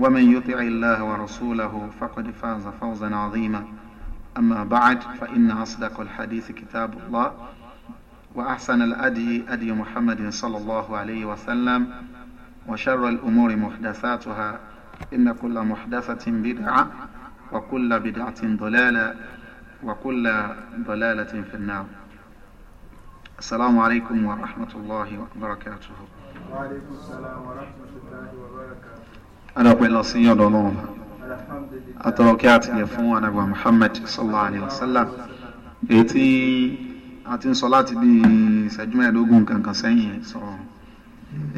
ومن يطع الله ورسوله فقد فاز فوزا عظيما أما بعد فإن أصدق الحديث كتاب الله وأحسن الأدي أدي محمد صلى الله عليه وسلم وشر الأمور محدثاتها إن كل محدثة بدعة وكل بدعة ضلالة وكل ضلالة في النار السلام عليكم ورحمة الله وبركاته وعليكم السلام ورحمة الله وبركاته adọ́pẹ́ lọ sí ọ̀dọ̀ ọlọ́run atọ́rọ̀ kí a ti yẹ fún anagba Muhammad sallallahu alayhi wa sallam èyí tí a ti ń sọ láti bí ìṣẹ́jú mẹ́ẹ̀ẹ́dógún kankan sẹ́yìn sọ̀rọ̀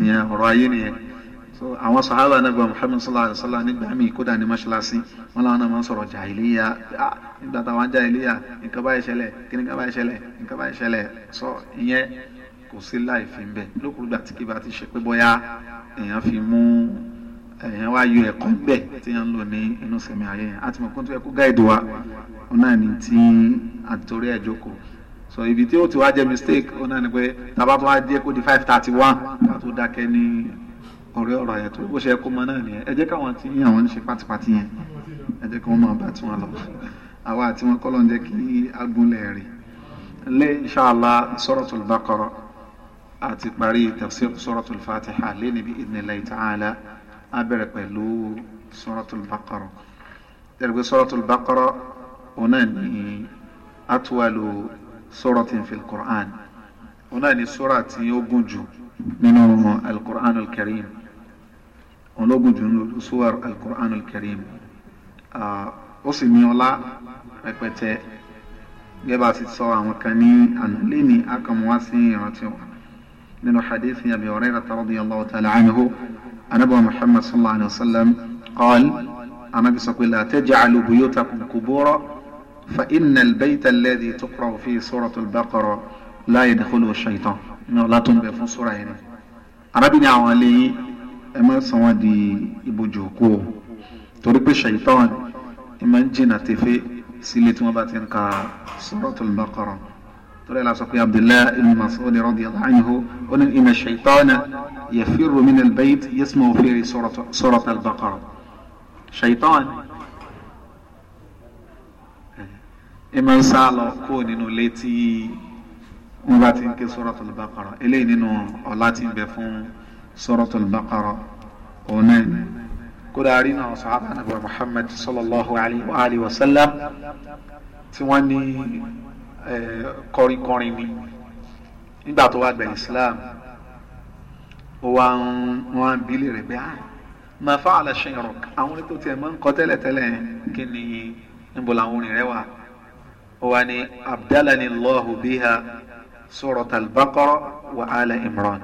ìyẹn ọ̀rọ̀ ayé nìyẹn so àwọn sahaba anagba Muhammad sallallahu alayhi wa sallam nígbà míì kódà ní mọ́ṣáláṣí wọn làwọn náà máa ń sọ̀rọ̀ jahiliya nígbà táwọn jahiliya nǹkan báyìí ṣẹlẹ̀ kí nǹkan báyìí ṣẹlẹ̀ nǹkan báyìí ṣẹlẹ̀ so ìyẹn kò sí láì fi ń bẹ̀ lókùrúgbà tí kí bá ti ṣe pé bóyá èèyàn fi mú ẹ̀yẹn wá yọ ẹ̀kọ́ bẹ̀ tí wọ́n ń lò ní inú sẹ̀mí ayé yẹn àti mọ̀kún tó yẹ kó gáìdì wa ó náà ní tí àtòrí ẹ̀ jókòó so ibi tí ó ti wá jẹ́ mistake ó náà ní pé tàbá tó wá jẹ́ kó di five thirty one ká tó dákẹ́ ní ọ̀rẹ́ ọ̀rọ̀ yẹn tó bó ṣe kó mọ náà nìyẹn ẹ jẹ́ káwọn tí àwọn ń ṣe pátipáti yẹn ẹ jẹ́ kí wọ́n máa bá tí wọ́n lọ àwa àti wọn kọ́lọ́ ń jẹ́ kí agúnlẹ̀ rè lé inṣàlá Suratul Baqara àti parí tafsir Suratul Fatiha lé níbi idhnillahi ta'ala a bẹ̀rẹ̀ pẹ̀lú suratul baqara ẹ̀rọ̀gbẹ́ suratul baqara ọ̀nà ní atwalu suratin fil qur'an ọ̀nà ní sura tí ó gùn jù nínú al-qur'an al-karim ọ̀nà gùn jù nínú suwar al-qur'an al-karim ó sì ní ọlá ti sọ àwọn kan ní àná lẹ́ni akọ̀mọ́wá ìrántí wọn nínú hadith yabi Hurairah radiyallahu ta'ala anhu anabi muhammad sallallahu alayhi wa sallam qaal anabi sọ pé la taj'alu buyutakum qubura fa inna albayta alladhi tuqra'u fi suratu al-baqara la yadkhulu shaytan ní ọlá tó ń bẹ fún sura yẹn anabi ní àwọn ilé yìí ẹ má sọ wọn di ibùjọ òkú o torí pé shaytan ẹ má ń jìnnà tẹfẹ sílé tí wọn bá ti ń ka suratu al-baqara torí la sọ pé abdullahi ibn masoud radiyallahu anhu ó ní inna shaytana yafiru min albayt yasma fi surat albaqara shaitan ìmọ̀ eh, e ń sá lọ kó nínú létí wọn bá ti ń ké surat albaqara eléyìí nínú ọlá ti ń bẹ fún surat albaqara òun náà ni kódà rí náà sàhábà nàbà muhammad sallallahu alayhi wa sallam tí wọ́n ní kọrinkọrin ni nígbà tó wá gba islam ó wá ń wọn bí lè rẹ bẹ ah ma fa'ala shayruk àwọn orin tó tiẹ̀ máa ń kọ tẹ́lẹ̀tẹ́lẹ̀ kí ni níbo làwọn orin rẹ wà ó wá ní abdalani allahu biha suratul baqara wa ala imran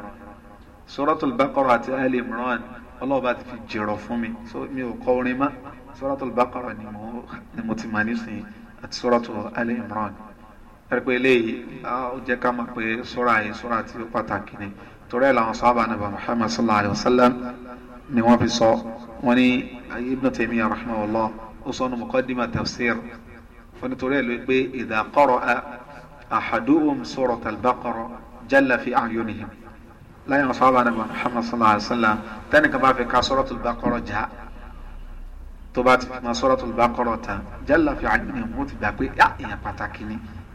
suratul baqara àti ala imran ọlọ́ọ̀bá ti fi jẹ̀rọ̀ fún mi so mi ò kọ orin mọ́ suratul baqara ni mo ti mà nísìnyí àti suratul ala imran pẹ̀lú eléyìí ó jẹ́ ká mọ̀ pé sura yìí sura tí ó pàtàkì ni torí ẹ̀ làwọn sahaba Ànábì Muhammad sallallahu alayhi wa sallam ni wọ́n fi sọ wọ́n ní Ibn Taymiyyah rahimahullah ó sọ ní muqaddima tafsir wọ́n ní torí ẹ̀ ló pé idha qara'a ahaduhum surata al-Baqara jalla fi a'yunihim láyé wọn sahaba Ànábì Muhammad sallallahu alayhi wa sallam tẹ́nìkan bá fi ka surata al-Baqara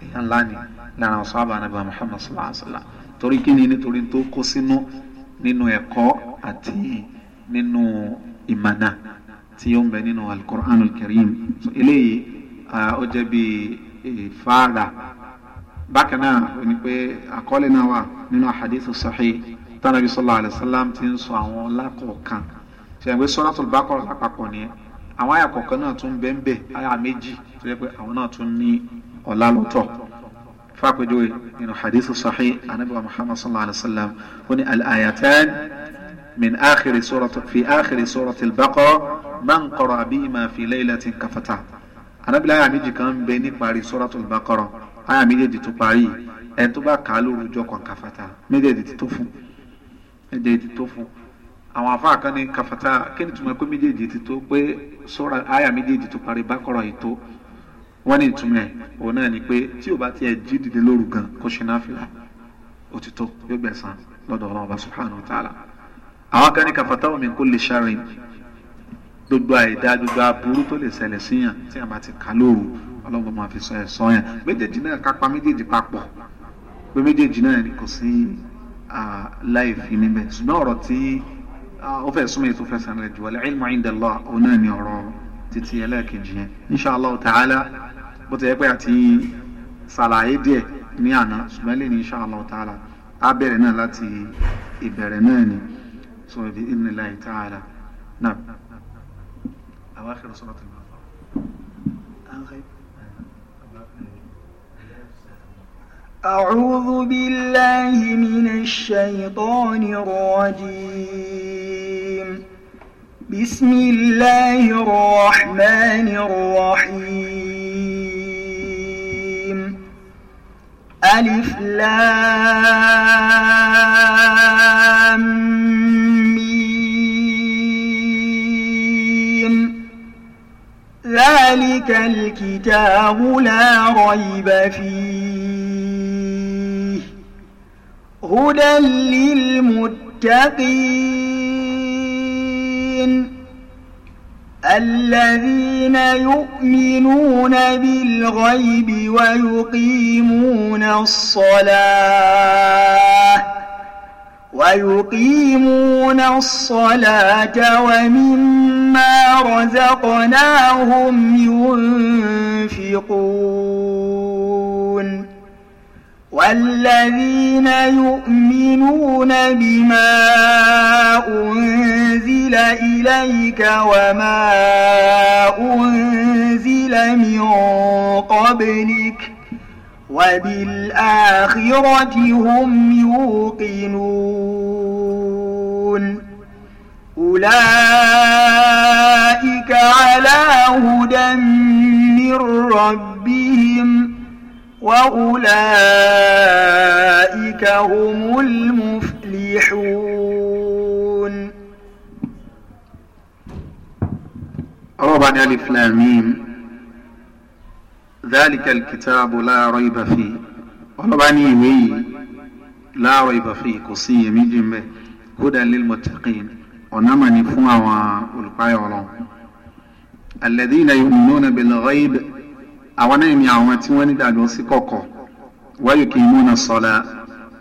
èèyàn ńlá ni lára àwọn sábà nàbà Muhammad sallallahu alayhi wa sallam torí kí ni nítorí tó kó sínú nínú ẹ̀kọ́ àti nínú ìmànà tí ó ń bẹ nínú al-Qur'an al-Karim eléyìí ó jẹ́ bí e, fàárà bákan náà ó ní pé àkọọ́lẹ̀ náà wà nínú àhàdíìsì sahih tánàbí sallallahu alayhi wa ti ń sọ àwọn ọlá kọ̀ọ̀kan ṣèyàgbé Suratul lápapọ̀ nìyẹn àwọn àyà náà tún bẹ́ẹ̀ àyà méjì tó yẹ pé àwọn náà tún ní ọ̀la lọ́tọ̀ fàpẹjọwe nínú hadithu sahih anabiwa muhammad sallallahu alayhi wa sallam ó ní al-ayatan min akhiri surati fi akhiri surati al-baqara man qara'a bihima fi laylatin kafata anabila aya méjì kan ń bẹ ní parí surati al-baqara aya méjèèjì tó parí ẹni tó bá kà á lóru ọjọ́ kan kafata méjèèjì tó fún méjèèjì tó fún àwọn afáà kan ní kafata kí ni tuma pé méjèèjì tó pé sura aya méjèèjì tó parí baqara yìí tó wọ́n ní ìtumọ̀ ẹ̀ òun náà ni pé tí o bá tiẹ̀ jí dìde lóru gan kó ṣe náfìlà òtítọ́ yóò gbẹ̀san lọ́dọ̀ ọlọ́run ọba subhanahu wa ta'ala. àwọn kan ní kafatahu min kulli sharrin gbogbo àìdá gbogbo aburú tó lè ṣẹlẹ̀ síyàn tí a bá ti kà lóru ọlọ́run máa fi sọ ẹ̀ sọ yẹn méjèèjì náà kápá méjèèjì papọ̀ pé méjèèjì náà ni kò sí láì níbẹ̀ ṣùgbọ́n ọ̀rọ̀ tí ó fẹ́ súnmọ́ bó ti yẹ pé àti ṣàlàyé díẹ̀ ní àná ṣùgbọ́n lè ní insha Allah á bẹ̀rẹ̀ náà láti ìbẹ̀rẹ̀ náà ni so bi idhnillahi ta'ala náà. أواخر صلاة المغرب غيب أعوذ بالله من الشيطان الرجيم بسم الله الرحمن الرحيم ألف لام ميم ذلك الكتاب لا ريب فيه هدى للمتقين الذين يؤمنون بالغيب ويقيمون الصلاة ويقيمون الصلاة ومما رزقناهم ينفقون والذين يؤمنون بما أنزل إليك وما أنزل من قبلك وبالآخرة هم يوقنون أولئك على هدى من ربهم وأولئك هم المفلحون ربع ألف لامين ذلك الكتاب لا ريب فيه ربع نيمي لا ريب فيه قصي مجمع هدى للمتقين ونما نفوا والقايا الذين يؤمنون بالغيب àwọn náà ni àwọn tí wọ́n nígbàgbọ́ sí kọ̀kọ̀ wáyò kì í múna sọ̀la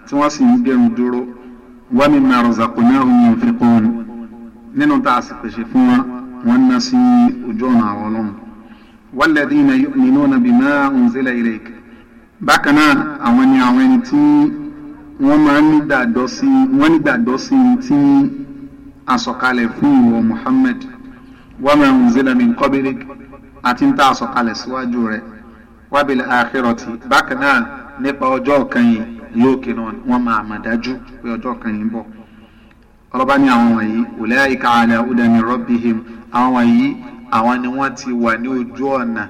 tí wọ́n sì ń gbẹ̀rún dúró wọ́n mi máa rọ̀zàkù náà ń yàn fi kún nínú tá a sì pèsè fún wọn wọ́n ná sí ojú ọ̀nà àwọn ọlọ́run walladhina yu'minuna bima unzila ilayk bákan náà àwọn ni àwọn ẹni tí wọ́n máa ń nígbàgbọ́ sí wọ́n nígbàgbọ́ sí tí asọ̀kalẹ̀ fún ìwọ Muhammad wa ma unzila min qablik àti ń tà sọ̀kalẹ̀ síwájú rẹ̀ wábìlì àkírọ̀tì bákan náà nípa ọjọ́ kan yìí lókè náà wọ́n máa mọ̀ dájú pé ọjọ́ kan yìí ń bọ̀ ọlọ́ba ní àwọn wọ̀nyí ulaika ala udani rabbihim àwọn wọ̀nyí àwọn ni wọ́n ti wà ní ojú ọ̀nà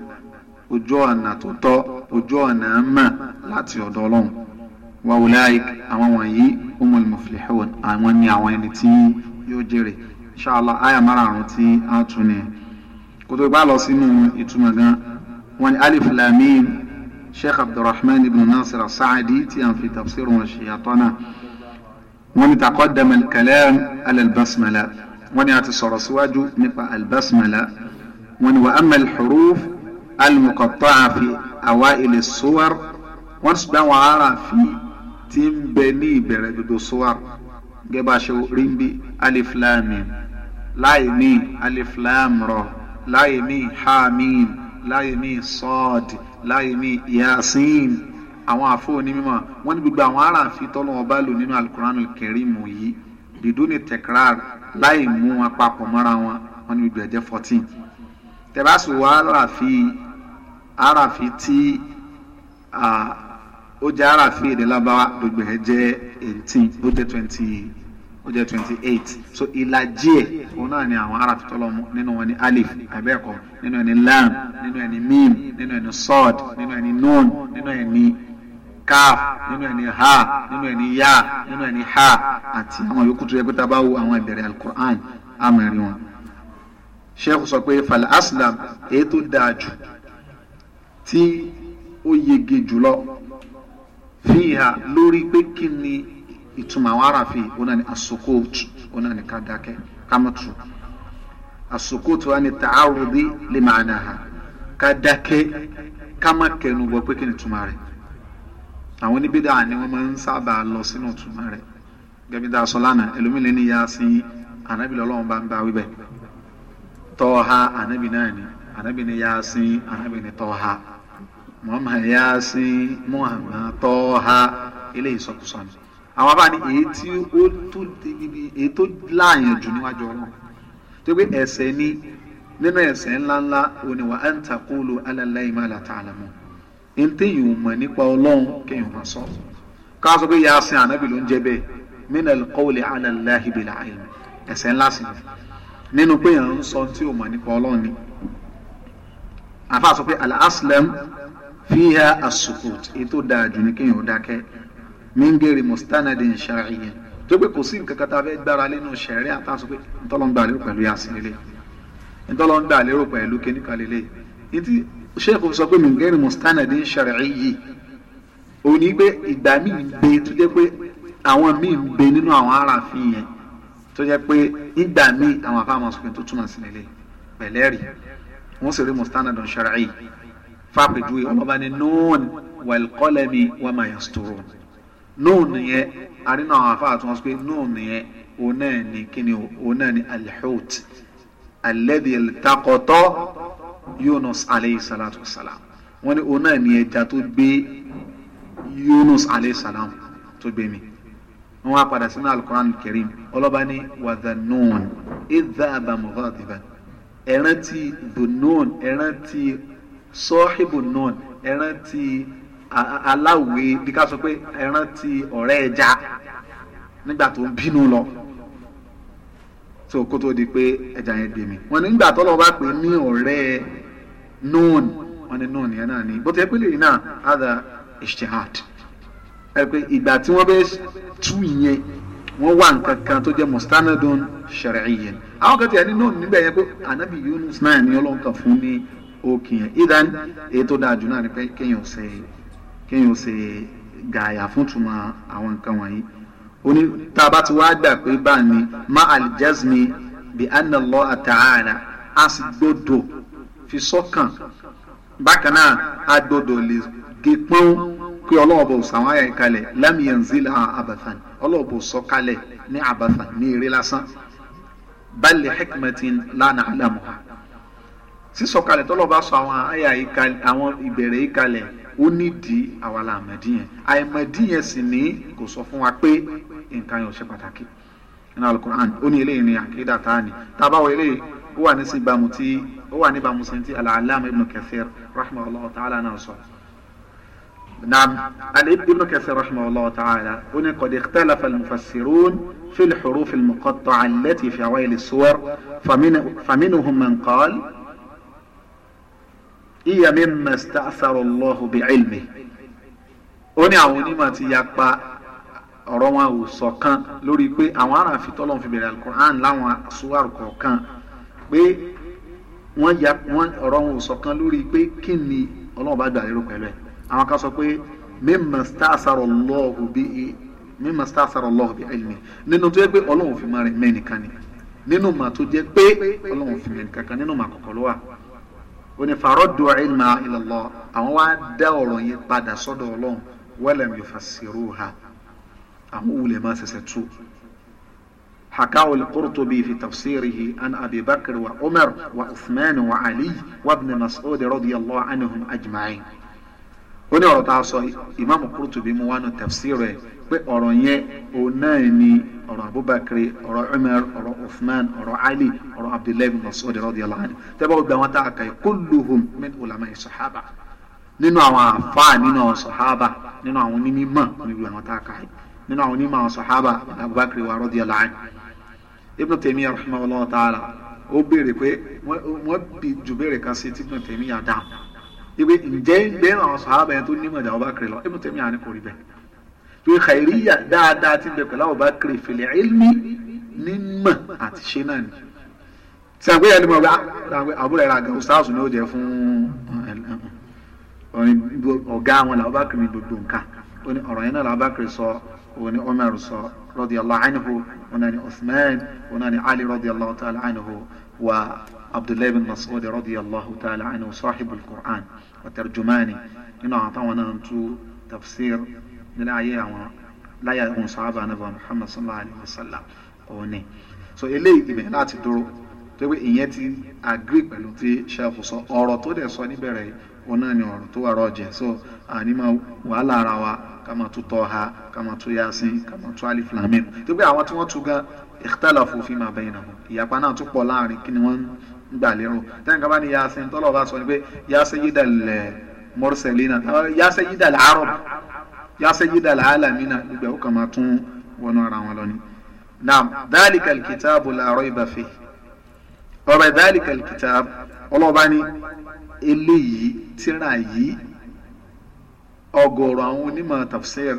ojú ọ̀nà tó tọ́ ojú ọ̀nà mọ̀ láti ọ̀dọ̀ ọlọ́run wa ulaik àwọn wọ̀nyí umul muflihun àwọn ni àwọn ẹni tí yóò jèrè inshallah àyà tí a tún ní kótó ipá lọ sínú ìtumọ̀ gan wọn ni alif lamim sheikh abdulrahman ibn nasir saadi tí a ń fi tafsir wọn ṣe yàtọ̀ náà wọn ni taqaddama al-kalam ala al-basmala wọn ni a ti sọ̀rọ̀ síwájú nípa al-basmala wọn ni wa amma al-huruf al-muqatta'a fi suwar wọn sì gbà ara fi tí ń bẹ ní ìbẹ̀rẹ̀ dodo suwar gẹ́gẹ́ ṣe rí bí alif lam láì ní alif lam láàyè míì hamim láàyè míì sọ́ọ̀d láàyè míì yasin àwọn àfọ onímọ̀ wọ́n ní gbogbo àwọn aráàfin tọ́lọ́ ọba lò nínú alukur'an kẹrìmù yìí dìdú ni tekrar láì mú wọn papọ̀ mọ́ra wọn wọ́n ní gbogbo ẹ̀jẹ̀ fourteen tẹ̀básù wà aráàfin aráàfin tí ó jẹ́ aráàfin èdè gbogbo ẹ̀jẹ̀ eighteen ó jẹ́ twenty ó jẹ́ twenty eight so ìlàjì ẹ̀ òun náà ni àwọn ará fitọ́ lọ́mú nínú wọn alif abẹ́ẹ̀kọ́ nínú ẹni lam nínú ẹni mim nínú ẹni sod nínú ẹni nun nínú ẹni kaaf nínú ẹni ha nínú ẹni ya nínú ẹni ha àti àwọn yòókù tó yẹ pé tábà wo àwọn ìbẹ̀rẹ̀ alukur'an àmẹ́rin wọn. sheikh sọ pé fal aslam èyí tó dáa jù tí ó yege jùlọ fíhà lórí pé kí ni ìtumọ̀ àwọn aráàfin ọ̀nà ni asokóòtù ọ̀nà ni ká dákẹ́ ká mọ̀ tù asokóòtù wa ni tààrùdí lè máa nà ha ká dákẹ́ ká má kẹnu gbọ́ pé kí ni ìtumọ̀ rẹ̀ àwọn oníbídà ni wọ́n máa ń sábà lọ sínú ìtumọ̀ rẹ̀ gẹ́gẹ́ bí dáa sọ lánàá ẹlòmílẹ̀ ni yá sí ànábì lọ́lọ́run bá ń bá wíbẹ̀ tọ́ha ànábì ni ànábì ni ni tọ́ha mọ̀ọ́mà yá sí muhammad tọ́ha eléyìí sọkùsọ ni àwọn abá ní èyí tí ó tó ibi èyí tó láàyàn jù níwájú ọlọ́run tó pé ẹ̀ṣẹ̀ ni nínú ẹ̀ṣẹ̀ ńláńlá òní wa an taqulu ala Allahi ma la ta'lamun ní téèyàn ò mọ̀ nípa ọlọ́run kéèyàn máa sọ ká sọ pé yaasin anabi ló ń jẹ bẹ́ẹ̀ min al-qawli ala Allahi bila ńlá sí ni nínú pé yàn ń sọ tí ò mọ̀ nípa ọlọ́run ni àfa sọ pé mingeri mustanadin shar'iyyan tó pé kò sí nǹkan kan tá a fẹ́ gbára lé nínú sẹ̀rẹ́ àtàwọn pé ntọ́lọ́ngbà lérò pẹ̀lú yasin lélẹ̀ ntọ́lọ́ngbà lérò pẹ̀lú kíníkà lélẹ̀ etí sheikh sọ pé mingeri mustanadin shar'iyyi òní pé ìgbà míì gbé tó jẹ́ pé àwọn míì ń gbé nínú àwọn aráàfin yẹn tó jẹ́ pé ìgbà míì àwọn afáàmọ̀ sọ pé tó túmọ̀ sí lélẹ̀ pẹ̀lẹ́rì wọ́n sì rí mustanadin shar'iyyi fápẹ́jú ọlọ́ba nóò nìyẹn àrínà àwọn afáà tí wọ́n sọ pé nóò nìyẹn òun náà ni kíni òun náà ni alihut alẹ́dì takọ̀tọ̀ Yunus aleyhi salatu salam wọ́n ní òun náà ni ẹja tó gbé Yunus aleyhi salam tó gbé mi wọ́n wá padà sínú alukoran kẹrim ọlọ́ba ní wàdánùn ìdá àbàmùkọ́ àdìbà ẹ̀rántí dùnún ẹ̀rántí sọ́ọ́hìbù ẹ̀rántí aláwòye bí ká sọ pé ẹran ti ọ̀rẹ́ ẹja nígbà tó ń bínú lọ so kó tó di pé ẹja yẹn gbé mi wọn ní nígbà tó lọ bá pè ní ọ̀rẹ́ noon wọn ní noon yẹn náà ni bó ti yẹ pé lè náà other ishtihad ẹ pé ìgbà tí wọ́n bẹ tú ìyẹn wọ́n wá nǹkan kan tó jẹ́ mustanadun shar'iyyan àwọn kan ti yẹ ní níbẹ̀ yẹn pé anabi yunus náà ni ọlọ́nkà fún ní òkè yẹn idan èyí dáa jù náà ni pé kéèyàn ṣe é kéèyàn ṣe gààyà fún túmọ̀ àwọn nǹkan wọ̀nyí oní tá a bá ti wá gbà pé báà ní ma aljazmi bi anna Allah ta'ala a sì gbọ́dọ̀ fi sọ́kàn bákan náà a gbọ́dọ̀ lè gé pọ́n pé ọlọ́wọ́ sàwọn àyà ìkalẹ̀ lam yanzilha abathan ọlọ́wọ́ bò sọ́kalẹ̀ ní abathan ní eré lásán bal li hikmatin la na'lamuha tọ́lọ́ bá sọ àwọn àyà ìkalẹ̀ àwọn ìbẹ̀rẹ̀ ìkalẹ̀ ó nídìí àwa la àmọ̀dí yẹn àìmọ̀dí yẹn sì ní kò sọ fún wa pé nǹkan yẹn ò ṣe pàtàkì nínú alukur'an ó ní eléyìí ní àkídà tá a ní tá a eléyìí ó wà ní sí ìbámu tí ó wà ní ìbámu sí ti al-allama ibn kathir ta'ala náà sọ. naam ibn kathir rahmanulahu ta'ala ó ní qad ikhtalafa al-mufassirun fi al-huruf al fi awa'il as-suwar faminhum man iya mimma ista'thara Allahu bi'ilmi ó ní àwọn onímọ̀ ti yapa ọ̀rọ̀ wọn ò ṣọ̀kan lórí pé àwọn aráàfin tọ́lọ́run fi bẹ̀rẹ̀ alukur'an láwọn suwar kọ̀ọ̀kan pé wọ́n ya wọ́n ọ̀rọ̀ wọn ò ṣọ̀kan lórí pé kí ni ọlọ́run bá gbà lérò pẹ̀lú ẹ̀ àwọn kan sọ pé mimma ista'thara Allahu bihi mímọ sáfàrọ lọhùn bí ẹlẹmi nínú tó yẹ pé ọlọ́run fi máa rìn mẹ́nìkan ni nínú mà tó jẹ pé ọlọ́run fi mẹ́nìkan kan nínú mà kọ̀kọ́ ló ó ní faraddu ilma ila Allah àwọn wá dá ọ̀rọ̀ yẹn padà sọ́dọ̀ ọlọ́run walam yufassiruha àwọn wulẹ̀ máa ṣẹ̀ṣẹ̀ tú. حكاه القرطبي في تفسيره عن أبي بكر وعمر وعثمان وعلي وابن مسعود رضي الله عنهم أجمعين ó ní ọ̀rọ̀ tá a sọ ìmáàmù Qurtubi mu wánu tafsir rẹ̀ pé ọ̀rọ̀ yẹn òun náà ni ọ̀rọ̀ Abubakar ọ̀rọ̀ Umar ọ̀rọ̀ Uthman ọ̀rọ̀ Ali ọ̀rọ̀ Abdullahi bin Mas'ud radiyallahu anhu tẹ́bà ó gba wọn tá a kà yìí kulluhum min ulama'i sahaba nínú àwọn afa nínú àwọn sahaba nínú àwọn onímọ̀ níbi àwọn tá a kà yìí nínú àwọn onímọ̀ àwọn sahaba Abubakar wa radiyallahu anhu Ibn Taymiyyah rahimahullahu ibi ǹjẹ́ bẹ́ẹ̀ náà sàhábà yẹn tó nímọ̀ ìjà Abubakar lọ Ibn Taymiyyah ni kò rí bẹ́ẹ̀ torí khairiyya dáadáa ti bẹ̀ pẹ̀lú Abubakar fil ilmi nímọ̀ àti ṣe náà ni sàgbé yẹn ni mo bá àbúrò ẹ̀rọ àgàn ọ̀sáàsù ni ó jẹ́ fún ọ̀gá àwọn làwọn Abubakar ní gbogbo nǹkan ó ní ọ̀rọ̀ yẹn náà làwọn Abubakar sọ ó ní Umar sọ radiyallahu anhu ó náà ní Uthman ó náà ní Ali radiyallahu ta'ala عبد الله بن مسعود رضي الله تعالى عنه صاحب القرآن وترجمانه إنه أعطانا أنتو تفسير للآية لا يكون صحابة نبي محمد صلى الله عليه وسلم أوني so eléyìí ibẹ̀ láti dúró tó pé ìyẹn ti agree pẹ̀lú tí sheikh sọ ọ̀rọ̀ tó dẹ̀ sọ níbẹ̀rẹ̀ òun náà ni ọ̀rọ̀ tó wà rọ̀jẹ̀ so àní máa wàhálà ara wa ká máa tún tọ́ha ká máa tún yasin ká máa tún alif lamim tó pé àwọn tí wọ́n tún gan ikhtalafu fima bainahum ìyapa náà tún pọ̀ láàrin kí ni gbà lérò tẹ́yìn kan bá ní yasin tọ́lọ̀ bá sọ ni pé yasin yìí dàlẹ̀ mọ́rọ́sẹ̀línà yasin yìí dàlẹ̀ arọ̀ yasin yìí dàlẹ̀ alamina gbẹ ó kàn máa tún wọnú ara wọn lọ ni. naam dhalika alkitabu la rayba fi ọ̀rọ̀ dhalika alkitabu ni eléyìí tíra yìí ọ̀gọ̀rọ̀ àwọn onímọ̀ tafsir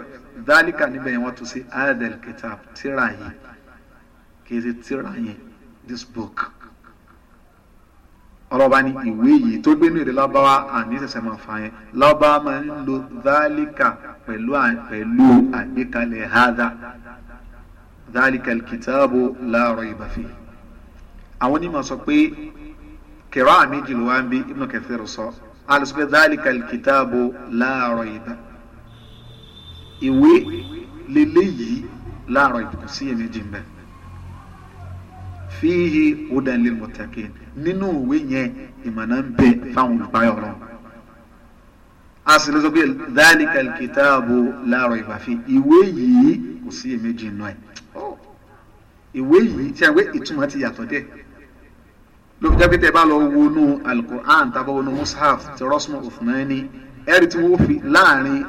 dhalika níbẹ̀ yẹn wọ́n tún sí adal kitab tíra yìí kì í ṣe tíra yẹn this book ọlọ́ba ní ìwé yìí tó gbénú èdè lábáwá àní ṣẹ̀ṣẹ̀ máa fà yẹn lábáwá máa ń lo dálíkà pẹ̀lú pẹ̀lú àgbékalẹ̀ hádà dálíkà kìtàbù la rayba fi. àwọn onímọ̀ sọ pé kẹrọ àmì jìlọ wa ń bí Ibn Kathir sọ alùsọ pé kìtàbù la rayba ìwé lélẹ́yìí la rayba sí èmi jì fíhì hudan lil muttaqin nínú ìwé yẹn ìmọ̀nà ń bẹ fáwọn olùpáyọ̀ ọ̀rọ̀ a sì lọ sọ pé dhalikal kitabu la rayba fi ìwé yìí kò sí èméjì nù ẹ̀ oh! ìwé yìí tí a wé ìtumọ̀ ti yàtọ̀ dẹ̀ lóbi jẹ́ pé tẹ́ bá lọ wọnú alukur'an tàbí wọnú mushaf ti rọ́ṣmù òfúnnáni ẹ̀rí tí wọ́n fi láàrin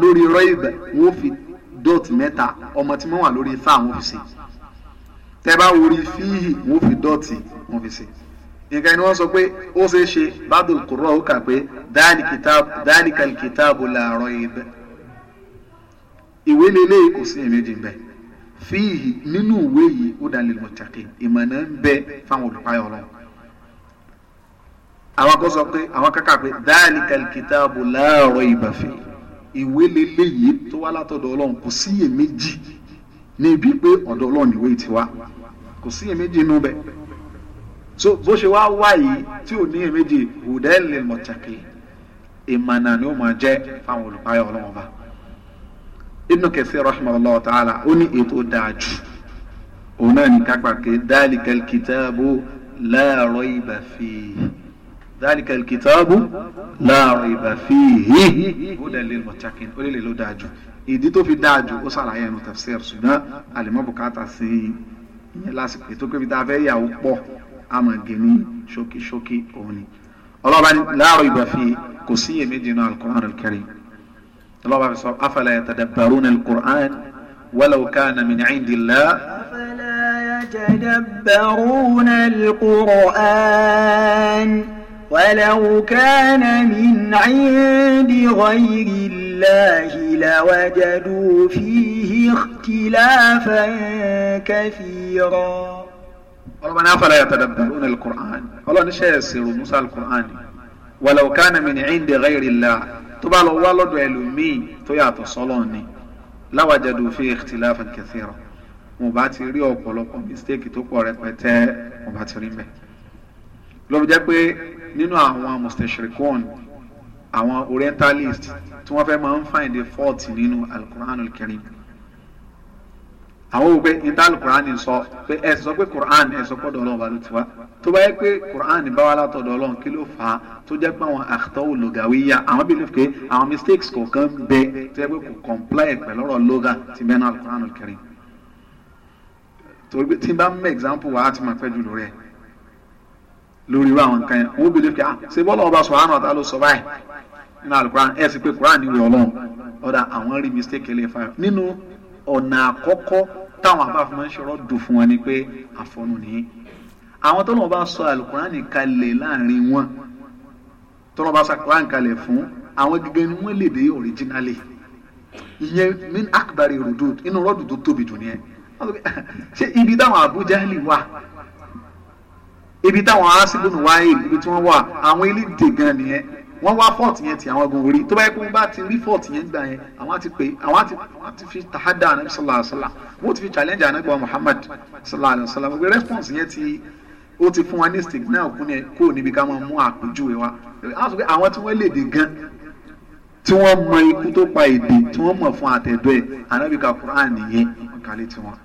lórí rọ́ìbẹ̀ wọ́n fi dóòtì mẹ́ta ọmọ tí wọ́n wà lórí ifá àwọn òfìsè tẹ́ bá wòrí fíìhì wọ́n fi dọ́ọ̀tì wọ́n fi sí nǹkan ni wọ́n sọ pé ó ṣeé ṣe bádùn kúrọ̀ ó kà pé dáníkàl kìtàbù làárọ̀ ibẹ̀ ìwé lélẹ́yìí kò sí èméjì bẹ́ẹ̀ fíìhì nínú ìwé yìí ó dá lil muttaqin ìmọ̀nà ń bẹ fáwọn olùpáyọ̀ ọlọ́run àwọn kan sọ pé àwọn kàkà pé dáníkàl kìtàbù làárọ̀ ìbàfẹ́ ìwé lélẹ́yìí tó wá látọ̀dọ̀ ọlọ́run kò sí èméjì níbi pé ọ̀dọ̀ ọlọ́run ìwé ti wá kò sí èméjì inú bẹ so bó ṣe wá wá yìí tí ò ní èméjì hùdẹ́ẹ̀lì mọ̀tàkì ìmànà ni ó máa jẹ́ fáwọn olùpáyọ̀ ọlọ́wọ́n bá Ibn Kathir rahimahullah ta'ala ó ní ètò dáa jù òun náà ní kápá ké dalikal kitabu la rayba fihi dalikal kitabu la rayba fihi hùdẹ́ẹ̀lì mọ̀tàkì ó lè lè ló dáa jù ìdí tó fi dáa jù ó ṣàlàyé ẹnu tafsir ṣùgbọ́n àlè mọ́ bùkátà sí i. ìyẹn lásìkò ètò pé bíi abẹ́ ìyàwó pọ̀ amọ̀gẹ̀ ní ṣókí ṣókí òun ni ọlọ́ba ní láàárọ̀ ìgbà fi kò sí iyèméjì náà alukur'an alkarim ọlọ́ba fi sọ afala yatadabbaruna alukur'an walaw kana min indillah. afala yatadabbaruna alukur'an walaw kana min indi ghayrillah. الله لوجدوا فيه اختلافا كثيرا ọlọ́mọdé afọlá yatadabbaruna alukur'an ọlọ́ni ṣẹ́yẹsìrò musa alukur'an walau kana min indi ghayri Allah tó bá lọ wá lọ́dọ̀ ẹlòmíì tó yàtọ̀ sọ́lọ́ ni lawajadu fi ikhtilafan kathira mo bá ti rí ọ̀pọ̀lọpọ̀ mistake tó pọ̀ rẹpẹtẹ mo bá ti rí mẹ́. lọ́rọ̀ jẹ́ pé nínú àwọn mustashriqun àwọn orientalist tí wọ́n fẹ́ máa ń fàìndé fault nínú alukur'an al-karim àwọn òwe níta alukur'an sọ pé ẹ sọ pé kur'an ẹ sọ pé ọ̀dọ̀ Ọlọ́run bá ló ti wá tó bá yẹ pé kur'an bá wà látọ̀dọ̀ Ọlọ́run kí ló fà á tó jẹ́ pé àwọn akhtau lugawiya àwọn bí lóòkè àwọn mistakes kọ̀ọ̀kan bẹ tó yẹ pé kò comply pẹ̀lú ọ̀rọ̀ lóga ti bẹ́ẹ̀ náà alukur'an al-karim torí pé tí n bá mú example wà á ti máa pẹ́ jù lórí lórí irú àwọn nǹkan yẹn wọn ó bèèrè pé ah ṣé bọ́lá ọba sọ̀rọ̀ àná àtàlù sọ báyìí nínú alukuran ẹ̀ sì pé kuran níwèé ọlọ́run ọ̀dà àwọn rí mistake lè fa nínú ọ̀nà àkọ́kọ́ táwọn abáfin máa ń ṣọ̀rọ̀ dùn fún wọn ni pé àfọ̀nù nìyí àwọn tó lọ́wọ́ sọ alukuran kalẹ̀ láàrin wọn tó lọ́wọ́ sọ alukuran kalẹ̀ fún àwọn gẹ́gẹ́ ni wọ́n lè dé originally ìyẹn min akbari rudud inú rọ́dù tó tóbi dùn yẹn ṣé ibi táwọn Abu Jahli wà ibi táwọn aráàsìbùnú ah. wá ibi tí wọ́n wà àwọn elédè gan nìyẹn wọ́n wá fọ́ọ̀tì yẹn ti àwọn gan orí tó bá yẹ kó wọ́n bá ti rí fọ́ọ̀tì yẹn gbà yẹn àwọn ti pè àwọn ti àwọn ti fi tahada anabi sallallahu alayhi wa sallam wọ́n ti fi challenge anabi wa muhammad sallallahu alayhi wa sallam gbé response yẹn ti ó ti fún wa ní stick náà kún yẹn kó níbi ká máa mú àpèjúwe wa àwọn sọ pé àwọn tí wọ́n lè dé gan tí wọ́n mọ ikú tó pa èdè tí wọ́n mọ̀ fún àtẹ̀dọ́ ẹ̀ anabi ka quran nìyẹn wọ́n kà létí wọn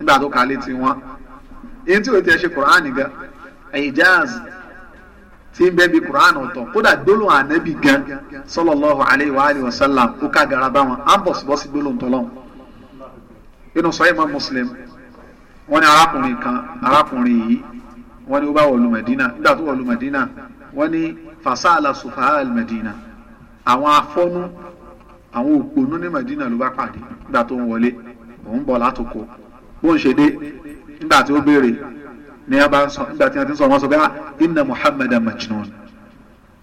nígbà tó kà létí wọn èyí tí ò ti ẹ ṣe quran nìkan Hijaz tí ń bẹ́ẹ̀ bí Quran ọ̀tọ̀ kódà gbólóhùn ànábì gan sallallahu alayhi wa alihi wa sallam ó ká gara bá wọn á ń bọ̀ síbọ̀ sí gbólóhùn tọ́lọ́ inú sọ ìmọ̀ Muslim wọ́n ní arákùnrin kan arákùnrin yìí wọ́n ní ó bá wọ̀lú Madina nígbà tó wọ̀lú Madina wọ́n ní fasala sufaha al-Madina àwọn afọ́nú àwọn òpònú ní Madina ló bá pàdé nígbà tó ń wọlé òun bọ̀ látòkò bó ń ṣe dé nígbà tí béèrè ní a bá ń sọ nígbà tí a ti ń sọ wọn sọ pé ah inna muhammad amajinun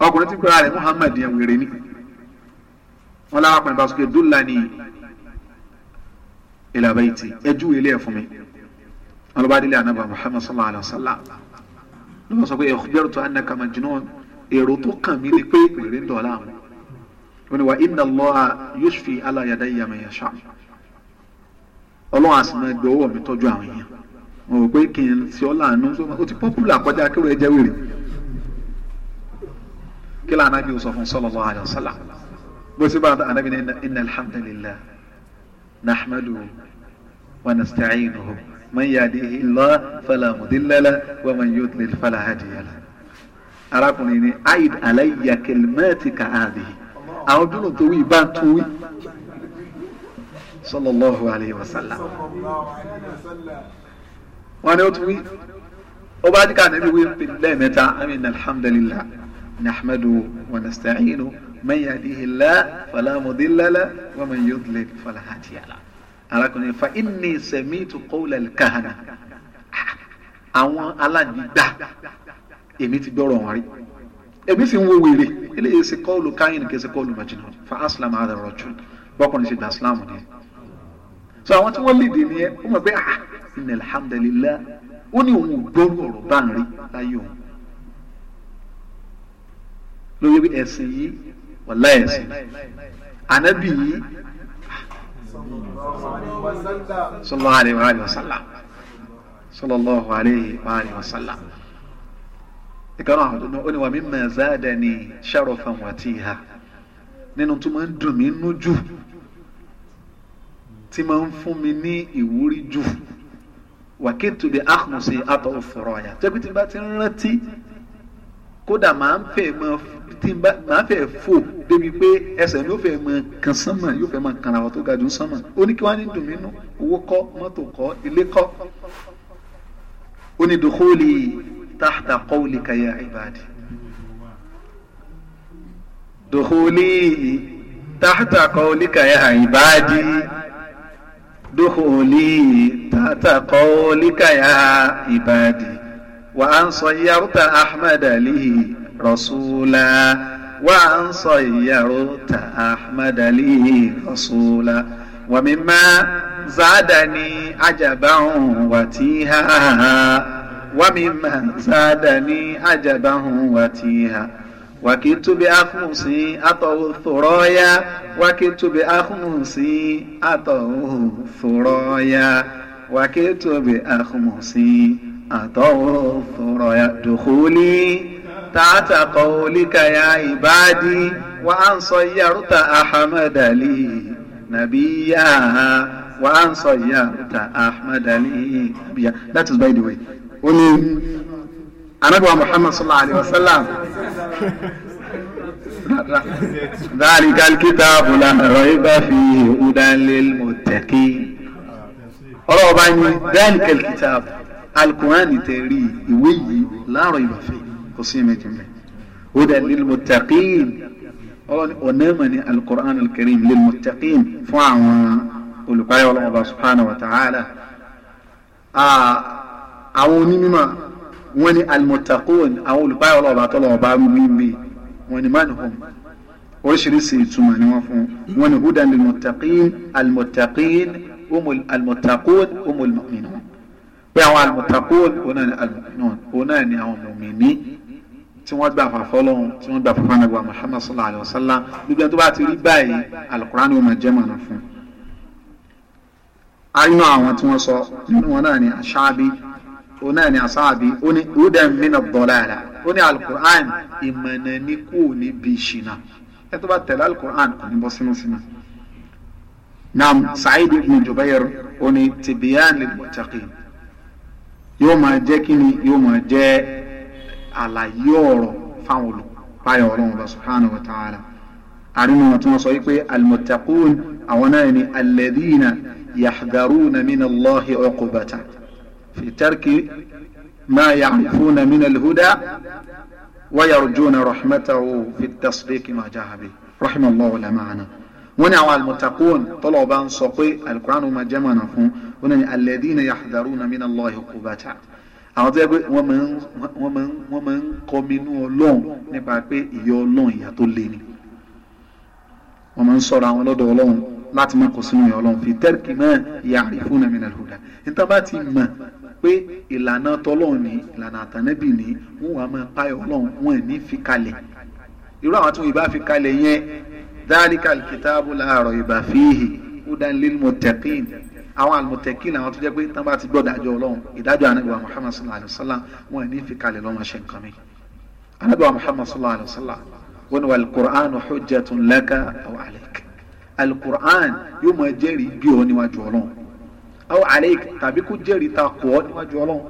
ọkùnrin tí ń pera rẹ̀ muhammad yẹn wèrè ni wọn lára pẹ̀lú basùkè dúlà ní ila bayti ẹjú ilé ẹ̀ fún mi ọlọ́bàdìlé anábà muhammad sallallahu alayhi wa sallam ló bá sọ pé ikhbirtu annaka majnun èrò tó kàn mí ni pé wèrè ń dọ̀la àwọn wọn ni wa inna allaha yushfi ala yadayya man yasha ọlọ́run àsìmọ́ ẹgbẹ́ owó mi tọ́jú àwọn èèyàn mo rò pé kì í ṣe ọ́ láàánú ó ti pọ́pùlà kọjá kéwòn ẹ̀jẹ̀ wèrè kí lóò anábì sọ fún sallallahu alaihi wasallam bó ṣe bá anábì ní inna alhamdulilah nahmadu wa nasta'inuhu man yahdihi Allah fala mudilla lahu wa man yudlil fala hadiya lahu arákùnrin ni aid alayya kalimatika hadhihi àwọn dúró tó wí bá tó wí sallallahu alaihi wasallam wọn ni ó ti wí ó bá dìkà níbi wí lẹ́ẹ̀mẹ́ta amin alhamdulillah nahmadu wa nasta'inu man yahdihillah fala mudilla lahu wa man yudlil fala hadiya lahu arákùnrin fa inni sami'tu qawla al-kahana àwọn aláǹdígbà èmi ti gbọ́rọ̀ wọn rí èmi sì ń wo wèrè eléyìí ṣe kọ́ọ̀lù káyìn kì í ṣe kọ́ọ̀lù màjìnà fa aslam adà rọ̀jù bọ́kùnrin ṣe gbà islam ni. so àwọn tí wọ́n lè dè nìyẹn ó mọ̀ ah inna alhamdulillah ó ní òun ò gbóró ọ̀rọ̀ bá ń rí láyé òun lóye bí ẹ̀sìn yìí wàlá ẹ̀sìn ànábì yìí sallallahu alayhi wa sallam sallallahu alayhi wa sallam ìkànnì àwọn ọ̀dọ́ ó ní wà mí mọ̀ zadani sharafan wa tiha nínú tó máa ń dùn mí nú jù tí máa ń fún mi ní ìwúrí jù wàkìtù bí ahùnsì àtọ̀ òfòrọ̀ yà tẹ́kù tí n bá ti rántí kódà màá ń fẹ́ mọ tí n bá màá fẹ́ fò débi pé ẹsẹ̀ mi ò fẹ́ mọ kan sánmà yóò fẹ́ mọ kan àwọn tó ga jù sánmà ó ní kí wọ́n á ní dùn owó kọ́ mọ́tò kọ́ ilé kọ́ ó ní dùkúlì táàtà kọ́wùlì kàyà ìbàdí dùkúlì táàtà kọ́wùlì kàyà ìbàdí. دخولي تحت قولك يا عبادي وأن صيرت أحمد لي رسولا وأن صيرت أحمد لي رسولا ومما زادني عجبا وتيها ومما زادني عجبا وتيها وكنت بأخمصي أطو الثرايا وكنت بأخمصي أطو الثرايا وكنت بأخمصي أطو الثرايا دخولي تعت قولك يا عبادي وأن صيرت أحمد لي نبيا وأن صيرت أحمد لي نبيا That is by the way. Only anabiwa muhammad sallallahu alaihi wasallam ذلك الكتاب لا ريب فيه هدى للمتقين ọlọ́ọ̀bá ń yin ذلك الكتاب alukurani tẹ rí ìwé yìí láàrọ̀ ìbàfẹ́ kò sí méjì mẹ́ hudan lilmuttaqin ọlọ́ni ọ̀nẹ́mọ̀ ni alukurani alkarim lilmuttaqin fún àwọn olùkọ́yọ̀ ọlọ́ọ̀bá subhanahu wa ta'ala àwọn onímọ̀ wọ́n ní almutakun àwọn olùbáyọ̀ ọlọ́ọ̀bá tọ́lọ́wọ́ bá wí mi wọ́n ní man hum oríṣiríṣi ìtumọ̀ ni wọ́n fún wọ́n ní hudan lilmuttaqin almuttaqin umul almutakun umul mu'minun pé àwọn almutakun òun ni almu'minun òun ni àwọn mu'mini tí wọ́n gbà fà fọlọ́hún tí wọ́n gbà fà fànàgbà muhammad sallallahu alayhi wa sallam gbogbo ẹni tó bá ti rí báyìí alukur'an yóò máa jẹ́ mọ̀nà fún un. ayinú àwọn tí wọ́n sọ nínú wọn náà ni aṣáábí òun náà ni asáàbí ó ní udan mina dọ̀láàlà ó ní alukur'an ìmọ̀nà ní kú ní bí ṣìnà ẹ tó bá tẹ̀lé alukur'an kò ní bọ́ sínú sínú. naam Sa'id ibn Jubair ó ní tibiyan lil muttaqin yóò máa jẹ́ kí ni yóò máa jẹ́ àlàyé ọ̀rọ̀ fáwọn olùpayọ̀ ọlọ́run ọba subhanahu wa ta'ala àrínú wọn tí sọ wípé almuttaqun àwọn náà ni alladhina yahdaruna min Allahi uqubata. في ترك ما يعرفون من الهدى ويرجون رحمته في التصديق ما جاء به رحم الله لمعنا wọn ni àwọn almutakun tọlọ bá ń sọ pé alukuranu ma jẹ́ mọ̀nà fún wọn ni alẹ́dínà yahdaruna min Allahi qubata àwọn tó yẹ pé wọ́n máa ń kọminú ọlọ́run nípa pé ìyà ọlọ́run ìyà tó lé ni wọ́n máa ń sọ̀rọ̀ àwọn lọ́dọ̀ ọlọ́run láti má kó sínú ìyà ọlọ́run fi tẹ́rìkì náà ya'rifuna pé ìlànà tọlọ́run ní ìlànà àtànẹ́bì ní wọn wà máa páyọ̀ ọlọ́run wọn ẹ̀ ní fi kalẹ̀ irú àwọn tí wọn ìbá fi kalẹ̀ yẹn dáríkà kìtàbù láàárọ̀ ìbá fíhì ó dá lil muttaqin àwọn àlùmọ̀tẹ́kìn àwọn tó jẹ́ pé tán bá ti gbọ́ dájọ́ ọlọ́run ìdájọ́ anábìwá Muhammad sallallahu alayhi wa sallam wọn ẹ̀ ní fi kalẹ̀ lọ́mọ ṣe nǹkan mi anábìwá Muhammad sallallahu alayhi wa sallam wọn ni wà alukur'an yóò máa jẹ́rìí bí ọ níwájú ọlọ́run aw aleik tàbí kó jẹ́rìí ta kọ́ ọ́ níwájú ọlọ́run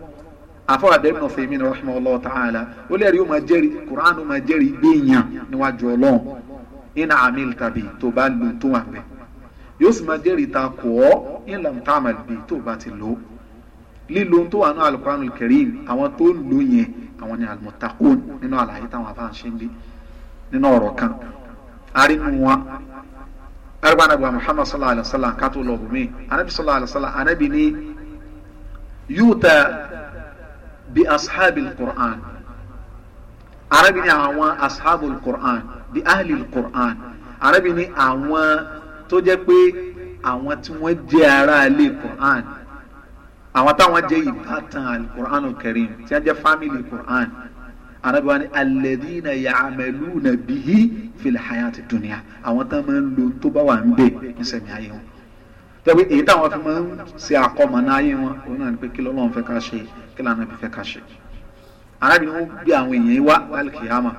àfọwọ́ àdẹ́bí náà fẹ́mi náà rahma allah ta'ala ó lẹ́rìí ó máa jẹ́rìí kuranu máa jẹ́rìí gbẹ̀yàn níwájú ọlọ́run ina amil tàbí tó bá lu tó wà bẹ́ẹ̀ yóò sì máa jẹ́rìí ta kọ́ ọ́ ìlà ń tààmà bí tó bá ti lò lílo tó wà ní alukóranu karim àwọn tó ń lò yẹn àwọn ni almutakun nínú àlàyé táwọn afáàṣẹ́ ń bí nínú ọ̀rọ̀ kan arínú wọn ẹrú anabi wa muhammad sallallahu alayhi wa sallam kátó lọ bùnmí anabi sallallahu alayhi wa sallam anabi ni yuta bi ashabi qur'an anabi ni àwọn ashabu qur'an bi ahli qur'an anabi ni àwọn tó jẹ́ pé àwọn tí wọ́n jẹ́ ará ilé qur'an àwọn táwọn jẹ́ ìbátan alukur'an karim tí wọ́n jẹ́ fámìlì qur'an anabi wa ni alẹ́dínà yàmẹ́lú na bihi fìlẹ̀ hayati dunia àwọn tá a máa ń lo tó bá wà ń bẹ̀ ní sẹ̀mí ayé wọn. tẹ́wé èyí táwọn fi máa ń ṣe àkọ́mọ náà ayé wọn òun náà ni pé kí lọ́lọ́run fẹ́ ká ṣe kí lànà bí fẹ́ ká ṣe. anabi ni wọ́n gbé àwọn èèyàn wá lálùkìyàmà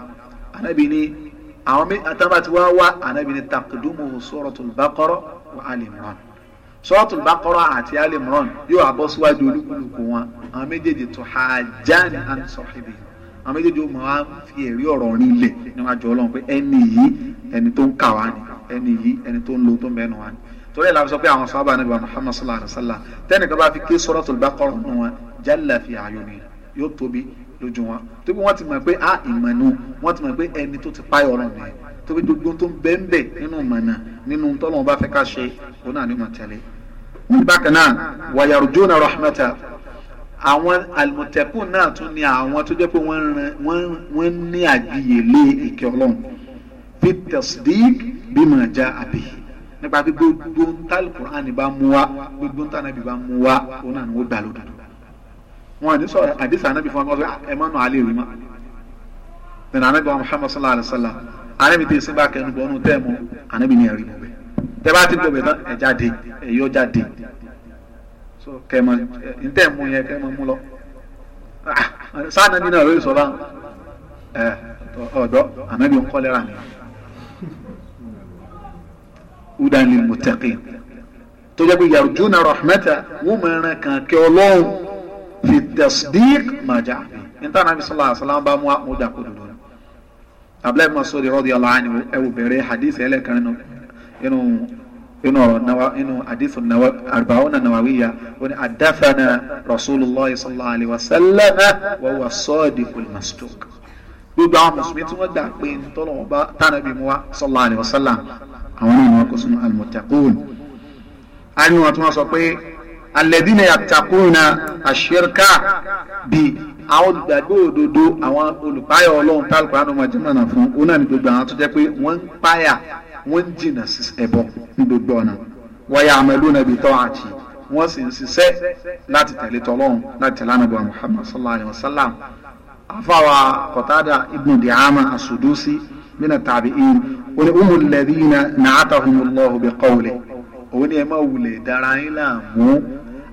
anabi ni àwọn àtàbà tí wọ́n wá anabi ni takudumu suratul baqara wa alimran suratul baqara àti alimran yóò abọ́ síwájú olúkúlùkù wọn àwọn méjèèjì tó hajjani an sahibi àwọn méjèèjì ó máa fi ẹ̀rí ọ̀rọ̀ rin lẹ̀ níwájú ọlọ́run pé ẹni yìí ẹni tó ń kà wá ni ẹni yìí ẹni tó ń lo tó ń bẹ́ẹ̀ wá ni torí ẹ̀ la fi sọ pé àwọn sábà níbi wa Muhammad sallallahu alayhi wa sallam tẹ́nìkan bá fi ké Suratul Baqara nù wọn jalla fi àyùnì yóò tóbi lójú wọn tó bí wọ́n ti mọ̀ pé a ìmọ̀nù wọ́n ti mọ̀ pé ẹni tó ti páyọ̀ ọ̀rọ̀ nìyẹn tó bí gbogbo tó ń bẹ́ẹ̀ nínú mọ̀nà nínú ni mọ̀ tẹ́lẹ̀. bákan náà àwọn àlùmọ̀tẹ́kù náà tún ni àwọn tó jẹ́ pé wọ́n ní àgbìyèlé ìkẹ́ ọlọ́run fi tasdik bima ja àbí nípa pé gbogbo ń tá alukur'an bá mú wa gbogbo ń tá anabi bá mú wa òun náà ni wọ́n gbà lódodo wọn àdí sọ àdìsí anabi fún wa kọ́ ah, ẹ má nù alẹ́ rí ma nínú anabi wa muhammad sallallahu alayhi wa sallam anabi tẹ̀ sí bá kẹ́nu bọ́ọ̀nù tẹ́ mu anabi ni ẹ̀rí bọ̀ bẹ́ẹ̀ tẹ́ bá ti bọ̀ bẹ́ẹ̀ tán ẹ̀ jáde ẹ̀ yọ jáde so kẹmọ ntẹ mu yẹn kẹmọ mu lọ ah, sáànà bí náà lórí sọlá ẹ ọdọ ànábi nkọlẹ́ra ni udani mutaqin tó jẹ́ pé yarjuna rahmata wọ́n mẹ́rin kan kẹ́ ọlọ́run fi tasdiq màjà níta náà bisalà àsàlám bá mú àmójà kó dodo abdulayi masudi radiyallahu ẹwù bẹ̀rẹ̀ hadith ẹlẹ́kẹrin nínú inu nawa inu hadithu nawa arbauna nawawiya wani haddathana rasulullah sallallahu alaihi wasallam wa huwa sadiqul masduq gbogbo àwọn mùsùlùmí tí wọ́n gbà pé tọ́lọ́wọ́n bá tánàbí mu wa sallallahu alaihi wasallam àwọn náà ni wọ́n kó sínú almuttaqun a ní wọn tí wọ́n sọ pé alladhina yattaquna ash-shirka bi àwọn olùgbàgbọ́ òdodo àwọn olùpáyà ọlọ́run tálùkù àánú mọ̀jìmọ̀nà fún òun náà ni gbogbo àwọn tó jẹ́ pé wọ́n ń páyà wọ́n jìnnà ẹbọ ní gbogbo ọ̀nà wa ya'maluna bi ta'ati wọ́n sì ń ṣiṣẹ́ láti tẹ̀lé tọ́lọ́hún láti tẹ̀lé anábọ̀ muhammad sallallahu alayhi wa sallam afawa qatada ibnu di'ama asudusi mina tabi'in oní umu ladina na'atahumullahu bi qawli òun ni ẹ máa wulẹ̀ dára yín láàmú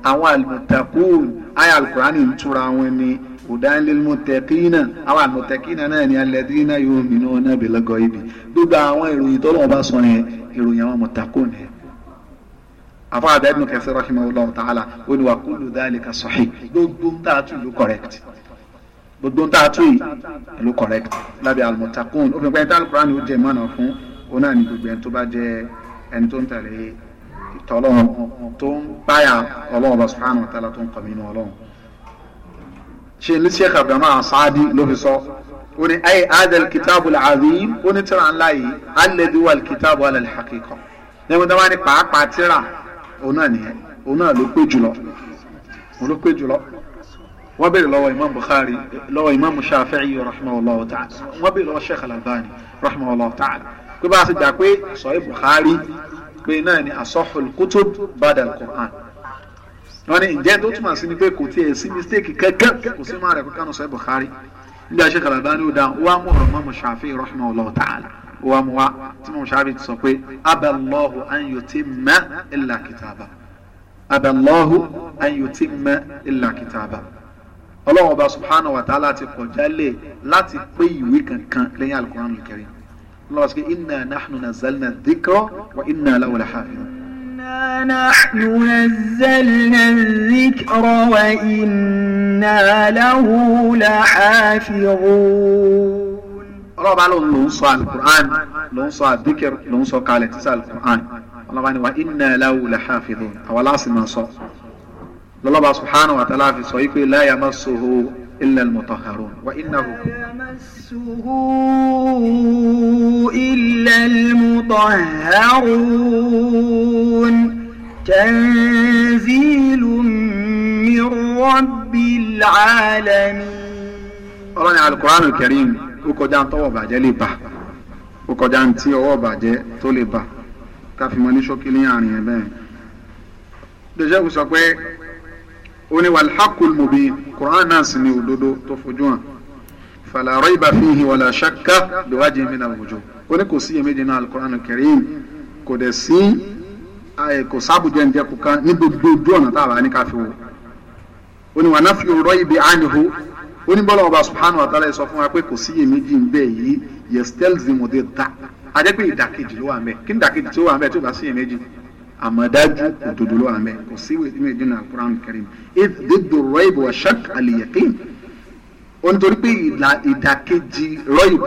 àwọn almutakun ayé alukurani ń túra wọn ni hudan lil muttaqina àwọn àmọ̀tẹ́kínà náà ni alladina yu'minuna bil ghaibi gbogbo àwọn ìròyìn tó lọ́wọ́ bá sọ yẹn ìròyìn àwọn mọ̀tàkó ni àfọ àbẹ ibn Kathir rahimahullahu ta'ala ó ní wa kullu dhalika sahih gbogbo ń tà tún correct gbogbo ń tà tún correct lábẹ́ àmọ̀tàkó ó fi pẹ́ tálùkùránì ó jẹ mọ́nà fún òun náà ni gbogbo ẹni tó bá jẹ ẹni tó ń tẹ̀lé ìtọ́lọ́run tó ń báyà ọlọ́run subhanahu wa ta'ala tó ń kọ̀ mí nù ọlọ́run ṣe ní sheikh abdulrahman saadi ló fi sọ ó ní ayé adal kitabu al-azim ó ní tíra ńlá yìí alẹ́dí wà kitabu alẹ́ hakíkọ lẹ́yìn tó bá ní pàápàá tíra òun náà nìyẹn òun náà ló pé jùlọ òun ló pé jùlọ wọ́n béèrè lọ́wọ́ imam bukhari lọ́wọ́ imam shafi'i rahimahullah ta'ala wọ́n béèrè lọ́wọ́ sheikh al-albani rahimahullah ta'ala pé bá a ti gbà pé sọ̀rọ̀ bukhari pé náà ni asọ́hùl kutub badal qur'an wọn ni ǹjẹ́ tó túmọ̀ sí ni pé kò tiẹ̀ sí mistake kankan kò sí máa rẹ̀ kó kánú sọ Bukhari níbi àṣẹ Al-Albani ó dáhùn wà mú ọ̀rọ̀ mọ́mú Shafi'i rahimahullah ta'ala wà mú wa tí mọ́mú Shafi'i ti sọ pé abalọ́hu an yutimma illa kitaba abalọ́hu an yutimma illa kitaba ọlọ́run ọba subhanahu wa ta'ala ti kọjá lé láti pé ìwé kankan lẹ́yìn Al-Qur'an lọ́wọ́ sọ pé inna nahnu nazzalna dhikra wa inna lahu lahafidhun نحن نزلنا الذكر وإنا له لحافظون رابع لون لونصا القرآن لونصا الذكر لونصا قال تسال القرآن الله يعني وإنا له لحافظون أو لا سنصا الله سبحانه وتعالى في صحيح لا يمسه إلا المطهرون وإنه يمسه إلا المطهرون تنزيل من رب العالمين ọlọ́ni alukuraanu kẹrin ó kọjá ń tọwọ́ bàjẹ́ lè bà ó kọjá ń tí ọwọ́ bàjẹ́ tó lè bà káfíńmọ́ ní ṣókí ní àárín ẹ̀ bẹ́ẹ̀. dèjẹ́ kù sọ pé ó ní walhaqul mubin quran náà sì ni òdodo tó fojú hàn fala rayba fihi wala shakka biwaji min alwujuh ó ní kò sí iyèméjì náà alukur'an karim kò dẹ̀ sí kò sábùjẹ́ ǹjẹ́ kò kan ní gbogbo ojú ọ̀nà tá a bá ní ká fi wò ó ní wa nafyu raybi anhu ó ní bọ́lá ọba subhanahu wa ta'ala sọ fún wa pé kò sí iyèméjì ń bẹ́ẹ̀ yìí yestelzimode da a jẹ́ pé ìdàkejì ló wà ń bẹ́ẹ̀ kí ni ìdàkejì tó wà ń bẹ́ẹ̀ tó bá sí iyèméjì àmọ̀dájú òdodo ló wà mẹ́ kò sí ìwé ìdíwọ̀n ìdíwọ̀n àkùrán kẹrin dídò rọ́ìbù ọ̀ṣak àlìyẹ̀kín ó ń torí pé ìdàkejì rọ́ìbù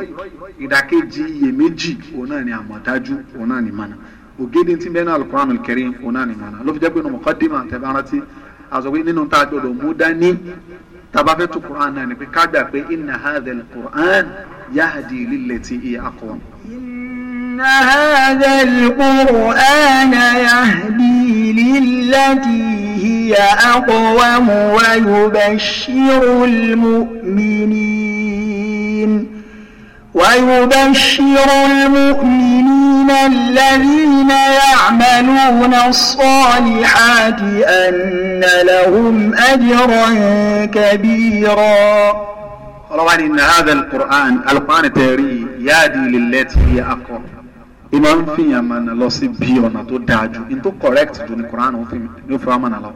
ìdàkejì iyèméjì òun náà ni àmọ̀dájú òun náà ni mọ̀nà ògede tí bẹ́ẹ̀ náà àlùkùrán kẹrin òun náà ni mọ̀nà ló fi jẹ́ pé nínú mọ̀kọ́dìmọ̀ àtẹ̀bárántí àzọ̀gbé nínú tá a gbọ́dọ̀ mú dání tabafẹ́ tu quran náà ni pé ká gbà pé inna hadha al-quran yahdi lillati hiya aqwam. إن هذا القرآن يهدي للتي هي أقوم ويبشر المؤمنين ويبشر المؤمنين الذين يعملون الصالحات أن لهم أجرا كبيرا روان إن هذا القرآن القرآن التاريخ يادي للتي هي أقوم ìmọ̀ ń fi yàn mànà lọ sí bí ọ̀nà tó dáa jù ní tó correct jù ní Quran ló fi wá mànà lọ.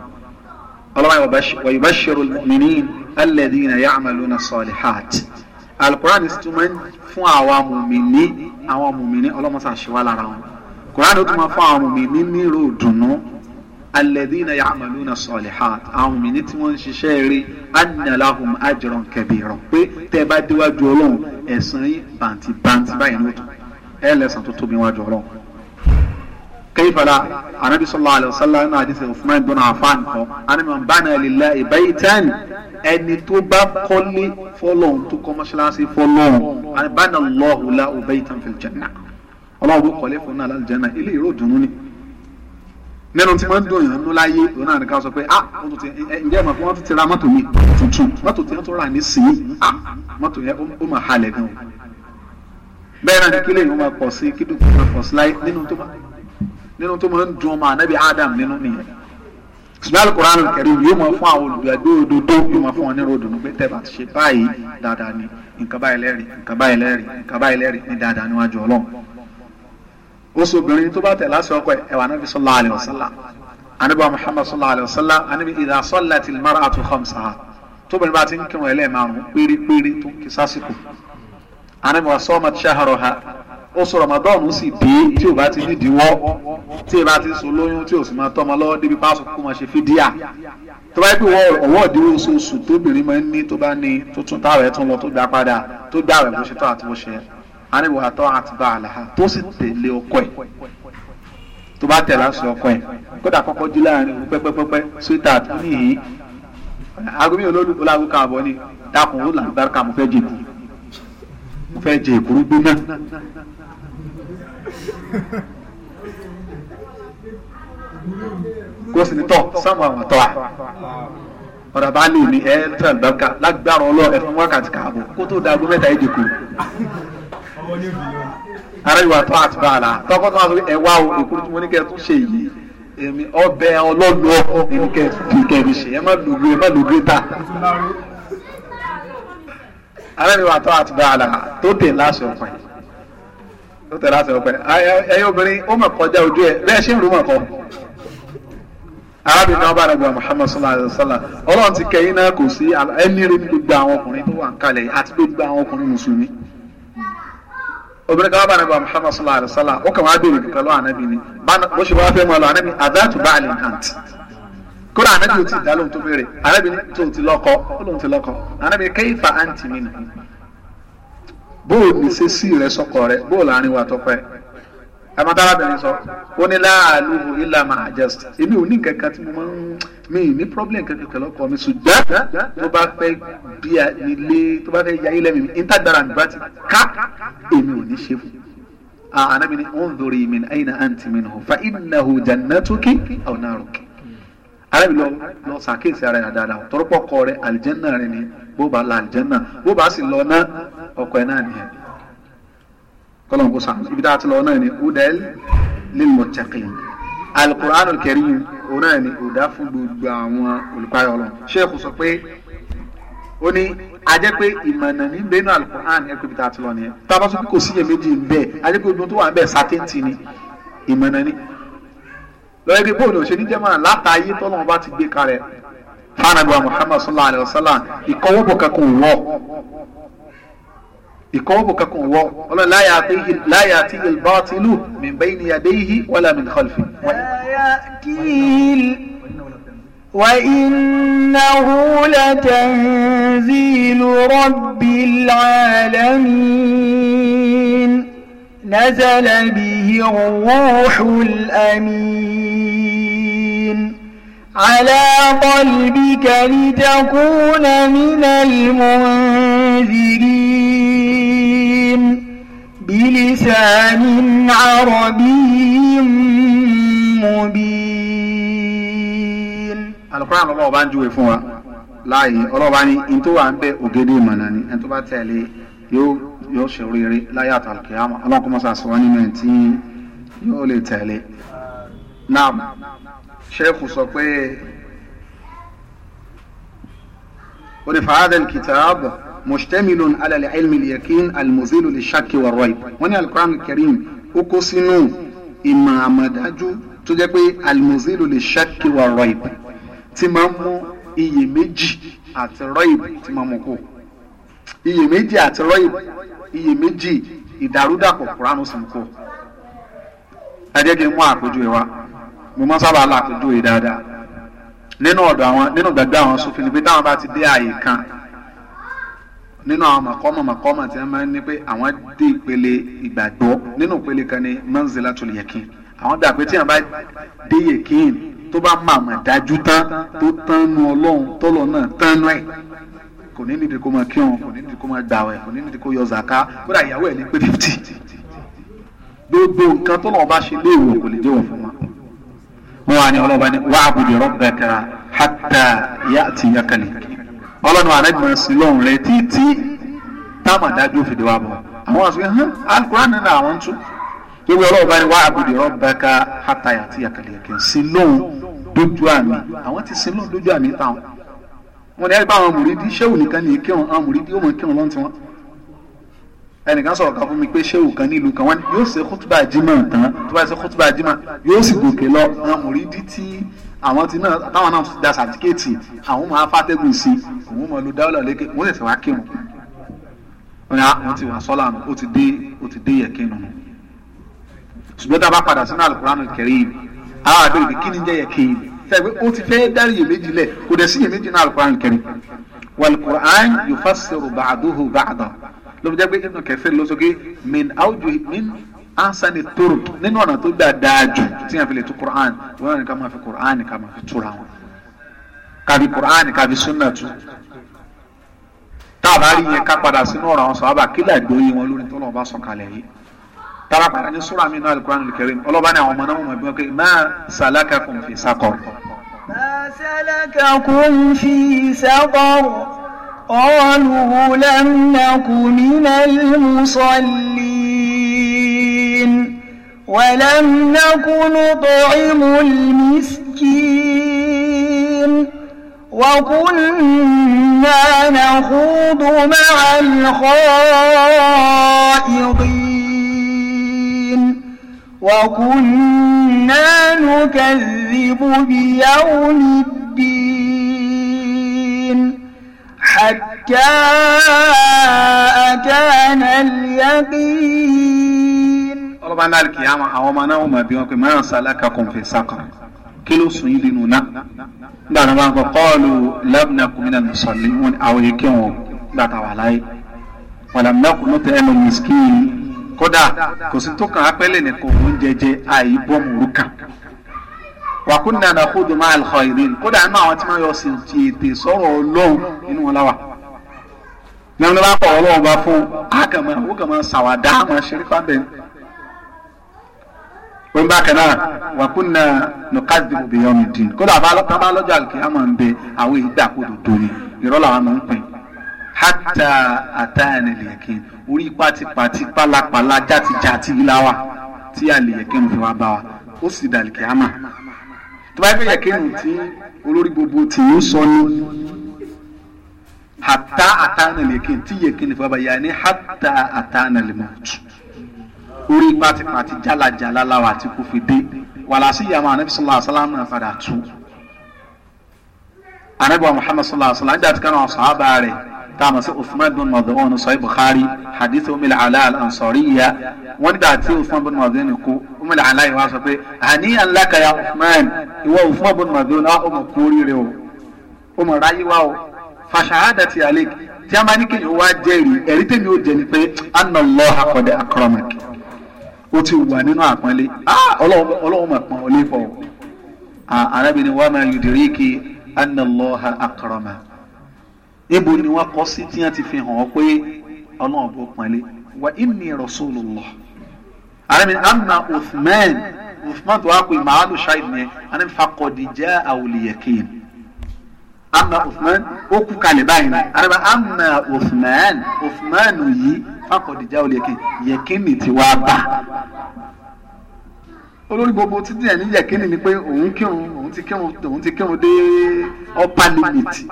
ọlọ́wọ́ wayubashshirul mu'minin alladhina ya'maluna salihat alukurani sì tún máa ń fún àwa mùmíní àwọn mùmíní ọlọ́mọsà ṣíwá lára wọn kurani ó tún máa fún àwọn mùmíní nírò dùnú alladhina ya'maluna salihat àwọn mùmíní tí wọ́n ń ṣiṣẹ́ eré anna lahum ajran pé tẹ́ ẹ lẹ́san tó tóbi wájú ọlọ́run kayfala anabi sallallahu alayhi wa sallam ní hadith Uthman bin Affan kọ anabi man bana lillahi baytan ẹni tó bá kọ́lé fọlọ́n tó kọ́ mọ́ṣáláṣí fọlọ́n bana Allahu lahu baytan fil janna ọlọ́run bó kọ́lé fún náà lálẹ́ jẹ́nà ilé ìró dùnú ni nínú tí wọ́n ń dòyàn nínú láyé òun náà nìkan sọ pé ah mọ́tò tí ǹjẹ́ ẹ̀ mọ̀ pé wọ́n ti bẹ́ẹ̀ náà ni kí lè yóò máa pọ̀ sí kí dúkìá máa pọ̀ sí láyé nínú tó máa nínú tó máa ń dun ọmọ ànábì Adam nínú nìyẹn ṣùgbọ́n alukoran kẹrin yóò máa fún àwọn olùgbàgbé òdodo yóò máa fún wọn ní ròdùnú pé tẹ́ bá ti ṣe báyìí dáadáa ni nǹkan báyìí lẹ́rìí nǹkan báyìí lẹ́rìí nǹkan báyìí lẹ́rìí ní dáadáa níwájú Ọlọ́run oṣù obìnrin tó bá tẹ̀ lásìkò ọkọ ẹ̀wà anábì sallallahu alaihi wasallam anábì Muhammad sallallahu alaihi wasallam anábì idha sallatil mar'atu khamsaha tóbìnrin anamọ sọọma ṣahara ha oṣù ramadan sì dé tí o bá ti nídìíwọ́ tí o bá ti sọ lóyún tí o sì máa tọ́mọ lọ́wọ́ débi pásọ kó máa ṣe fídíà tó bá yẹ pé ọwọ́ ìdíwọ́ oṣooṣù tóbìnrin máa ń ní tó bá ní tó tún táwẹ̀ tún lọ tó gbà padà tó gbà rẹ̀ bó ṣe tó àti bó ṣe anamọ àtọ́ àti bá àlàhà tó sì tẹ̀lé ọkọ ẹ̀ tó bá tẹ̀lé aṣọ ọkọ ẹ̀ kódà kọ́kọ́ jí láàrin òun pẹ́pẹ́pẹ́pẹ́ sweeter níhìn agomi olólùkọ́ lágùn káàbọ̀ ni dákun ó là ń gbárùkà mọ́ fẹ́ mo fẹ́ jẹ èkuru gbóná. gósìnítọ̀ sáwọn àwọn tọ́ a ọ̀rọ̀ bá lè ní ẹ tẹ̀ lọ́kà lágbára ọlọ́ ẹ fún wákàtí káàbọ̀ kó tó dago mẹ́ta ẹ̀ dẹ́kun. ara ìwà tó àtúbà la tọkọ tó wà lórí ẹ wá o èkuru tí mo ní kẹ́ ẹ tún ṣe yìí èmi ọbẹ̀ ọlọ́nu ọkọ èmi kẹ́ ẹ fi ṣe ẹ má lògbé ẹ má lògbé ta arábìnrin wa tó àtúbà àlà tó dé láṣẹ ọpẹ tó tẹ láṣẹ ọpẹ ẹyẹ obìnrin ó mọ kọjá ojú ẹ bẹ́ẹ̀ ṣe ń rú mọ kọ arábìnrin náà bá dàgbà muhammad sallallahu alayhi wa sallam ọlọ́run ti kẹ́yìn náà kò sí ẹni rí gbogbo àwọn ọkùnrin tó wà ń kalẹ̀ àti gbogbo àwọn ọkùnrin mùsùlùmí obìnrin kan bá nàbà muhammad sallallahu alayhi wa sallam ó kàn wá béèrè kankan lọ́wọ́ ànábì ni bó ṣe wá fẹ́ mọ́ lọ ànábì àdáàtú bá àlè hàn kódà anabi ò tí ì dá lóhùn tó béèrè anabi tó ti lọ́kọ ó lóhùn ti lọ́kọ anabi kẹ́yìfà àǹtí mi nà bóòlù ṣe sí rẹ sọkọ rẹ bóòlù àárín wa tọpẹ ẹmọ tábàbìnrin sọ ó ní láàlú ilà máa jẹst èmi ò ní kankan tí mo máa ń mi ní problem kankan pẹ̀lú ọkọ mi ṣùgbọ́n tó bá fẹ́ bí ilé tó bá fẹ́ ya ilé mi ìtàgbára mi ká èmi ò ní ṣe fún un. ni ó ń dorí mi ní àyìnà àǹtí mi nù fa ìnáwó jannatuki arábì lọ lọ sàkíyèsí ara yẹn dáadáa tọrọpọ kọ rẹ àlìjẹnà rẹ ni bó bá la àlìjẹnà bó bá sì lọ náà ọkọ ẹ náà nìyẹn kọlọn kó sàn ibi tá a ti lọ náà ni udel lilmuttaqin alukur'an alkarim òun náà ni òdà fún gbogbo àwọn olùpayọ lọ sheikh sọ pé ó ní ajẹ́ pé ìmọ̀nà ní bẹ́ẹ̀ náà alukur'an ẹ̀kọ́ ibi tá ti lọ nìyẹn tá kò síyèméjì ń bẹ́ẹ̀ ajẹ́ pé ogun tó wà ń bẹ́ẹ̀ sátẹ́ǹtì ni ìmọ̀nà ni. lọ́yẹ́ pé bóòlù òṣèlú jẹ́ mọ́ràn látàáyé tọ́lọ́run bá ti gbé kalẹ̀ fanabu muhammad sallallahu alayhi wa sallam ìkọ́wọ́bọ̀ kankan wọ̀ ìkọ́wọ́bọ̀ kankan wọ̀ ọlọ́run láyà àti ìlbàtìlù min bayni yadayhi wala min khalfi. وإنه لتنزيل رب العالمين نزل به الروح الأمين على قلبك لتكون من المنذرين بلسان عربي مبين القرآن الله بانجوه فوا láàyè ọlọ́ba ní in tó wà ń bẹ ògede ìmọ̀nà ni ẹni yóò ṣe oríire láyé àtàlùkìyàmọ alákòmọsà sọ wọn nínú ẹ tí yóò lè tẹ̀lé náà ṣẹ́ẹ̀kù sọ pé onífàádẹ́n kìtàbù mùsítẹ́mìlún alàlẹ́ ilmìlì yakin almuzilu lè ṣàkí wà rọ́ì wọ́n ní alukuran karim ó kó sínú ìmọ̀ àmọ̀dájú tó jẹ́ pé almuzilu lè ṣàkí rọ́ì tí máa mú iyèméjì àti rọ́ì tí máa mú kó iyèméjì àti rọ́ì iyèméjì ìdàrúdàpọ̀ kuranu sì ń kọ́ ẹ jẹ́ kí n mú àpèjúwe wa mo máa ń sábà la àpèjúwe dáadáa nínú ọ̀dọ̀ àwọn nínú gbàgbé àwọn sófin ni pé táwọn bá ti dé àyè kan nínú àwọn màkọ́mọ̀ màkọ́mọ̀ tí wọ́n máa ń ní pé àwọn dé ìpele ìgbàgbọ́ nínú ìpele kan ní manzilatul yakin àwọn dà pé tí wọ́n bá dé yakin tó bá màmá dájú tán tó tán nu ọlọ́run tọ́lọ́ náà tán nu ẹ̀ kò ní nídìí kó máa kírun kò ní nídìí kó máa gbàwẹ̀ kò ní nídìí kó yọ zaka kódà ìyàwó ẹ̀ ní pé fifty gbogbo nǹkan tó lọ́wọ́ bá ṣe léèwọ̀ kò lè jẹ́ wọ̀ fún wa. wọ́n wá ní ọlọ́ba ní wà á bùdì rabbaka hatta ya'tiyaka ọlọ́nu àrẹ́gbọ̀n sí lọ́run rẹ títí táwọn àdájọ́ òfìdí wa bọ̀ àwọn àṣẹ hàn alukóra nínú àwọn tún gbogbo ọlọ́ba ní wà á bùdì rabbaka hatta ya'tiyaka sí lọ́run dójú àmì àwọn ti sí lọ́run dójú àmì táwọn wọn ni ẹ bá àwọn mùrídìí ṣéwù nìkan ní kírun àwọn mùrídìí ó mọ kírun lọ́n tiwọn ẹnìkan sọ̀rọ̀ kan fún mi pé ṣéwù kan nílùú kan wọ́n yóò ṣe kútùbà jimá tán tó bá ṣe kútùbà jimá yóò sì gòkè lọ àwọn mùrídìí tí àwọn ti náà táwọn náà da sàtíkẹ́ẹ̀tì àwọn máa fàtẹ́gùn sí òun máa lo dáwọ́lẹ̀ lékè wọ́n sì wá kírun wọ́n ah, ti wá sọ́là nù ó ti dé ó ti dé yẹ̀kẹ́ nù. ṣùgbọ́n tá a bá padà sínú àlùkùránì kẹrin yìí àwọn àbẹ̀rẹ̀ kí ni jẹ́ yẹ̀kẹ́ tẹ̀wé ó ti fẹ́ dárí yè méjì lẹ̀ kò dẹ̀ sí yè méjì náà alukur'an kẹrin walukur'an yufassiru ba'duhu ba'dan ló fi jẹ́ pé ibnu kẹsẹ̀ ló sọ pé min awju min ansani toro nínú ọ̀nà tó gbà dáa jù tí yàn fi lè tu kur'an wọ́n ní ká máa fi kur'an ká máa fi tura wọn kàbí kur'an kàbí sunna tu táàbà rí yẹn ká padà sínú ọ̀rọ̀ àwọn sọ̀rọ̀ kílà gbóyè wọn lórí tọ́lọ̀ ọba sọ̀kalẹ̀ yìí tára padà sura mi náà alukur'an olùkẹ́rin ọlọ́ba ní àwọn ọmọ náà mọ̀ bí wọ́n kẹ́ máa salakakum fi saqar سلككم في سقر قالوا لم نك من المصلين ولم نك نطعم المسكين وكنا نخوض مع الخائضين وكنا نكذب بيوم الدين حتى أتانا اليقين ọlọ́ba ńlá kìí àwọn àwọn ọmọ náà wọ́n máa bí wọn pé máa ń sàlákà kò ń fi sákà kí ló sùn yín nínú náà nígbà tó máa ń kọ kọ́ọ̀lù lábùnà kùmínà lùsọ̀lì wọn àwọn èké wọn gbàtà wà láyé wàlámùnà kùnú tẹ ẹnu mìsíkì yìí kódà kò sí tó kàn ápẹ́lẹ̀ nìkan òun jẹjẹ àì bọ́mùrú kan wàkúndà náà kó dùn máa lọ ìrìn kódà nínú àwọn tí wọ́n yọ sí ti ètè sọ̀rọ̀ ọlọ́run nínú wọn láwà nínú bá kọ̀ ọlọ́run bá fún àkàmọ́ àwọn kàmọ́ sàwádà àwọn ṣeré fábẹ́ wọn bá kẹ́ náà wàkúndà nùkàdì bìyànjú dín kódà bá lọ́jà kí á ń bẹ àwọn ìgbà kó dòdò ìrọ́lá àwọn máa ń pín hata àtàyàn ìlẹ̀kìn orí pátípátí pálapàla játijàti láwa tí àlìyẹ̀kìn ti wá bá wa ó sì dàlìkì àmà tó bá yẹ kó yẹ̀kìn tí olórí gbogbo tì ń sọ ni hata àtàyàn ìlẹ̀kìn tí yẹ̀kìn fi wá bá yà ni hata àtàyàn ìlẹ̀mọ̀tù orí pátípátí jálajàlá láwa ti kò fi dé wàlásì yàrá ànábì sallallahu alaihi wasallam náà padà tu, ànábì wa Muhammad sallallahu alaihi wasallam nígbà tí kan náà sọ àbá rẹ̀ táàmù sí usman bin madhun sọ bukhari hadith umil ala al-ansariya wọn nígbà tí usman bin madhun kú umil ala yìí wá sọ pé àní ànlákà ya usman ìwọ usman bin madhun náà ọmọ kú oríire o ọmọ ráyé wá o fàṣàhádà ti àlè tí a máa ní kéèyàn wá jẹ́rìí ẹ̀rí tèmi ó jẹ́ ni pé anna Allaha qad akramak ó ti wà nínú àpọ́nlé ọlọ́wọ́ mọ̀ pọ́n ó arábìnrin wa ma yudriki anna Allaha akrama níbo ni wọ́n kọ́ sí tí wọ́n ti fi hàn ọ́ pé ọlọ́run bó pọ́nlé wa inni rasulullah àrẹ́mi amma uthman uthman tó wá pé màálù ṣáìd ni àrẹ́mi fakọ̀dì jẹ́ àwòlìyẹ̀kìn amma uthman ó kú kalẹ̀ báyìí ni àrẹ́mi amma uthman uthman yìí fakọ̀dì jẹ́ àwòlìyẹ̀kìn yẹ̀kìn ni ti bá olórí gbogbo títí ẹ̀ níyẹ̀ kí ni ni pé òun kírun òun ti kírun òun ti kírun dé upper limit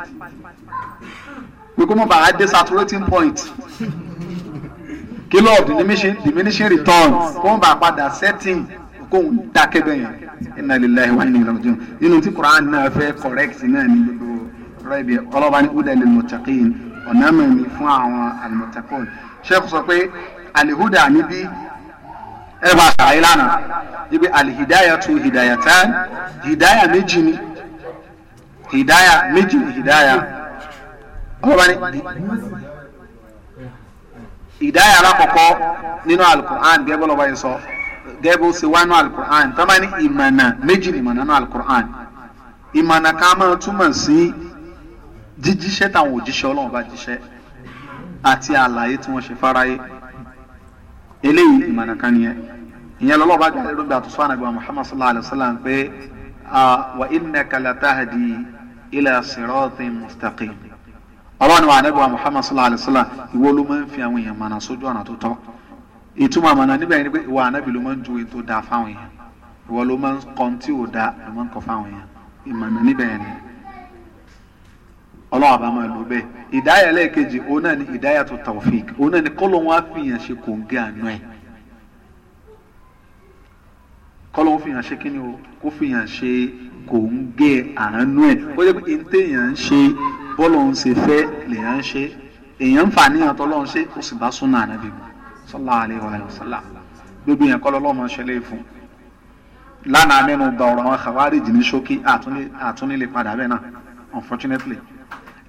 pé kó mọ̀ bàá dé saturating point kí lọ́ọ̀ diminishing diminishing return kó mọ̀ bàá padà setting kó ń dákẹ́ bẹ́ẹ̀ yẹn inna lillahi wa inna ilaihi raji'un nínú tí Quran náà fẹ́ correct náà ní gbogbo rẹ́ẹ̀bì ọlọ́ba ní hudan lil muttaqin ọ̀nà mẹ́rin fún àwọn al muttaqin Sheikh sọ pé alihuda níbí ẹ bá ṣàlàyé lánàá ibi alihidaya tu hidaya tan hidaya méjì ni hidaya méjì ni hidaya ọba ni hidaya alákọ̀ọ́kọ́ nínú alukur'an gẹ́gẹ́ bọ́lá ọba yẹn sọ gẹ́gẹ́ bó ṣe wá nínú alukur'an tọ́ba ni ìmọ̀nà méjì ni ìmọ̀nà nínú alukur'an ìmọ̀nà kan máa túmọ̀ sí jíjíṣẹ́ táwọn òjíṣẹ́ ọlọ́run bá jíṣẹ́ àti àlàyé tí wọ́n ṣe fáráyé eléyìí ìmọ̀nà kan nìyẹn ìyẹn lọ́lọ́ bá dà lérò bí àtúnṣe ànàbí wa muhammad sallallahu alayhi wa sallam pé wa innaka latahdi ila siratin mustaqim ọlọ́run wa ànàbí wa muhammad sallallahu alayhi wa sallam ìwọ ló máa ń fi àwọn èèyàn mọ̀nà sójú ọ̀nà tó tọ́ ìtumọ̀ àmọ̀nà níbẹ̀ yẹn ni pé ìwọ ànàbí ló máa ń ju ètò dáa fáwọn èèyàn ìwọ ló máa ń kọ́ tí ò dáa ló máa ń kọ́ fáwọn èèyàn ìmọ̀nà níbẹ̀ ni ọlọ́run àbá máa lò bẹ́ẹ̀ ìdáyà ẹlẹ́ẹ̀kejì òun náà ni ìdáyà tó tawfik òun náà ni kọ́lọ́n wá fìyàn ṣe kòǹgẹ́ àná ẹ̀ kọ́lọ́n fìyàn ṣe kíni o kó fìyàn ṣe kòǹgẹ́ àánú ẹ̀ ó yẹ kí n téèyàn ń ṣe bọ́lọ̀ ń ṣe fẹ́ lèèyàn ń ṣe èèyàn ń fà níyàn tó lọ́n ṣe ó sì bá súnà ànábì mu sallallahu alaihi wa sallam gbogbo yẹn kọ́lọ́ unfortunately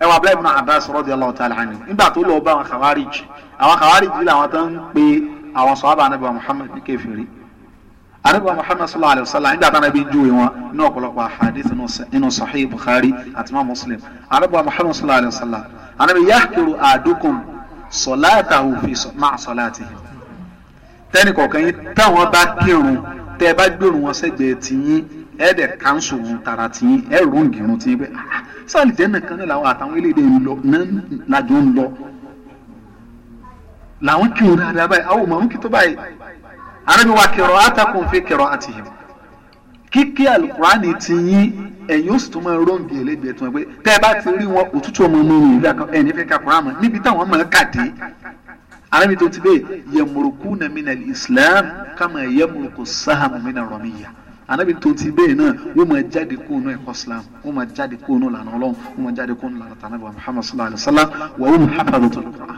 ẹ wọ abúlé ibùnú abbas radiyallahu ta'ala anhu nígbà tó lọ bá àwọn kàwárìjì àwọn kàwárìjì làwọn tó ń pe àwọn sọ̀hábà anabi wa muhammad ní kèfèrí anabi wa muhammad sallallahu alayhi wa sallam nígbà táwọn ẹbí ń júwe wọn ní ọ̀pọ̀lọpọ̀ ahadith nínú sahih bukhari àti mọ́ muslim anabi wa muhammad sallallahu alayhi wa sallam anabi yahkiru adukum salatahu fi ma'a salatihi tẹ́nì kọ̀ọ̀kan yín táwọn bá kírun tẹ́ bá gbèrú wọn sẹ́gbẹ̀ẹ́ tìyín ẹ dẹ̀ kánṣu tara tí ẹ rún gírun tí bẹ́ẹ̀ sáàlì jẹ́ nìkan ní làwọn àtàwọn eléyìí ń lọ lájọ ń lọ làwọn kírun dáadáa báyìí àwọn màmú kí báyìí arábí wa kẹrọ àtàkùn fi kẹrọ àti yẹn kíkí alukurani ti yín ẹ̀yin ó sì tún máa rọ́ǹgì ẹlẹ́gbẹ̀ẹ́ tó wọn pé tẹ́ ẹ bá ti rí wọn òtútù ọmọ ọmọ òun ìlú àkọ́ ẹ̀yin fẹ́ ka kuran mọ́ níbi táwọn máa kà dé arábí tó ti bẹ́ẹ̀ yẹmùrùkú nàmínà islam kàmá yẹmùrùkú sáhàmù mínà rọ̀míyà anabi tó ti bẹ́ẹ̀ náà wọ́n máa jáde kó nù ẹ̀kọ́ islam wọ́n máa jáde kó nù lànà ọlọ́run wọ́n máa jáde kó nù lànà tànàbí wa muhammad sallallahu alayhi wa sallam wa wọ́n muhammadu tó lọ́kọ́ à.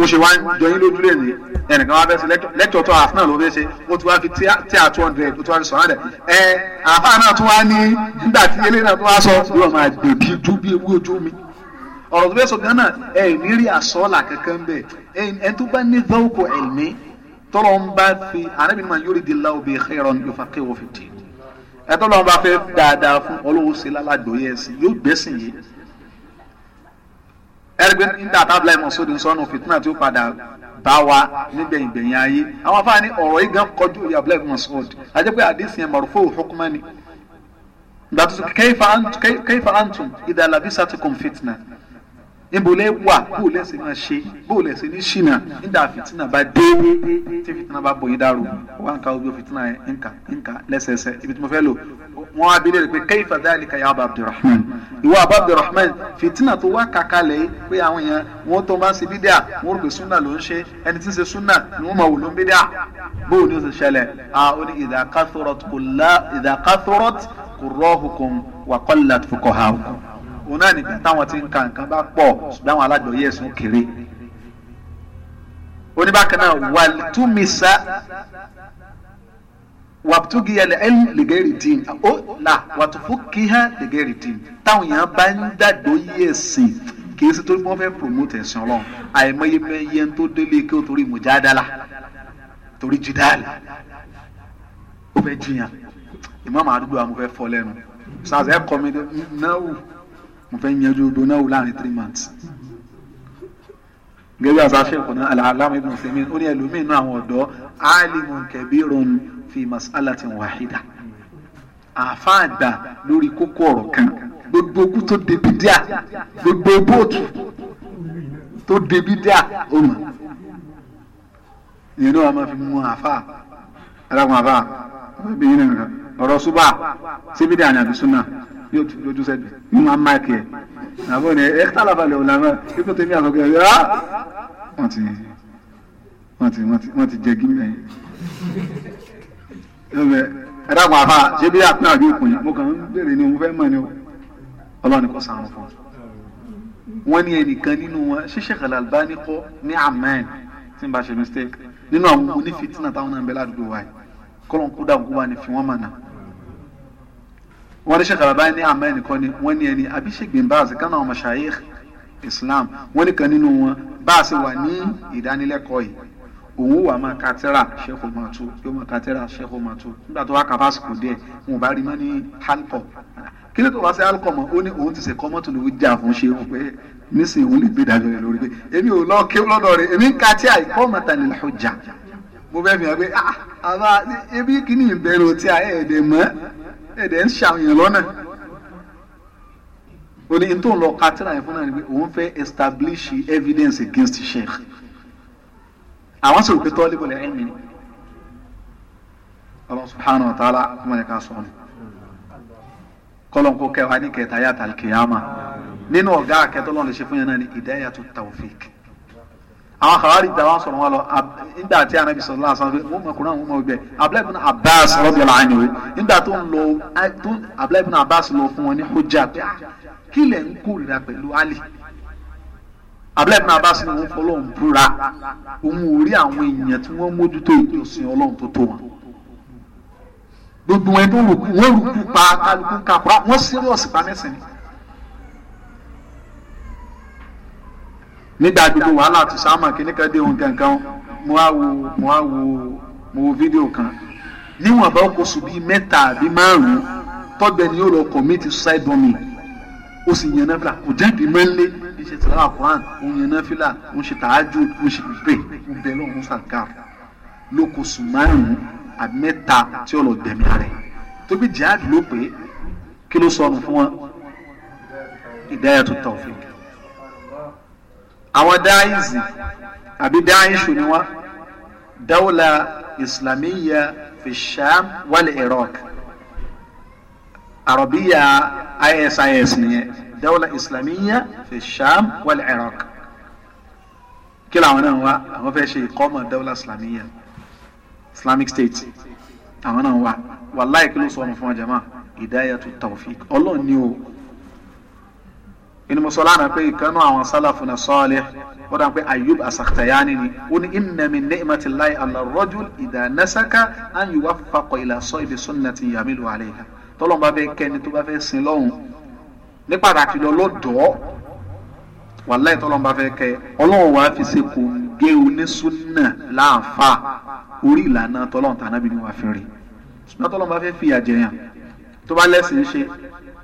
ó ṣe wá jọyín lójúlé ní ẹnìkan wá bẹ́ẹ̀ sí lẹ́tọ̀ tó àfúnà ló bẹ́ẹ̀ ṣe ó ti wá fi tí a two hundred ó ti wá fi sọ̀rọ̀ ẹ àfáà náà tó wá ní nígbà tí eléyìí náà tó wá sọ yóò máa dèbí ju bí ewé ojú mi ọ̀rọ̀ tó fẹ́ sọ gánà ẹ̀ ní rí àsọ́ọ̀là kankan bẹ́ẹ̀ ẹ̀ tó bá ní dọ́wọ́kọ̀ ẹ̀mí tọ́lọ́ ń bá fi ànábì man yuridillahu bihi khairan yufaqihu fi ddin ẹ tọ́lọ́ ń bá fẹ́ dáadáa fún ọlọ́wọ́ sí lálàgbóyè ẹ̀sìn yóò gbẹ́sìn yìí ẹgbẹ́ nígbà tábìlà ìmọ̀sódì sọ́nù fìtínà tí ó padà bá wa nígbẹ̀yìngbẹ̀yìn ayé àwọn afáàní ọ̀rọ̀ yìí gan kọjú ìyá abúlé ìmọ̀sódì ajẹ́ pé àdìsí yẹn mọ̀rọ̀ fóò hukumá ni. dàtú kayfa antum idha labisatukum fitna níbo lẹ wà bó lẹ ṣe máa ṣe bó lẹ ṣe ní ṣìnà nígbà fìtínà bá dé tí fìtínà bá bọ̀ yín dàrú wà ń ka ojú fìtínà yẹn nǹkan nǹkan lẹ́sẹẹsẹ ibi tí mo fẹ́ lò wọn á bi léèrè pé kayfa dhalika ya Aba Abdurrahman ìwọ Aba Abdurrahman fìtínà tó wá kàkà lẹ̀ pé àwọn èèyàn wọn tó bá ń ṣe bídíà wọn rò súnà ló ń ṣe ẹni tí ń ṣe súnà ni wọn máa wò ló ń bídíà bó ni ó ti ṣẹlẹ̀ a ó ní òun náà nígbà táwọn ti ń ka nǹkan bá pọ̀ ṣùgbọ́n àwọn alájọyé ẹ̀sùn kéré oníbàkan náà wàlítúmísà wàtúgì ẹ lẹgẹrì dín ó là wàtúfù lẹgẹrì dín táwọn èèyàn bá ń dàgbò yí ẹ̀sìn kì ṣe torí wọ́n fẹ́ promote ẹ̀sìn Ọlọ́run àìmọye mẹyẹ tó délé kí ó torí mùjádàlà torí jìdáàlì ó fẹ́ jiyàn ìmọ̀ àdúgbò àwọn fẹ́ fọ́ lẹ́nu sàzẹ́ kọ́mi náà wù mo fẹ́ yanjú odò náà wò láàrin three months. gẹ́gẹ́ àbá ṣèkùn náà alàlámà ibn Uthaymeen ó ní ẹlòmíín náà àwọn ọ̀dọ́ alimun kabirun fi mas'alatin wahida àfáàgbà lórí kókó ọ̀rọ̀ kan gbogbo okú tó débi díà gbogbo bóòtù tó débi díà ó mọ̀ ìyẹn náà wàá máa fi mú àfáà alákùn àfáà ọmọ ibi yìí nìkan ọ̀rọ̀ súbà síbídà ní àbí súnà yóò tún lójú sẹ́gbẹ̀ ní wọn máa kí ẹ̀ àbọ̀ ni ẹ̀ tààlà balẹ̀ ọ̀la náà ikú tèmi àtọ́kẹ́ ẹ̀ yá ah! wọ́n ti wọ́n ti wọ́n ti jẹ gímẹ̀ yìí ẹ dàgbà àfà ṣé bí àpín àbí ìpín mo kàn ń béèrè ni mo fẹ́ mọ̀ ni o ọlọ́ni kò sàrùn fún wọn ní ẹnìkan nínú wọn ṣíṣe kàlàlbá ní kọ́ ní amen tí n bá ṣe mistake nínú àwọn onífìtínà táwọn náà ń bẹ ládùúgbò wa yìí kọ́lọ́n kó dàgbò wa fi wọ́n mọ̀ náà wọ́n ní Sheikh Albani ní àmọ́ ẹnìkan ni wọ́n ní ẹni àbí bin Baz kan náà mashayikh Islam wọ́n ní kan nínú wọn bá a ṣe wà ní ìdánilẹ́kọ̀ọ́ yìí òun wà máa katẹ́rà ṣẹ́kù máa tú yóò máa katẹ́rà ṣẹ́kù máa tú nígbà tó wá kà fásitì díẹ̀ wọn ò bá rí mọ́ ní alcohol kí ló tó wá sí alcohol mọ́ ó ní òun ti ṣe kọ́mọ́tò lówó jà fún ṣe òun pé nísìnyí òun lè gbé ìdájọ́ rẹ̀ lórí pé èmi ò lọ kí lọ́dọ̀ rẹ̀ èmi ń katí àìkọ́ mọ́ta nílẹ̀ ọjà mo fẹ́ fi hàn pé ah, àbá ebi kìíní ìbẹ̀rù tí a ẹ̀ mọ́ ẹ̀dẹ̀ ń ṣàwìyàn lọ́nà ó ní tó ń lọ ka tíra yẹn fún náà ni pé òun fẹ́ establish evidence against sheikh àwọn sọ̀rọ̀ pé tọ́lé bọ̀lẹ̀ ẹ̀mí ni Allah subhanahu wa ta'ala kọ́mọ yẹn ká sọ ni kọ́lọ́nkó kẹwàá ní kẹta yàtà kìyàmà nínú ọ̀gá akẹ́tọ́lọ́ọ̀ lè ṣe fún yẹn náà ni ìdáyàtú tawfik àwọn àkàwárí ìjà wa sọ̀rọ̀ wọn lọ nígbà tí anabi sọ̀rọ̀ láàṣà wọn mọ̀ ọkùnrin àwọn ọmọ ọgbẹ́ abdullahi bin abbas rọ́bì ọ̀la ànyìnwé nígbà tó ń lọ tó abdullahi bin abbas lọ fún wọn ní hujja pé kí lẹ̀ ń kórìíra pẹ̀lú ali abdullahi bin abbas ni wọn fọlọ́n búra òun ò rí àwọn èèyàn tí wọ́n mójútó ìjọsìn ọlọ́run tó tó wọn gbogbo wọn tó wọn rò pa kálukú kápá wọn sírọ̀sì pa mẹ́sìn ni nígbà gbogbo wàhálà ti sáàmà kíní kan dé ohun kankan mo á wo mo á wo mo wo fídíò kan níwọ̀nba oṣù bíi mẹ́ta àbí márùn-ún tọ́gbẹ́ ni yóò lọ commit suicide bombing ó sì yẹn náfìlà kò jáde mẹ́lẹ́ ń ṣe tìlára Quran òun yẹn náfìlà ń ṣe tààjú ń ṣe pípé ń bẹ lọ́run sàkà lókòsù márùn-ún àbí mẹ́ta tí ó lọ gbẹ̀mí rẹ̀ tóbi jihad ló pé kí ló sọnù fún wọn Hidayatut Tawfiq àwọn dáìsì àbí dáìsù ni wọ́n dáwọ́là islamiyya fi sham wal iraq arabiya isis nìyẹn dáwọ́là islamiyya fi sham wal iraq kí làwọn náà wá àwọn fẹ́ ṣe ìkọ́mọ̀ dáwọ́là islamiyya islamic state àwọn náà wá wàláì kí sọ ọmọ fún wa jama ìdáyàtú tawfiq ọlọ́ọ̀ni o inú mo sọ lánàá pé ìkànnù àwọn sálàfùnà sọ́ọ̀lẹ̀ ó dàn pé ayub asakitayani ni ó ní inna min ni'mati llahi ala rajul idha nasaka an yuwaffaqa ila sahibi sunnati yamilu alayha tọ́lọ́mù bá fẹ́ kẹ́ni tó bá fẹ́ sin lọ́hùn ní pàtàkì lọ lọ́dọ̀ọ́ wàláì tọ́lọ́mù bá fẹ́ kẹ́ ọlọ́run wàá fi ṣe kò gé onísúnà láàfà orí ìlànà tọ́lọ́mù tànàbí ni wàá fi rìn ṣùgbọ́n tọ́lọ́mù bá fẹ́ fìyà jẹyàn tó bá lẹ́sìn ṣe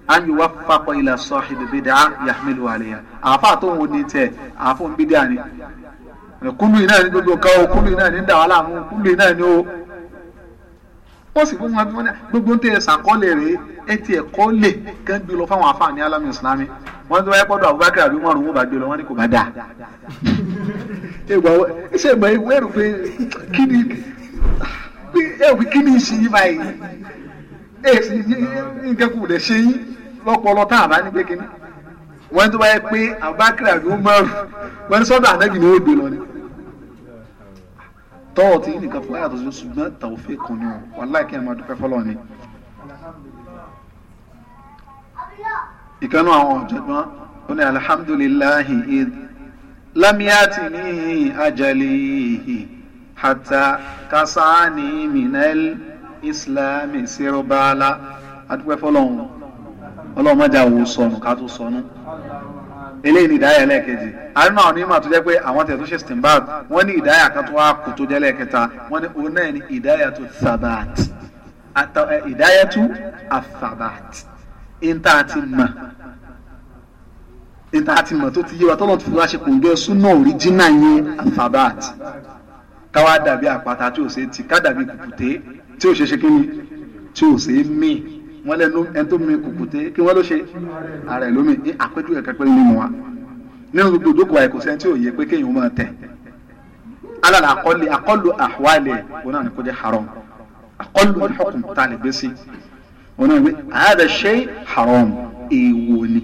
an yuwaffaqa ila sahibi bid'a yahmilu alayha àáfà tó ń wo ní tẹ àáfà ń bídà ni kúlù iná ní gbogbo kan o kúlù iná ní dàwọ́ láàmú kúlù iná ní o ó sì fún wọn bí wọn ní gbogbo ń tẹ ṣàkọọ́lẹ̀ rẹ̀ ẹ ti ẹ̀kọ́ lè kán gbé lọ fáwọn afáàní alámi ìsìlámì wọn tó wáyé pọ́dọ̀ Abubakar àbí wọn rún bá gbé wọn ní kò bá dà ṣe ìgbà ìwé ẹ̀rù pé kí ni ẹ̀rù pé kí ni ìṣe yí báyìí nǹkan kù lè ṣe yín lọ́pọlọ tá a bá ní kékeré wọ́n tó bá yẹ pé abakiri àbí umaru wọ́n ní sọ́dọ̀ anabi ni ó dé lọ ni tọ́wọ̀ tí nìkan fún ayàtọ̀ sí ṣùgbọ́n tàwọ́fẹ́ kan ni wọn láì kí ẹ máa dúpẹ́ fọlọ́ ni. ìkànnì àwọn ọ̀jọ̀gbọ́n ó ní alihamdulilahi id lamiyati ni ajalihi hata kasaani minel islami sirubala adúpẹ́ fọlọ́ wọn ọlọ́run mọ́jà òun sọnù ká tó sọnù eléyìí ni ìdáyà ẹlẹ́ẹ̀kejì àrùn àwọn onímọ̀ tó jẹ́ pé àwọn tẹ̀ tó ṣe stimbad wọ́n ní ìdáyà kan tó wá kù tó jẹ́ lẹ́ẹ̀kẹta wọ́n ní òun náà ní ìdáyà tó sabat ìdáyà tó afabat ìta àti mọ̀ ìta àti mọ̀ tó ti yé wa tọ́lọ̀ tó fi wá ṣe kòǹgẹ́ súnà òríjínà yẹn afabat káwá dàbí àpáta tí ò ṣe ti ká dàbí kùkùté tí ò ṣe ṣe kí ni tí ò ṣe mí wọ́n lẹ́nu ẹni tó mi kùkùté kí wọ́n ló ṣe ara ẹ̀ lómi ní àpéjúwe kẹ́kẹ́ nínú wa nínú gbogbo ìdókòwò àìkò sẹ́ni tí ò yẹ pé kéèyàn máa tẹ̀ alala akọli akọlu ahwali wọn náà ni kò jẹ haram akọlu hukum tá a lè gbé sí wọn náà ni hada shay haram èèwọ̀ ni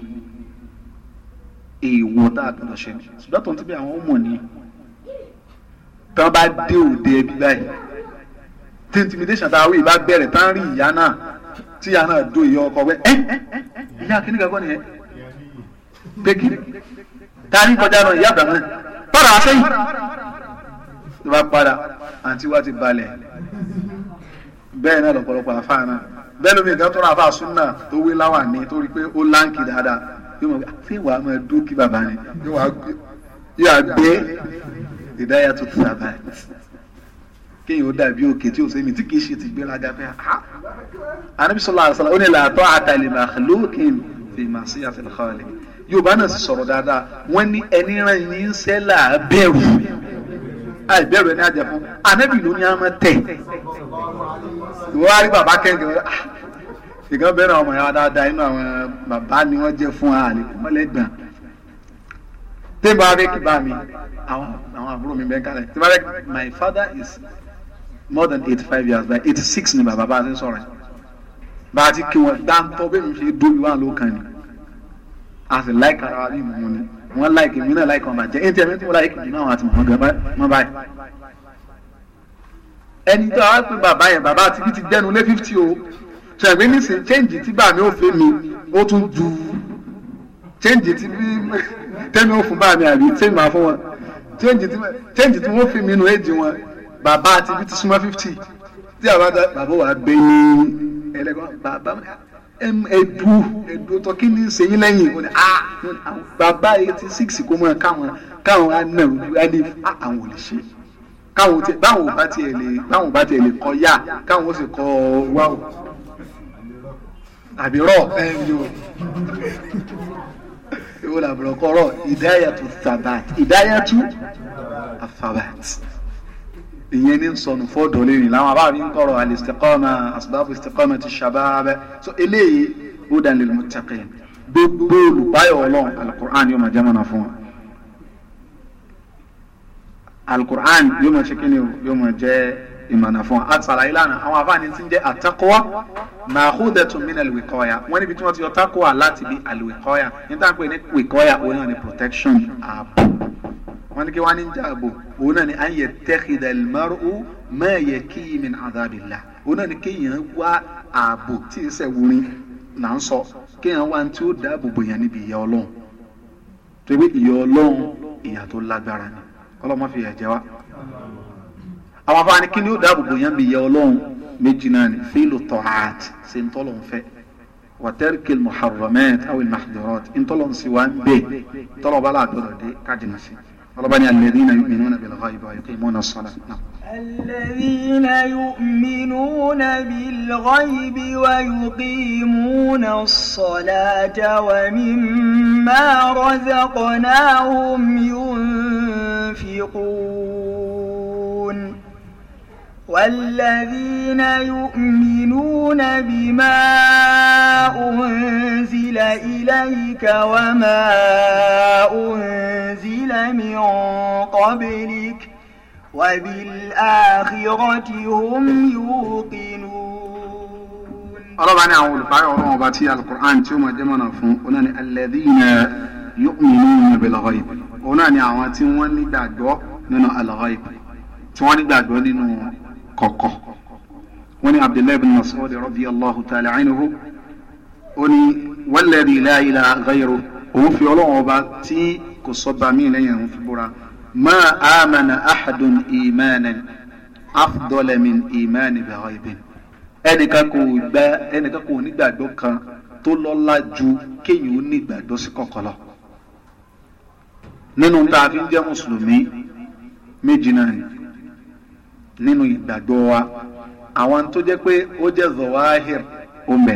èèwọ̀ tá a kàn lọ ṣe ni ṣùgbọ́n tó ń ti bí àwọn ọmọ ni tí wọ́n bá dé òde ẹbí báyìí tí intimidation tá a wí bá bẹ̀rẹ̀ tá a rí ìyá náà tí a náà do ìyá ọkọ wẹ ẹ ìyá kí ni kankan nìyẹn pékin tani kọjá náà ìyá àbàmọ́ padà wá sẹ́yìn tó bá padà àǹtí wa ti balẹ̀ bẹ́ẹ̀ náà lọ́pọ̀lọpọ̀ àfáà náà bẹ́ẹ̀ lómi ìgbà tó náà àfáà súnà tó wé láwà ní torí pé ó láǹkì dáadáa yóò mọ̀ fí ah, wàá máa dúró bàbá ni yóò wá ìdáyà tó ti sábà kéèyàn ó dàbí òkè tí ò sẹ́mi tí kì í ṣe ti gbéraga fẹ́ ha anabi sallallahu alaihi wasallam ó ní la ta'ata li makhluqin fi ma'siyatil khaliq yorùbá náà sì sọ̀rọ̀ dáadáa wọ́n ní ẹni rán yín sẹ́là bẹ̀rù àìbẹ̀rù ẹni àjẹ fún anabi ló ní àmọ́ tẹ̀ ìwọ́n á rí bàbá kẹ́ńkẹ́ wọ́n ah! ìkan bẹ́ẹ̀rẹ̀ ọmọ yẹn wá dáadáa inú àwọn bàbá ni wọ́n jẹ́ fún my father is more than eighty five years by eighty six ni bàbá bá a ti sọ̀rọ̀ yìí bá a ti kí wọn dáńtọ́ bẹ́ẹ̀ mi ṣe dóbi wà ló kàn yìí a sì láìka ara bí mò ń ní wọn láìkì mí náà láìka wọn bàjẹ́ ẹni tí a mẹ́tò láìkì mí náà wọn àti màmá gan mọ́ báyìí ẹni tó a pè bàbá yẹn bàbá àti bí ti dẹnu lé fifty o ṣàgbé nísìnyí chẹ́ǹjì tí bàmí ò fẹ́ mi ó tún ju chẹ́ǹjì tí bí tẹ́mi ò fún bàmí àbí tẹ́mi máa fún wọn chẹ́ǹjì tí wọ́n fi mi nù éjì wọn bàbá àti ibi ti súnmọ́ fifty tí àwọn bàbá wa gbé ní ẹlẹ́gbọ́n bàbá ẹdú ẹdú tó kí ni sẹ́yìn lẹ́yìn ìwọ ah, ni bàbá eighty six kò mọ̀ káwọn káwọn anàrú alif ah, àwọn ò lè ṣe káwọn tiẹ̀ báwọn ò bá tiẹ̀ lè báwọn ò bá tiẹ̀ lè kọ yá káwọn ó sì kọ wáwò àbírọ̀ ẹ̀ yóò ìwọ làbúrò kọ́rọ̀ ìdáyàtú thabat ìdáyàtú àthabat ìyẹn ní sọnù fọ́ọ̀dọ̀ lẹ́yìn làwọn àbá mi ń kọ̀rọ̀ al-istiqama asbabu istiqama ti shabab so eléyìí hudan lil muttaqin gbogbo olùbáyọ̀ ọlọ́run alukur'an yóò máa jẹ́ mọ́nà fún wa alukur'an yóò máa ṣe kíni yóò máa jẹ́ ìmọ̀nà fún wa àtàlà ìlànà àwọn afáàní ti ń jẹ́ àtàkọ́wá màhúdẹ̀tún min alwikọ́yà wọ́n níbi tí wọ́n ti yọ tákọ́wà láti bí alwikọ́yà níta pé ní wikọ́yà òun náà ni protection ààbò wọn ní kí wọn ní jà àbò òun náà ni à ń yẹ tẹ́kìdà ìmọ̀rù máa yẹ kí mi ní àdábìlà òun náà ni kéèyàn wá ààbò tí ì sẹ́ wurin là ń sọ kéèyàn wá tí ó dáàbò bò yẹn níbi ìyà ọlọ́run torí ìyà ọlọ́run ìyà tó lágbára ni fi yà jẹ wá. àwọn afáàní kí ni ó dáàbò bò yẹn níbi ìyà ọlọ́run méjì ni fílù tọ́hát ṣe ń tọ́lọ̀ ń fẹ́ wàtẹ́rìkì muharramat awil mahdurat ń tọ́lọ̀ ń sì wá ń طلبني الذين يؤمنون بالغيب ويقيمون الصلاة نعم. الذين يؤمنون بالغيب ويقيمون الصلاة ومما رزقناهم ينفقون والذين يؤمنون بما أنزل إليك وما أنزل من قبلك وبالآخرة هم يوقنون ربنا أنا أقول بعض رباتي القرآن توما جمنا فون الذين يؤمنون بالغيب هنا نعواتي وني دعوة ننو الغيب تواني دعوة ننو kọ̀kọ̀ wọ́n ní abdullahi bin masoud radiyallahu ta'ala anhu ó ní walladhi la ilaha ghayru òun fi ọlọ́run ọba tí kò sọ́ba mí lẹ́yìn òun fi búra ma amana ahadun imanan afdala min imani bighaybihi ẹnìkan kò gbà ẹnìkan kò nígbàgbọ́ kan tó lọ́lá ju kéèyàn ó nígbàgbọ́ sí kọ̀kọ̀ nínú tá a fi ń jẹ́ mùsùlùmí méjì náà ni nínú ìgbàgbọ́ wa àwọn tó jẹ́ pé ó jẹ́ zawahir omẹ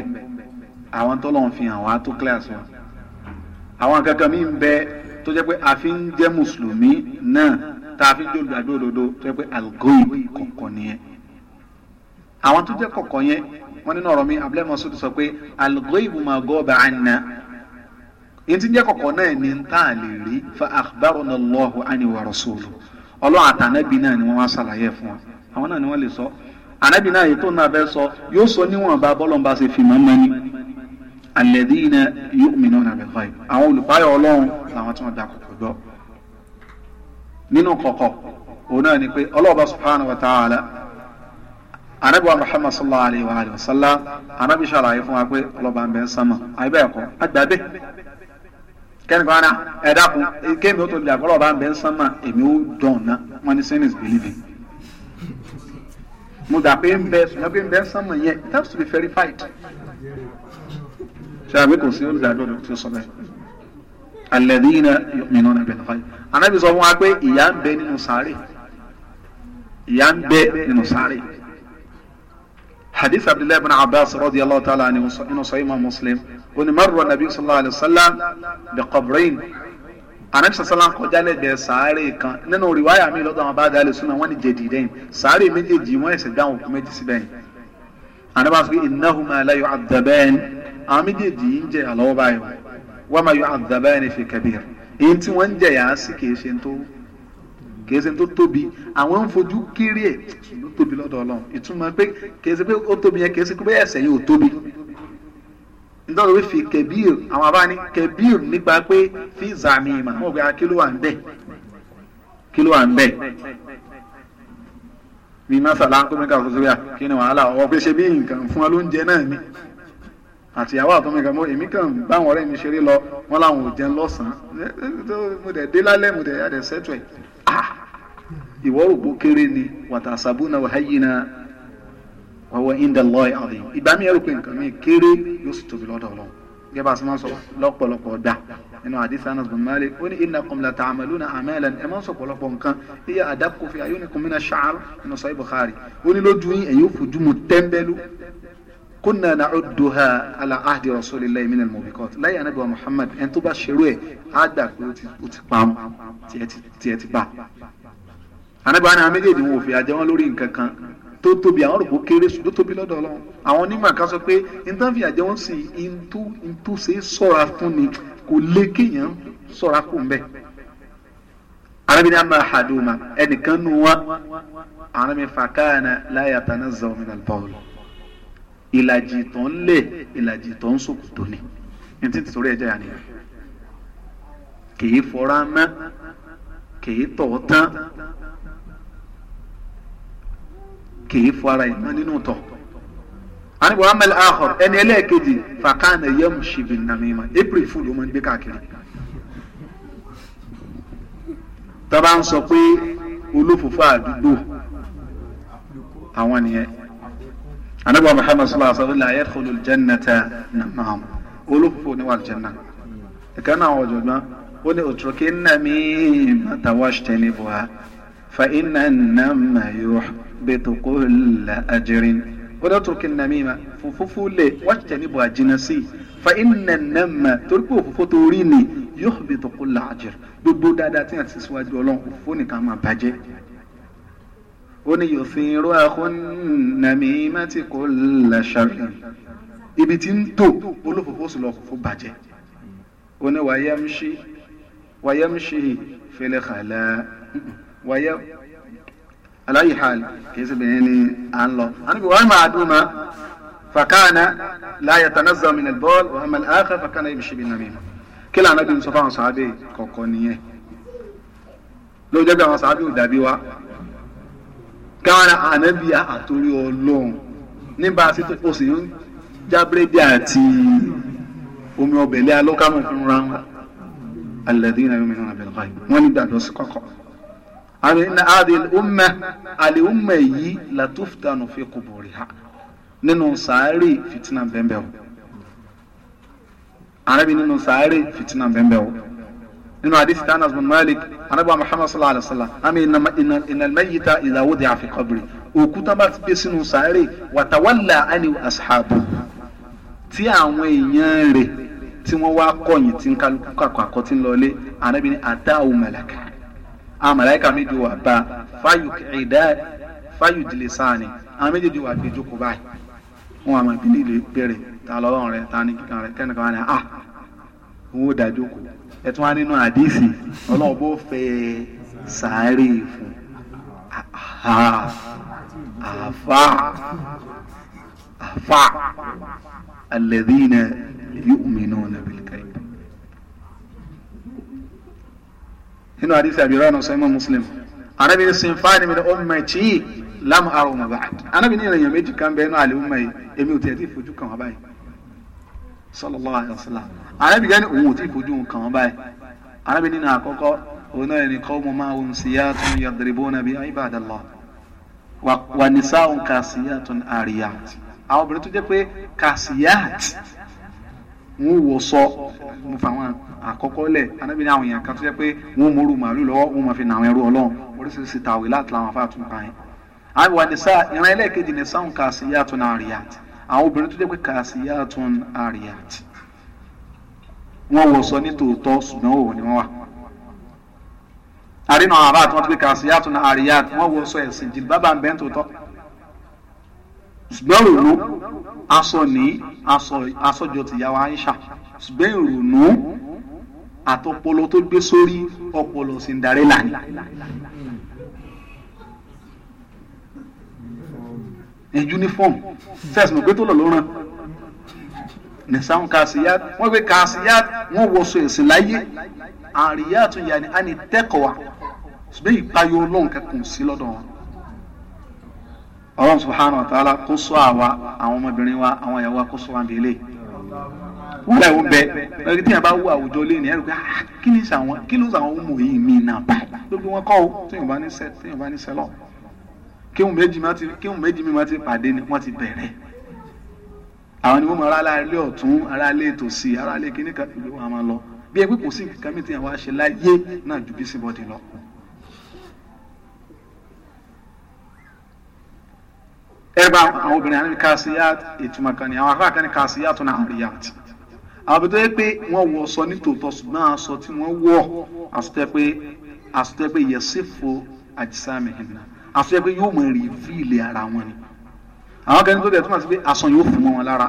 àwọn tó lọ́n fi hàn wá tó kíláàsì wa àwọn kankan mi ń bẹ tó jẹ́ pé a fi ń jẹ́ mùsùlùmí náà tá a fi ń jòlùgbàgbọ́ òdodo tó jẹ́ pé algoyib kọ̀ọ̀kan nìyẹn àwọn tó jẹ́ kọ̀ọ̀kan yẹn wọ́n nínú ọ̀rọ̀ mi abúlé mọ́sùn ti sọ pé algoyib máa gọ́ àná yìí ti jẹ́ kọ̀ọ̀kan náà ní ta lè rí fa akhbarana Allahu ani wa rasuluhu ọlọ́run àtànẹ́bí náà ni wọ́n wá ṣàlàyé fún wa àwọn náà ni wọ́n lè sọ ànẹ́bí náà yìí tó náà fẹ́ sọ yóò sọ níwọ̀nba bọ́lọ́mba ṣe fi mọ́ mọ́ni alladhina yu'minuna bil ghaib àwọn olùpáyọ̀ ọlọ́run làwọn tí wọ́n da kọ̀kọ̀ gbọ́ nínú kọ̀kọ̀ òun náà ni pé ọlọ́ọ̀bá subhanahu wa ta'ala anabi wa muhammad sallallahu alayhi wa sallam anabi ṣàlàyé fún wa pé ọlọ́ba kẹ́nìkan ara ẹ̀ dákun kéèmì ó tó di àkọ́lọ́ ọba ń bẹ́ ń sánmà èmi ó dùn ná wọ́n ní sin is believing. mo gbà pé ń bẹ ṣùgbọ́n pé ń bẹ sánmà yẹn it has to be verified. ṣe àbí kò sí olùdájọ́ ló ti sọ bẹ́ẹ̀. alladhina yu'minuna bil ghaib. anábì sọ fún wa pé ìyà ń bẹ nínú sáré ìyà ń bẹ nínú sáré hadith abdullahi bin abbas radiyallahu ta'ala anhu inu sahima muslim oni marwa nabi sallallahu alayhi wa sallam bi qabrain anabi sallam kọjá lẹ́gbẹ̀ẹ́ sàárè kan nínú riwaya mi lọ́dọ̀ àwọn abáda alẹ sunna wọn ni jẹdìdẹyìn sàárè méjèèjì wọn ẹsẹ dáhùn òkú méjì síbẹ̀ yìí anabi sọ pé innahuma la yu'adhaban àwọn méjèèjì yìí ń jẹ àlọ́wọ́ báyìí wọ́n máa yu'adhaban fi kabir èyí tí wọ́n ń jẹ yàá sí kìí ṣe tó kìí ṣe tó tóbi àwọn ń fojú kéré ẹ̀ ló tóbi lọ́dọ̀ ọlọ́run ìtumọ̀ pé kìí ṣe pé ó tóbi yẹn kìí ṣe pé ẹ̀ṣẹ̀ yìí ò tóbi nítorí wí fi kẹbíir àwọn abáni kẹbíir nípa pé fi zàmì ìmọ̀ àwọn òbí kí ló wà ń bẹ̀ kí ló wà ń bẹ̀ bí masala kọ́míkà sọ́sọ́bíà kí ni wàhálà ọ̀ pé ṣe bí nǹkan fún wa ló ń jẹ náà ni àtìyàwó àtọ́mẹ́ka mọ́ èmi kàn báwọn ọ̀rẹ́ mi ṣeré lọ wọn làwọn ò jẹun lọ́sàn-án mo dẹ̀ dé lálẹ́ mo dẹ̀ yà dẹ̀ sẹ́tù ẹ̀ ìwọ òbó kéré ni wàtà sàbúnà wàháyìnà wàwọ indalọ àdìm ìgbà mi ẹrù pé nǹkan mi kéré yóò sì tóbi lọ́dọ̀ Ọlọ́run gẹ́gẹ́ bá a sọ máa ń sọ lọ́pọ̀lọpọ̀ dà nínú àdìsá Anas bin Malik ó ní innakum la ta'maluna a'malan ẹ máa ń sọ pọ̀lọpọ̀ nǹkan iye àdàkùnfin ayọ́nìkùnmínà ṣáàrù nínú sọ Bukhari ó ní lójú yín ẹ̀yìn òfojú mu tẹ́ńbẹ́lú kunna na'udduha ala ahdi rasulillahi min al-mubiqat láyé anabi wa muhammad ẹni tó bá ṣerú ẹ á dà pé ó ti pa tiẹ̀ ti bá anabi wa ni àwọn méjèèjì wọn ò fi àjẹ wọn lórí nǹkan kan tó tóbi àwọn òrùkó kéré sùn tó tóbi lọ́dọ̀ ọlọ́run àwọn onímọ̀ kan sọ pé nǹkan fi àjẹ wọn sí ntó ntó ṣe é sọ̀ra fún ni kò lè kéèyàn sọ̀ra kó mbẹ́ anabi ni a máa haduma ẹnìkan nu wọn anabi fa kana la yatanazzahu min al-bawl ìlàjì tó ń lè ìlàjì tó ń sòkòtò ni ní títí torí ẹja yà nìyẹn kìí fọra mọ́ kìí tọ̀ tán kìí fara ìmọ̀ nínú tọ̀ anibu amẹ́lì ahọ́r ẹni ẹlẹ́ẹ̀kejì fàkànà yẹ́mu ṣìbì nàmìmọ̀ april fool ló máa ń gbé káàkiri tọ́ba ń sọ pé olófòfò àdúgbò àwọn nìyẹn anabi muhammad sallallahu alaihi wa sallam la yadkhulu aljannata namam olófòfò ní wàlú jẹnna ìkànnì àwọn ọ̀jọ̀gbọ́n ó ní òtúrókè nàmí matawash tẹni buha fa iná nàmà yóò bẹ̀tọ̀ kó la ajirin ó dẹ́ òtúrókè nàmí ma fòfófó lè wash tẹni buha jìnnà sí fa iná nàmà torí pé òfófó ni yóò bẹ̀tọ̀ la ajir gbogbo dáadáa tí a ti síwájú ọlọ́run òfófó nìkan máa bàjẹ́ ó ní yòsìnrú àkúnnàmímẹ́tì kò lẹ́sàrì ibi tí ń tò olófòfó sì lọ fòfó bàjẹ́ ó ní wàyẹ́mṣí wàyẹ́mṣí fẹlẹ́kàlà wàyẹ́ aláyì hàn kìí sẹ́bìnrin ni à ń lọ. àníbi wàá máa dùn ma fàkànà láyà tanazà min albọ́ọ̀l wàá máa àkà fàkànà ibi ṣẹ́bi nàmímà kí lànà bí n sọ fáwọn sàábẹ̀ kọ̀ọ̀kan nìyẹn lóòjọ́ bí àwọn sàábẹ̀ ò dàbí wa káwọn ànábì àtòrí ọlọ́run nígbà tí o sì ń já búrẹ́dì àti omi ọbẹ̀ lé alókàmọ̀ fún ra wọn alladhina yu'minuna bil ghaib wọ́n ní gbàgbọ́ sí kọ́kọ́ àmì àdè ọmọ àlè ọmọ yìí làtúftànù fi nínú sàárè fìtínà bẹ́ẹ̀ bẹ́ẹ̀ o àrẹ́bí nínú sàárè fìtínà bẹ́ẹ̀ bẹ́ẹ̀ o nínú hadith tí Anas bin Malik anabi Muhammad sallallahu الله عليه sallam ami ìnàlmẹ́yìíta إن di àfi kọ́bìrì òkú tán bá ti gbé sínú sàárè wàtàwálà ani asahabu tí àwọn èèyàn rẹ̀ tí wọ́n wá kọ̀yìn tí ń kálukú kàkọ́ àkọ́ tí ń lọlé anabi ni adáwò màlàkà àwọn màlàkà méjì wà bá fáyù ìdá fáyù ìdílé sáà ni àwọn méjèèjì wà gbé jókòó báyìí wọn àmọ́ ìbílẹ̀ ìlú bẹ̀rẹ̀ ta lọ́lọ́run rẹ̀ ta ní kíkan rẹ̀ kẹ́nìkan rẹ̀ ah òun ó dájú kù ẹ tún wá nínú àdìsí ọlọ́run bó fẹ́ sàárè fún àfà àfà alladhina yu'minuna bil ghaib. nínú àdìsí àbíọ́rọ́ ọ̀nà sọ́yìnmọ́ muslim anabi ni sinfani mi ni ummati lam arahum ba'd anabi ni ìrìnyàn méjì kan bẹ́ẹ̀ nínú àlè ọmọ yìí èmi ò tẹ̀ ẹ́ ti fojú kan wá báyìí sallallahu alaihi arábìnrin yẹn ni òun ò tí ì fojú nǹkan wọn báyìí arábìnrin náà àkọ́kọ́ òun náà ni kọ́ọ̀mù máa ń siyatun yadribuna bi ibadallah wà nisaun kasiyatun ariyat àwọn obìnrin tó jẹ́ pé kasiyat ń wò sọ mo fà wọn àkọ́kọ́ lẹ̀ arábìnrin àwọn èèyàn kan tó jẹ́ pé wọ́n mú oru màálù lọ́wọ́ wọ́n máa fi nà àwọn ẹrú ọlọ́run oríṣiríṣi tàwé láti làwọn afá tún kàn yín àwọn obìnrin tó jẹ́ pé kasiyatun ariyat wọn wò sọ ní tòótọ́ ṣùgbọ́n òun ni wọ́n wà. àrínà àrà àti wọn ti pé kàṣíyàtò náà àríyá wọn wò sọ ẹ̀sìn jìlì bàbá ń bẹ́ ń tòótọ́. ṣùgbọ́n ìrònú aṣọ ní aṣọjọ tìyàwó Aisha ṣùgbọ́n ìrònú àtọpọlọ tó gbé sórí ọpọlọ Cinderella ni. ẹ uniform fẹsùn pé tó lọ ló ràn nisan kaasiyat wọ́n pe kaasiyat wọ́n wọṣọ ẹ̀sìn láyé àríyàtú yanni àni tẹ́kọ̀wá ṣùgbọ́n ìpayọ ọlọ́run kẹkùn sí lọ́dọ̀ wọn. ọlọ́run subhanahu wa ta'ala kó sọ àwa àwọn ọmọbìnrin wa àwọn ìyàwó wa kó sọ wa bí ilé wúlẹ̀ ń bẹ ẹgbẹ́ tí yẹn bá wú àwùjọ lé ní ẹ̀rọ pé ah, kí ni sàwọn kí ló sàwọn ọmọ yìí mí náà báyìí gbogbo wọn kọ́ ọ tí yóò bá ní sẹ́lọ̀ kéwùn méjì mi máa ti pàdé ni wọ́n ti bẹ̀rẹ̀ àwọn ni wọ́n mọ aráàlá ilé ọ̀tún aráàlá tòsí aráàlá kìíní kan ìlú wa máa lọ bí ẹgbẹ́ kò sí nǹkan mi ti àwọn àṣẹ láyé náà ju bísí bọ́dì lọ. ẹ̀rọ àwọn obìnrin àná kàṣíyàt ìtumọ̀ kan ní àwọn afárá kan ní kàṣíyàt náà àríyàt àwọn tó yẹ pé wọ́n wọ sọ nítòótọ́ ṣùgbọ́n aṣọ tí wọ́n wọ̀ àṣetẹ́ pé àṣetẹ́ pé yẹ̀sífò àjísàmì hìnnà àṣetẹ́ pé yóò mọ̀ rí fíìlì ara wọn ni àwọn kẹ́ni tó tẹ̀ tó máa ti pé asán yóò fún wọn lára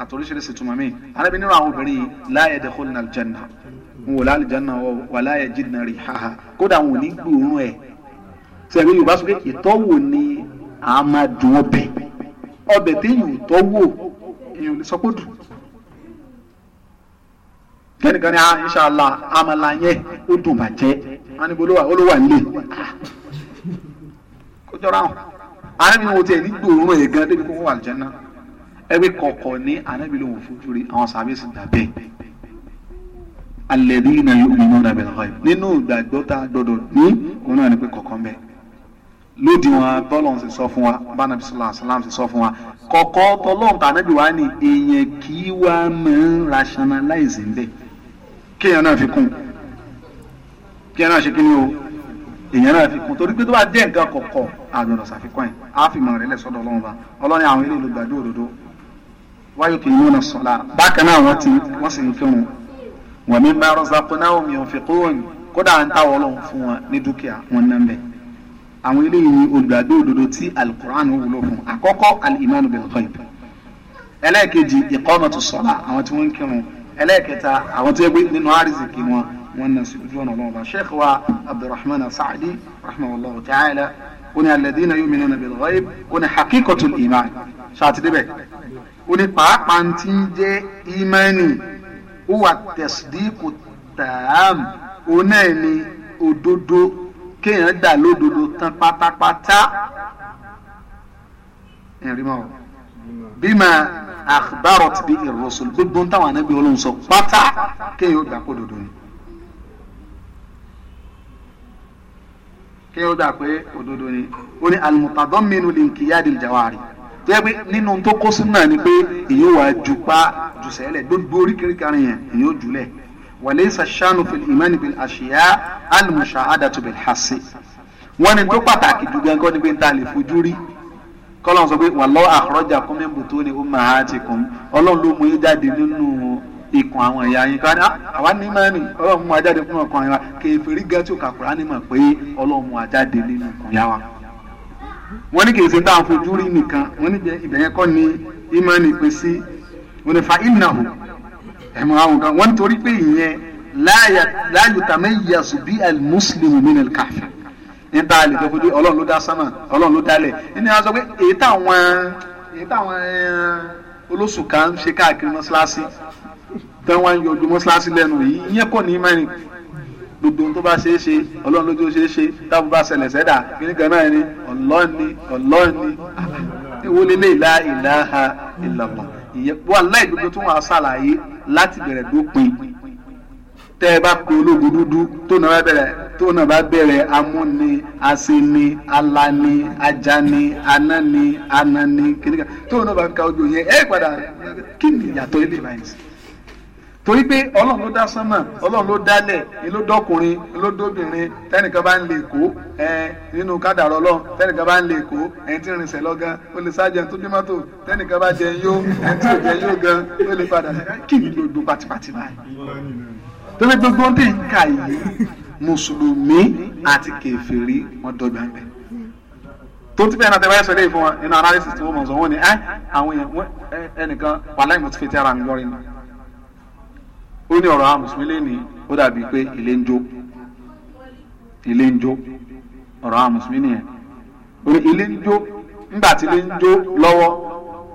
àtòríṣiríṣi tuma mi alábi nínú àwọn obìnrin yìí láyé dẹ́kọ́ ní aljanna n wò láàlì janna wà láyé jìnnà rí haha kódà wọn ò ní gbóòórùn ẹ̀ sẹ́yìn yorùbá sọ pé ìtọ́wò ni a máa dùn ọbẹ̀ ọbẹ̀ téèyàn tọ́wò èèyàn ò lè sọ pé dùn kẹ́nìkan ni ah, inṣàlá àmàlà yẹn ó dùn bàjẹ́ wọn ni bolo ó ló wà nílé ah. kó jọra hàn anábì wọn tiẹ̀ ní gbòòrò ẹ̀ gan débi kó wọ́n wà àlùjánnà ẹgbẹ́ kọ̀ọ̀kọ̀ ní anábì lòun fojú rí àwọn sàbẹ̀ sì dà bẹ́ẹ̀ alladhina yu'minuna bil ghaib nínú ìgbàgbọ́ tá a gbọdọ̀ ní òun náà ni pé kọ̀ọ̀kan bẹ́ẹ̀ lódì wọn bọ́lọ̀n sì sọ fún wa bánàbí sọlá sàlám sì sọ fún wa kọ̀ọ̀kọ́ tọ́lọ́n tànábì wa ni èèyàn kì í wá máa ń rationalize ń bẹ̀ kéèyàn náà fi kún kéèyàn náà ṣe kí ni o èèyàn náà fi kún torí pé tó bá jẹ́ nǹkan kọ̀ọ̀kọ̀ àgbọ̀dọ̀ ṣàfikún ẹ̀ á fi mọ̀ rẹ̀ lẹ̀ sọ́dọ̀ ọlọ́run ba ọlọ́run àwọn eléyìí ló gbàdúrà òdodo wáyé kì í múna sọ̀la bákan náà wọ́n ti wọ́n sì ń kírun wọ́n mi máa razaqnahum yunfiqun kódà ń táwọ̀ ọlọ́run fún wọn ní dúkìá wọn náà bẹ̀. àwọn eléyìí ni olùgbàdúrà òdodo tí alukur'an wúlò fún àkọ́kọ́ al wọn nà sí ojú ọ̀nà ọlọ́run ọba sheikh wa abdulrahman saadi rahmanahu ta'ala ó ní alladhina yu'minuna bil ghaib ó ní haqiqatul iman ṣàtìdébẹ̀ ó ní pàápàá ti ń jẹ́ imani ó wà tasdiqu tààm ó náà ní òdodo kéèyàn dà lódodo tán pátápátá ẹ̀rìmọ̀ bímọ akhbarat bí ar gbogbo táwọn anábì Ọlọ́hun sọ pátá kéèyàn ó gbà kó dodo ni. kí ó gbà pé òdodo ni ó ní alimutadọ́mínú lè kí yá dìlì jàwárì tó yẹ pé nínú tó kó sínú náà ni pé èyí wà ju pa jù sẹ́lẹ̀ gbogbo oríkèéríkàrin yẹn èyí ó jùlẹ̀ wàlẹ́ sàṣánu fìlì ìmánì bìlì àṣìyá alimusa adatu bìlì hasi wọn ni tó pàtàkì jù gángan ni ta lè fojú rí kọ́lọ́n sọ pé wàlọ́ àkọ́rọ́jà kúnmí bùtó ni ó máa ti kùn ọlọ́run ló mú yín jáde nínú ikùn àwọn ẹ̀yà yín ká ah, àwa ní mẹ́rin ọlọ́run mú ajáde fún ọkàn wa kèfèrí gẹ́tù kàkúrá ní mọ̀ pé ọlọ́run mú ajáde nínú ikùn yá wa. wọ́n ní kìí ṣe tá à ń fojú rí nìkan wọ́n ní ibẹ̀ yẹn kọ́ ni ìmánì pín sí wọ́n ní fa ìnáwó ẹ̀mọ́ àwọn kan wọ́n nítorí pé ìyẹn láàyò tàmí yasù bí alimuslimu min alkafir níta àlè tó fojú ọlọ́run ló dá sánà ọlọ́run ló dálẹ̀ nínú àwọn sọ pé èyí táwọn èyí táwọn olóṣù kan ń ṣe káàkiri mọ́ṣáláṣí tán wá ń yọjú mọ́ṣáláṣí lẹ́nu yìí ìyẹn kò ní mẹ́rin gbogbo ohun tó bá ṣeé ṣe ọlọ́run lójú ó ṣeé ṣe táwọn bá ṣẹlẹ̀ sẹ́dà kíní kan náà ni ọlọ́ọ̀ni ọlọ́ọ̀ni ìwọ lélẹ̀ ìlà ìlàhà ìlànà ìyẹn wà tó wọn ṣàlàyé láti bẹ̀rẹ̀ dópin tẹ́ ẹ bá pe ológun dúdú tó náà bá bẹ̀rẹ̀ tó náà bá bẹ̀rẹ̀ amúni aseni alani ajani anani anani kíní kan tó náà bá ń ka ojú yẹn ẹ padà kí ni ìyàtọ̀ ilé ìbáyìí sí torí pé ọlọ́run ló dá sánmà ọlọ́run ló dálẹ̀ ìlódọ́kùnrin ìlódóbìnrin tẹ́nìkan bá ń lè kó ẹ nínú kádàrá ọlọ́run tẹ́nìkan bá ń lè kó ẹni tí ń rinṣẹ́ lọ́gán ó lè sáájẹ tó bí mọ́tò tẹ́nìkan bá jẹ yó ẹni tí ò jẹ yó gan ó lè padà kí ni gbogbo pátipáti báyìí. torí gbogbo ń tẹ̀ ń yìí mùsùlùmí àti kèfèrí wọn dọ́gba ń bẹ̀ tó ti náà tẹ́ bá yẹ sọ fún wọn nínú analysis tí wọ́n mọ̀ sọ wọ́n ni ẹ àwọn èèyàn ẹnìkan wàhálà ìmọ̀ tó fi ara mi lọ́rin náà O ni ọ̀rọ̀ àwọn mùsùlùmí lé ó dàbí pé ilé ń jó ilé ń jó ọ̀rọ̀ njo nìyẹn ó ilé ń jó nígbà tí ilé ń jó lọ́wọ́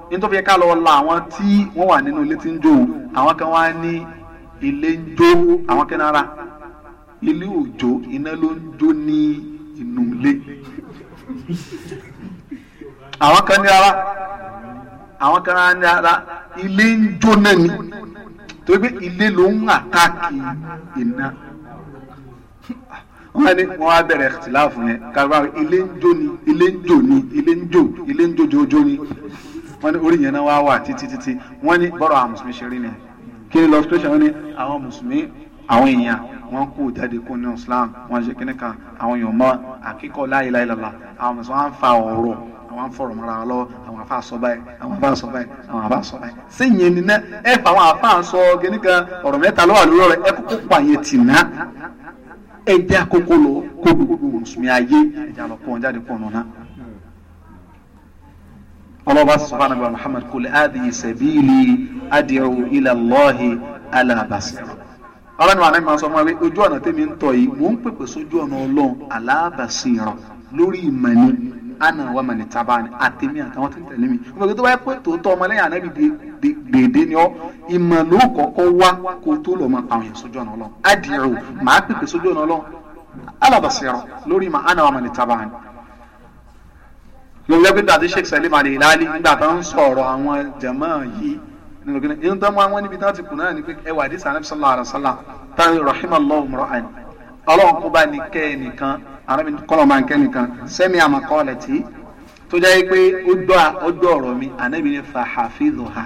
nítorí ká la àwọn tí wọ́n wà nínú ilé tí ń jó àwọn kan wá ní ilé ń jó àwọn kan nára ilé òjò iná ló ń jó kan nira àwọn kan ilé torí pé ilé ló ń àtàkì iná wọ́n ní wọ́n á bẹ̀rẹ̀ tìláàfù yẹn kàrọ ilé ń jó ni ilé ń jó ni ilé ń jó ilé ń jójoojó ni wọ́n ní orí yẹn náà wá wà títí títí wọ́n ní bọ́rọ̀ àwọn mùsùlùmí ṣe rí ni kí ni lọ́sítọ́sán wọ́n ní àwọn mùsùlùmí àwọn èèyàn wọ́n kó jáde kó ní islam wọ́n ṣe kíní kan àwọn èèyàn mọ́ àkíkọ́ la ilaha illallah àwọn mùsùlùmí wọ́n fa ọ̀rọ̀ àwọn afọ̀rọ̀ mọ́ra wọn lọ́wọ́ àwọn afa sọ báyìí àwọn afa sọ báyìí àwọn afa sọ báyìí sẹ́yìn ẹni náà ẹ fà àwọn afa sọ gẹ́ni kan ọ̀rọ̀ mẹ́ta lọ́wọ́ àlùyọ rẹ ẹ kókó pa yẹn tì ná ẹ jẹ́ àkókò lọ kó gbogbo mùsùlùmí ayé ẹ jẹ́ àlọ́ kó wọn jáde kó ọlọ́ba sọ̀rọ̀ àná Muhammad kò lè adìyẹ sẹ́bíìlì adìyẹ ilẹ̀ lọ́ọ̀hì alábàṣẹ́rọ̀ ọlọ́run ana wa mani tabani àtẹ̀mí àtàwọn tó ń tẹ̀lé mi wọ́n fẹ́ tó wáyé pé tòótọ́ ọmọlẹ́yìn ànábì dèédé ni ọ́ ìmọ̀ ló kọ́kọ́ wá kó tó lọ́ọ́ máa pààyàn sójú ọ̀nà ọlọ́run adìrò màá pèpè sójú ọ̀nà ọlọ́run alábàṣẹ́rọ̀ lórí ma ana wa mani tabani lórí ẹgbẹ́ dàdí sheikh salim ali ilali nígbà tó ń sọ̀rọ̀ àwọn jẹ̀mọ́ yìí nínú kí ìyẹn tó máa wọn níbi tí ti kù náà pé ẹwà àdìsàn ọlọ́run kó bá ní kẹ́ ẹnìkan arábìnrin kọ́lọ́ máa ń kẹ́ ẹnìkan sẹ́mi àmàkọ́ọ̀lẹ̀ tí tó jẹ́ pé ó gbọ́ ó gbọ́ ọ̀rọ̀ mi ànábì fa hafidhu ha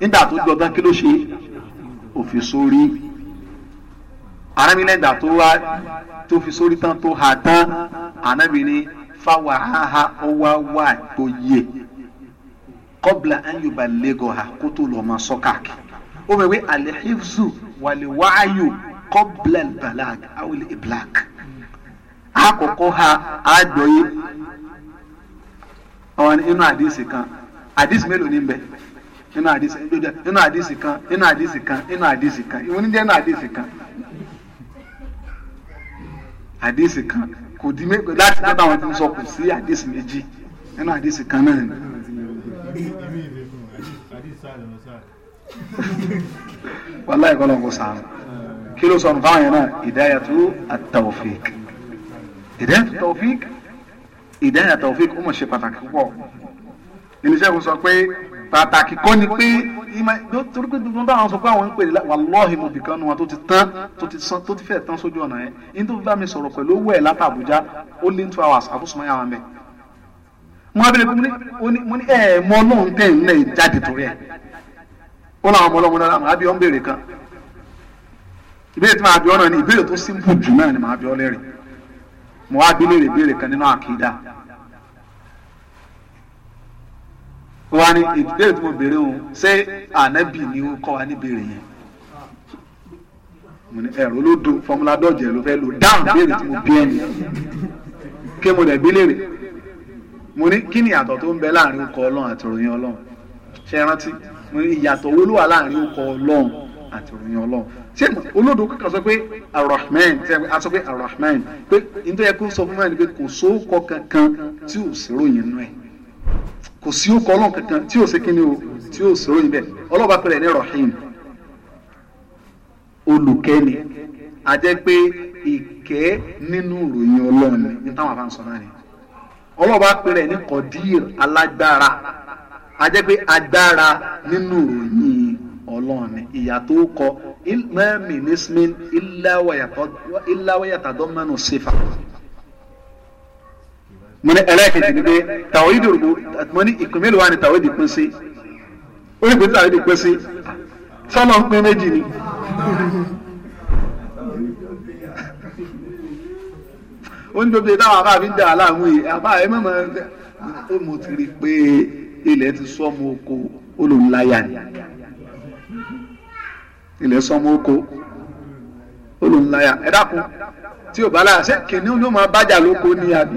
nígbà tó gbọ́ tán kí ló ṣe òfin sórí arábìnrin ẹ̀dà tó wá tó fi sórí tán tó ha tán ànábì ní fáwa haha ó wá wà tó yẹ kọ́bla anyuba lẹ́gọ̀ ha kó tó lọ́ọ́ máa sọ káàkiri ó mọ̀ pé alẹ́ hifzu wàlẹ̀ wáyò qabla al-balag aw al-iblaq àkọ́kọ́ ha àgbọ́yé ọ̀hún inú àdìsí kan àdìsí mélòó ní bẹ́ẹ̀ inú àdìsí inú àdìsí kan inú àdìsí kan inú àdìsí kan ìwọ ní jẹ́ inú àdìsí kan àdìsí kan kò di méjì láti dábàá àwọn tí ń sọ kò sí àdìsí méjì inú àdìsí kan náà ni. wàláì kọ́ ló ń kó sàánù kí ló sọnù fáwọn yẹn náà ìdáyàtú àtàwọ̀fíìk ìdáyàtú tàwọ̀fíìk ìdáyàtú tàwọ̀fíìk ó mọ̀ ṣe pàtàkì púpọ̀ iléeṣẹ́ kò sọ pé pàtàkì kọ́ ni pé torí pé tuntun táwọn sọ pé àwọn ń pè wàlọ́ọ̀hì mo bìkan nu wọn tó ti tán tó ti san tó ti fẹ́ tán sójú ọ̀nà yẹn ní tó fi bá mi sọ̀rọ̀ pẹ̀lú owó ẹ̀ láti Àbújá ó lé two hours àbúsùnmọ́ yà wọn bẹ́ẹ̀ mo abẹ́rẹ́ pé mo ní ẹ̀ẹ́mọ́ náà ń tẹ̀ ń náà jáde torí ẹ̀ ó làwọn ọmọ ọlọ́mọdé àmọ́ àbí ọ̀ ń kan ìbéèrè tí màá bí ọ́ náà ni ìbéèrè tó simple jù náà ni màá bí ọ́ lérè mo wá gbélé rè béèrè kan nínú àkìdá wa ni ìbéèrè tí mo béèrè òun ṣé ànábì ni ó kọ́ wa ní yẹn mo ní ẹ̀rọ ló do fọmúlà dọ́jẹ̀ ló fẹ́ lò dáhùn béèrè tí mo bí ẹ̀ nìyẹn kí mo dẹ̀ gbélé mo ní kí ni ìyàtọ̀ tó ń bẹ láàrin okọ̀ ọlọ́run àti ìròyìn ọlọ́run ṣe rántí mo ní ìyàtọ̀ wo ló wà láàrin okọ̀ ọlọ́run àti ròyìn ọlọ́run ṣé olódò kankan sọ pé arahman ṣe a sọ pé arahman pé nítorí ẹ kó sọ fún mi pé kò sóòkọ kankan tí ò sí ròyìn nù ẹ kò sí òkọ ọlọ́run kankan tí ò sí kíni o tí ò sí ròyìn bẹ́ẹ̀ ọlọ́ba pẹ̀lẹ́ ní rahim olùkẹ́ni a jẹ́ pé ìkẹ́ nínú ròyìn ọlọ́run ní táwọn afáàn sọ náà ni ọlọ́ba pẹ̀lẹ́ ní kọ́dír alágbára a pé agbára nínú ròyìn ọlọ́run ni ìyà tó kọ mẹ́mì nísìmín ìláwẹ̀yàtà dọ́mọ́nù sífà. mo ní ẹlẹ́ẹ̀kejì ni pé tàwọn ìdòrògbò mo ní ìpín mélòó wà ní tàwọn ìdìpín sí ó ní ìpín tàwọn ìdìpín sí sọ́nà ń pín méjì ni. ó ní gbogbo ìdáwọ̀ àbá mi ń dà láàmú yìí àbá ẹ mọ̀ mọ́ mo ti rí i pé ilẹ̀ ti sọ́mu oko olùláyà ni ilẹ̀ sọmọ oko ó lòun láyà ẹ dákun tí ò bá láyà ṣé kìnìún ló máa bájà lóko ní àbí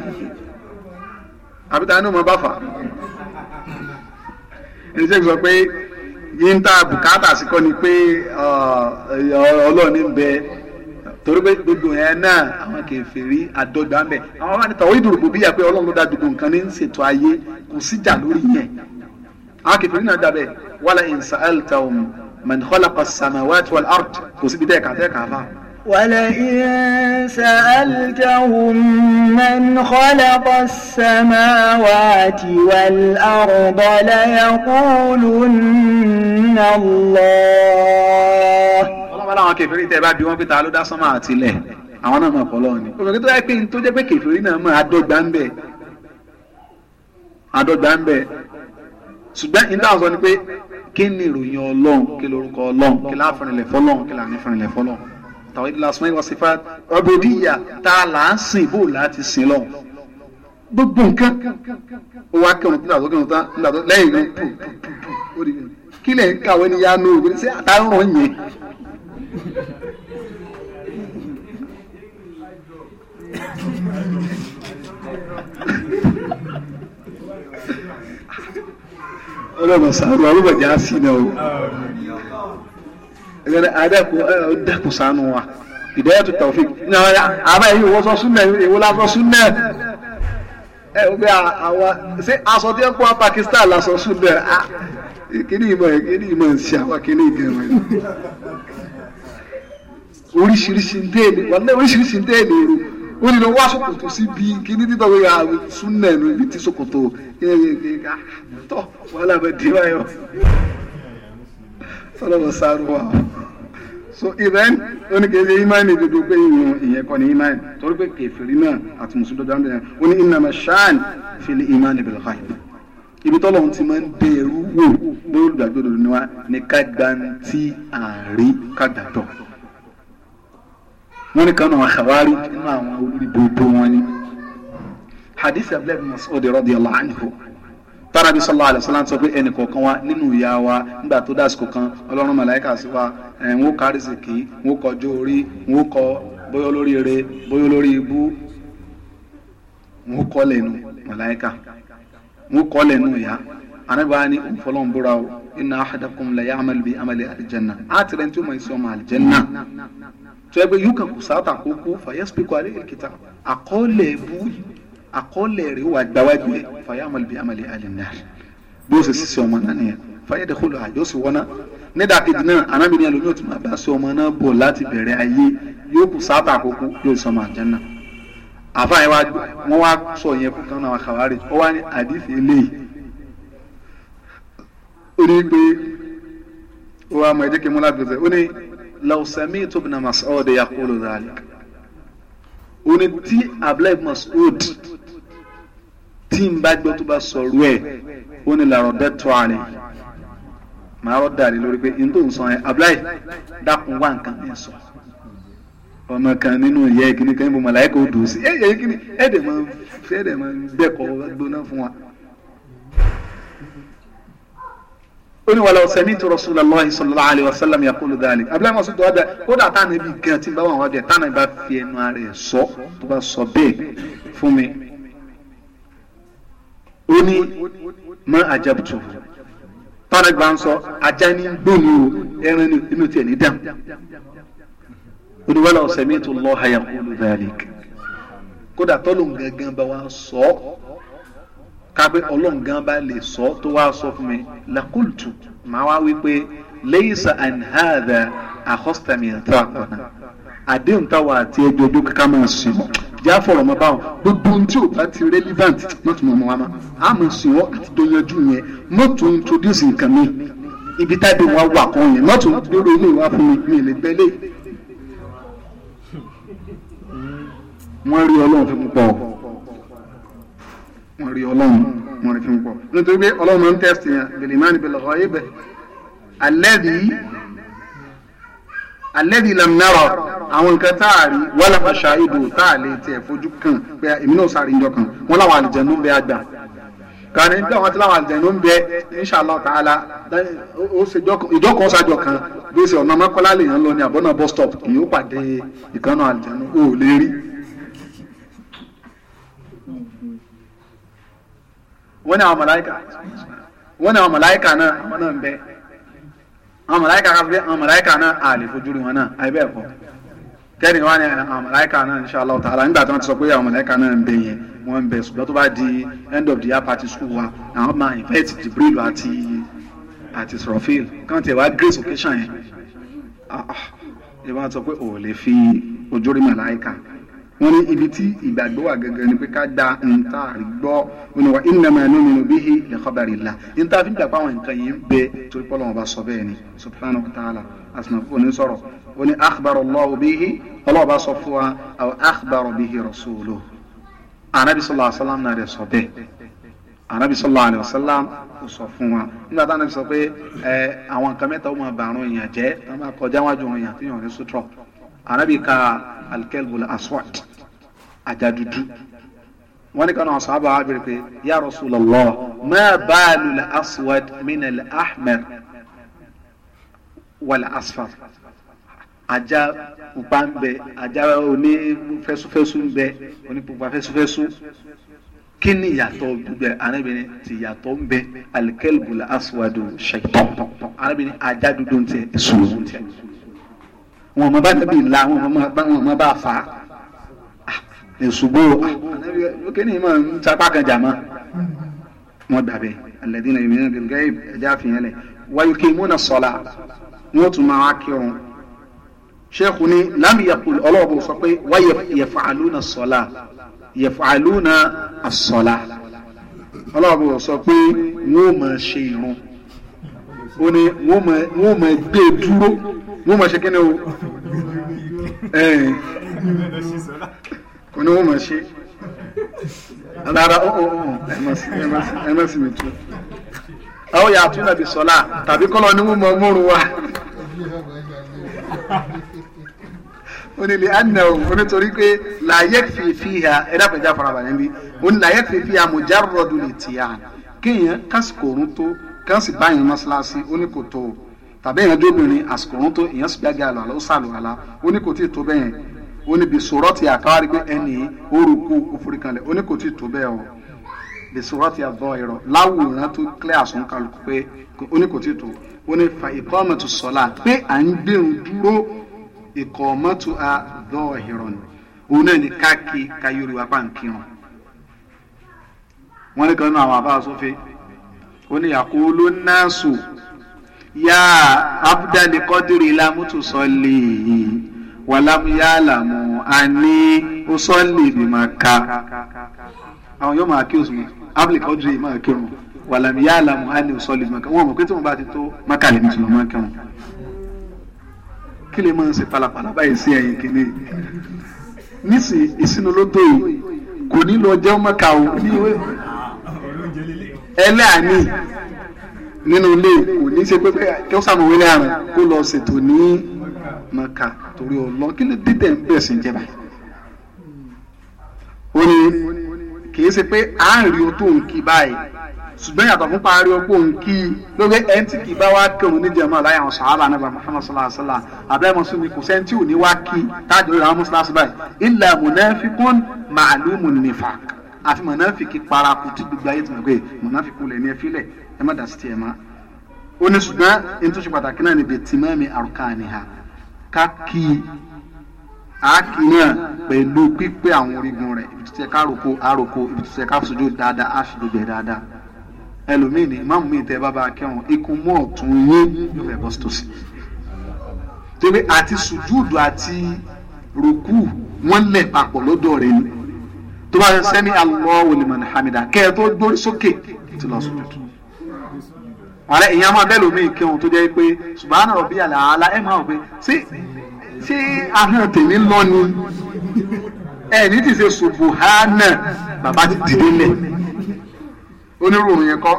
àbí ta ni ó máa bá fà á ẹni sẹ́yìn sọ pé yín tá a bùkátà sí kọ́ ni pé ọlọ́ọ̀ni ń bẹ torí pé gbogbo yẹn náà àwọn kèfèrí àdọ́gba ń bẹ àwọn máa ní tàwọn ìdúrógbò bíyà pé ọlọ́run ló dá gbogbo nǹkan ní ṣètò ayé kò síjà lórí yẹn àwọn kèfèrí náà dàbẹ̀ wàlẹ̀ ìnsàl tàwọn من خلق السماوات والأرض وسبيتك عتاك عفا ولئن سألتهم من خلق السماوات والأرض ليقولن الله ọlọ́mọ láwọn kẹfìrí tẹ bá bí wọn pé ta ló dá sánmà àti ilẹ̀ àwọn náà mọ̀ pọ̀lọ́ ni obìnrin tó yẹ pé tó jẹ́ pé kẹfìrí náà mọ̀ àdọ́gba ń bẹ àdọ́gba ń bẹ ṣùgbọ́n ìdáhùn sọ ni pé kí ni ìròyìn ọlọ́run kí lorúkọ ọlọ́run kí láàfẹ̀rẹ̀lẹ̀ fọlọ́run kí láàfẹ̀rẹ̀lẹ̀ fọlọ́run tàwọn ìdílé asọ́nà ìwà sífà ọbẹ̀díyà tá a là ń sìn bó láti sìn lọ. gbogbo nǹkan ó wá kẹrùn nígbà tó kẹrùn tán nígbà tó lẹ́yìn náà pù pù pù kí lè ń kàwé ní yánú òwe ṣé àtàrùn yẹn. Thank you. ọlọ́run sànù arúgbàjá sí náà o ẹgbẹ́ adẹ́kùn sànù wa ìdáyàtò tàwọ́fì àbá yìí wọ́n sọ súnmẹ̀ ìwọ́ lásọ súnmẹ̀ ẹ wọ́n pé àwa ṣé aṣọ tí wọ́n kó wa Pakistan lásọ súnmẹ̀ kíní ìmọ̀ kíní ìmọ̀ ń ṣe àwa kíní ìgbẹ̀rún oríṣiríṣi ń tẹ̀lé wọn náà oríṣiríṣi ń tẹ̀lé o wọ́n ní lọ wá ṣòkòtò sí bí kíní nígbà wo yà súnà ẹnu ibi tí ṣòkòtò tọ wàhálà bẹ dé báyọ sọlọmọ sáré wa so ìrẹ́n oníkèéjẹ imáìnì dodo pé ìyẹn ìyẹn kọ́ ni imáìnì torí pé kẹfìrí náà àti mùsùlùmí dodo àmì ó ní ìnàmà ṣáàn fìlì imáìnì bẹ̀rẹ̀ káyọ̀ ibi tọ́lọ̀ ń ti máa ń dé ẹrú wò bóyá olùdàgbò dodo ni wa ní ká gbantí àárín ká gbàtọ̀ wọ́n ní kanu àkàwárí nínú àwọn olùdókòwò wọn ni hadith abdulayi bin masoud radiyallahu anhu tarabi sallallahu alayhi wa sallam sọ pé ẹnì kọ̀ọ̀kan wa nínú ìyá wa nígbà tó dásìkò kan ọlọ́run màláìka sí wa ẹ̀ ń wó kárìsìkì ń wó kọjú orí ń wó kọ bóyá lórí ire bóyá lórí ibú ń wó kọ́ lẹ́nu màláìka ń wó kọ́ lẹ́nu ìyá anaba ni fọlọ́n búra o inna ahadakum la ya'mal bi amali aljanna àtìrẹ́ntì ó mọ̀ ẹ́ sọ́mọ aljanna tó yẹ pé yóò kàn kó sáàtà kó kó fàyà spíkọ alẹ́ ìkìtà àkọọ́lẹ̀ bú àkọọ́lẹ̀ rẹ̀ wà gbáwájú ẹ̀ fàyà amalibi amali alimna bí ó sì sísè ọmọ náà nìyẹn fàyà dẹ́kọ̀ àjọ sì wọ́n nídà kejì náà anábìrin ẹlòmí ò tún máa ọmọ náà bọ̀ láti bẹ̀rẹ̀ ayé yóò kó sáàtà kó yóò sọ ọmọ àjẹ́ náà àfa yẹn wọ́n wá sọ yẹn fún kan náà àkàwárí ó wá ní àdìsí eléyìí ó ní pé ó wá mọ ẹ̀jẹ̀ law sami'tu ibn Mas'ud yaqulu dhalik òní tí abdullahi Mas'ud tí n bá gbọ́ tó bá sọ̀rọ̀ ẹ̀ ó ní làrọ̀ bẹ́ẹ̀ tọ́ àárín màá rọ̀ dàrí lórí pé n tó ń sọ yẹn abdullahi dákun wá nǹkan ní sọ ọmọ kan nínú ìyá ẹ kìnnìkan ó ní wàlá ọ̀sẹ̀ ní tó Rasulullahi sallallahu alaihi wasallam yaqulu dhalik abúlé mọ̀sùn tó wà bẹ́ẹ̀ ó dà tánà ibi gan tí bá wà wà bẹ́ẹ̀ tánà ibà fi ẹnu ara ẹ̀ sọ tó bá sọ bẹ́ẹ̀ fún mi ó ní ma ajabtu tánà gbà ń sọ ajá ní gbóni o ẹran ní inú tiẹ̀ ní dàm ó ní wàlá ọ̀sẹ̀ ní tó lọ́ha yaqulu dhalik kódà tọ́lù gangan bá wà sọ kápé ọlọ́run gan bá lè sọ tó wá sọ fún mi lakultu màá wá wí pé leisa an hadha akọ́sítàmì ẹ̀tọ́ àkọ́nà àdéhùn táwa àti ẹgbẹ́ ojú kíkà máa sìn wọ́n já fọ̀rọ̀ mọ́ báwọn gbogbo ohun tí ò bá ti relevant má tún mọ́ wọn má a máa sìn wọ́n àti tó yanjú yẹn má tún introduce nǹkan mi ibi táde wa wà kan yẹn má tún lérò ilé wa fún mi mi lè gbẹ́lé. wọ́n rí ọlọ́run fi pọ̀ wọ́n rí ọlọ́run wọ́n rí fi ń pọ̀ nítorí pé ọlọ́run máa ń tẹ́sítì yẹn bèlè máa ń bèlè ọ̀ ibẹ̀ alẹ́bí alẹ́bí lamnarọ̀ àwọn nǹkan tá a rí wọ́n lọ́pàá ṣáìdù tá a lè tiẹ̀ fojú kàn pé èmi náà sáré njọ kan wọ́n láwọn àlìjẹ́ ló ń bẹ àgbà kàní bí àwọn tí láwọn ló ń bẹ inṣàlá tààlà ó ṣe ìjọkọ̀ ṣàjọ kan bí ó ṣe ọ̀nà mọ́kọ́lá lèèyàn lọ ní àbọ̀nà bus stop èyí ó pàdé ìkànnà àlìjẹ́ ó lè rí wọ́n ní àwọn màláíkà wọ́n ní àwọn màláíkà náà àwọn náà ń bẹ àwọn màláíkà ká fi àwọn màláíkà náà àlè fojú rí wọn náà àyè bẹ́ẹ̀ kọ́ kẹ́ni wá ní àwọn màláíkà náà insha Allah ta'ala nígbà tí wọ́n ti sọ pé àwọn màláíkà náà ń bẹ yẹn wọ́n ń bẹ ṣùgbọ́n tó bá di end of the year party school wa àwọn máa invite Jibril àti àti Israfil kàn tiẹ̀ wá grace occasion yẹn ìbá ah, ah. sọ pé òun lè fi ojú rí màláíkà wọ́n ní ibi tí ìgbàgbọ́ wà gẹ́gẹ́ ni pé ká da ntaari gbọ́ wọn ni wa innama nu'minu bihi li khabarillah ntaari fi gbàgbọ́ àwọn nǹkan yìí ń bẹ torí pé Ọlọ́run bá sọ bẹ́ẹ̀ ni subhanahu wa ta'ala asinafu ni sọ̀rọ̀ wọn ni akhbarallahu bihi Ọlọ́run bá sọ fún wa aw akhbara bihi rasuluhu anabi anabi sallallahu alayhi wa sallam kò sọ fún wa nígbà táwọn anabi sọ pé ẹ àwọn nǹkan mẹ́ta ó máa bàrún èèyàn jẹ́ tó máa kọjá wájú èèyàn tó yàn ní sutura anabi ka alkelbul aswad ajá dúdú wọ́n ní kanáà sọ́hábà wa bèrè pé ya Rasulullah ma baalul aswad min al ahmar wal asfar ajá pupa ń bẹ ajá oní fẹsufẹsu ń bẹ oní pupa fẹsufẹsu kí ni yàtọ̀ gbogbo arábìnrin ti yàtọ̀ ń bẹ alikẹ́lbù la aswadu shaitan arábìnrin ajá dúdú ń tẹ èso ń wọn ò mọ bá tẹbi wọn ò mọ fa èsùgbò kíni mà ń sapá kan jà mọ́ wọn dàbẹ alẹ́dínà ìmìíràn gbẹngẹ ẹja àfihàn lẹ wáyé kí múna sọlá wọn tún máa kí ọrùn sheikh ni lami yakul ọlọ́ọ̀bù sọ pé wáyé yẹfàlúna sọlá yẹfàlúna asọlá ọlọ́ọ̀bù sọ pé wọn ò máa ṣe irun ó ní wọn ò máa gbé e dúró wọn ò máa ṣe kíni o oní wọn mọ̀ ṣe rárá ẹ má sì mí tú àwọn yàtú nàbì sọlá tàbí kọ́lọ́ ni wọ́n mọ̀ múrun wa onílé anáwó onítorí pé làyé fìfì ha ẹ̀dá pẹ̀já farabalẹ̀ bi, oní làyé fìfì ha mùjárọ̀dù lè tì hàn kéèyàn kásìkò òrùn tó kásì báyìí mọ́ṣáláṣí oníkòtò tàbí èèyàn dóbìnrin àsìkò òrùn tó èèyàn sì gbàgbé àlọ́ àlọ́ sàlùwàlà oníkòtò ètò ó ní bisorọ́tì àkáwárí pé ẹnì orúkú òfurikànlẹ̀ ó ní kò tí ì tó bẹ́ẹ̀ o bisorọ́tì àbọ̀ ìrọ̀ láwùrán tó clear àsùn pé ó ní kò tí tó ó ní fa ìkọ́mọ̀tò sọ́lá pé à ń gbẹ̀rún dúró ìkọ́mọ̀tò àbọ̀ ìrọ̀ ni òun náà ní káàkiri káyọ̀rì wá pàǹkì wọn. wọ́n ní kan àwọn àbá sọ́fẹ́ ó ní yaqulu nnasu ya abdali qadri la mutusalli wàlámúyàlámù àní ọsọ́ọ̀lì ìbímọ̀ká àwọn yóò máa kí òsùnmọ̀ ablik ọdún yìí máa kírun wàlámúyàlámù àní ọsọ́ọ̀lì ìbímọ̀ká wọn mọ̀ pé tí wọn bá ti tó mákàlẹ́ ní tìlọ́ máa kírun kí lè máa ń ṣe palapala báyìí sí ẹ̀yìn kìíní nísìnyí ìsinú ló dé yìí kò ní lọ jẹ́ ọmọkà o ní ìwé ẹlẹ́àní nínú ilé kò ní ṣe pé kí ó sàmúwélé àrùn kó lọ ṣètò ní máa kà torí ọlọ kí ló dé tẹ̀ ń bẹ̀ sí jẹba. ó ní kì í ṣe pé à ń rí o tó ń kí báyìí ṣùgbọ́n yàtọ̀ fún parí ọgbó ń kí lórí ẹni tí kì í bá wá kírun ní jẹ̀mọ́ láyé àwọn sàhábà náà bàbá Muhammad sallallahu alaihi wasallam abẹ́rẹ́ mọ́sùn ni kò sẹ́ni tí ò ní wá kí tájọ́ ìrànwọ́ mọ́sálásí báyìí illa munafiqun ma'lumun nifaq àfi mọ̀nàfìkì paraku tí gbogbo ayé ti mọ̀ pé mọ̀nàfìkì olè ní ẹ filẹ̀ ẹ má dà sí tiẹ̀ má. ó ní ṣùgbọ́n ká kí á kí náà pẹ̀lú pípé àwọn orígun rẹ̀ ibi tó ṣe ká roko á roko ibi tó ṣe ká sojú dáadáa á sojú bẹ̀ dáadáa ẹlòmíì ni ìmáàmù mi tẹ bàbá akẹ́wọ̀n ikú mọ́ ọ̀tún yín yóò fẹ́ bọ́ sí tòsí. torí àti sùjúùdù àti rùkú wọ́n lẹ̀ papọ̀ lọ́dọ̀ rẹ̀ ni tó bá yẹ sẹ́mi Allahu liman hamida kẹ́ ẹ tó gbórí sókè ti lọ sùjúùdù ààrẹ ìyẹn máa bẹ́ẹ̀ lómi kírun tó jẹ́ pé subahana rọ̀bí àlàálá ẹ̀ máa wò pé ṣé ṣé ahọ́n tèmi lọ ni ẹ̀ ní ti ṣe subahana bàbá ti dìde lẹ̀ onírúurú yẹn kọ́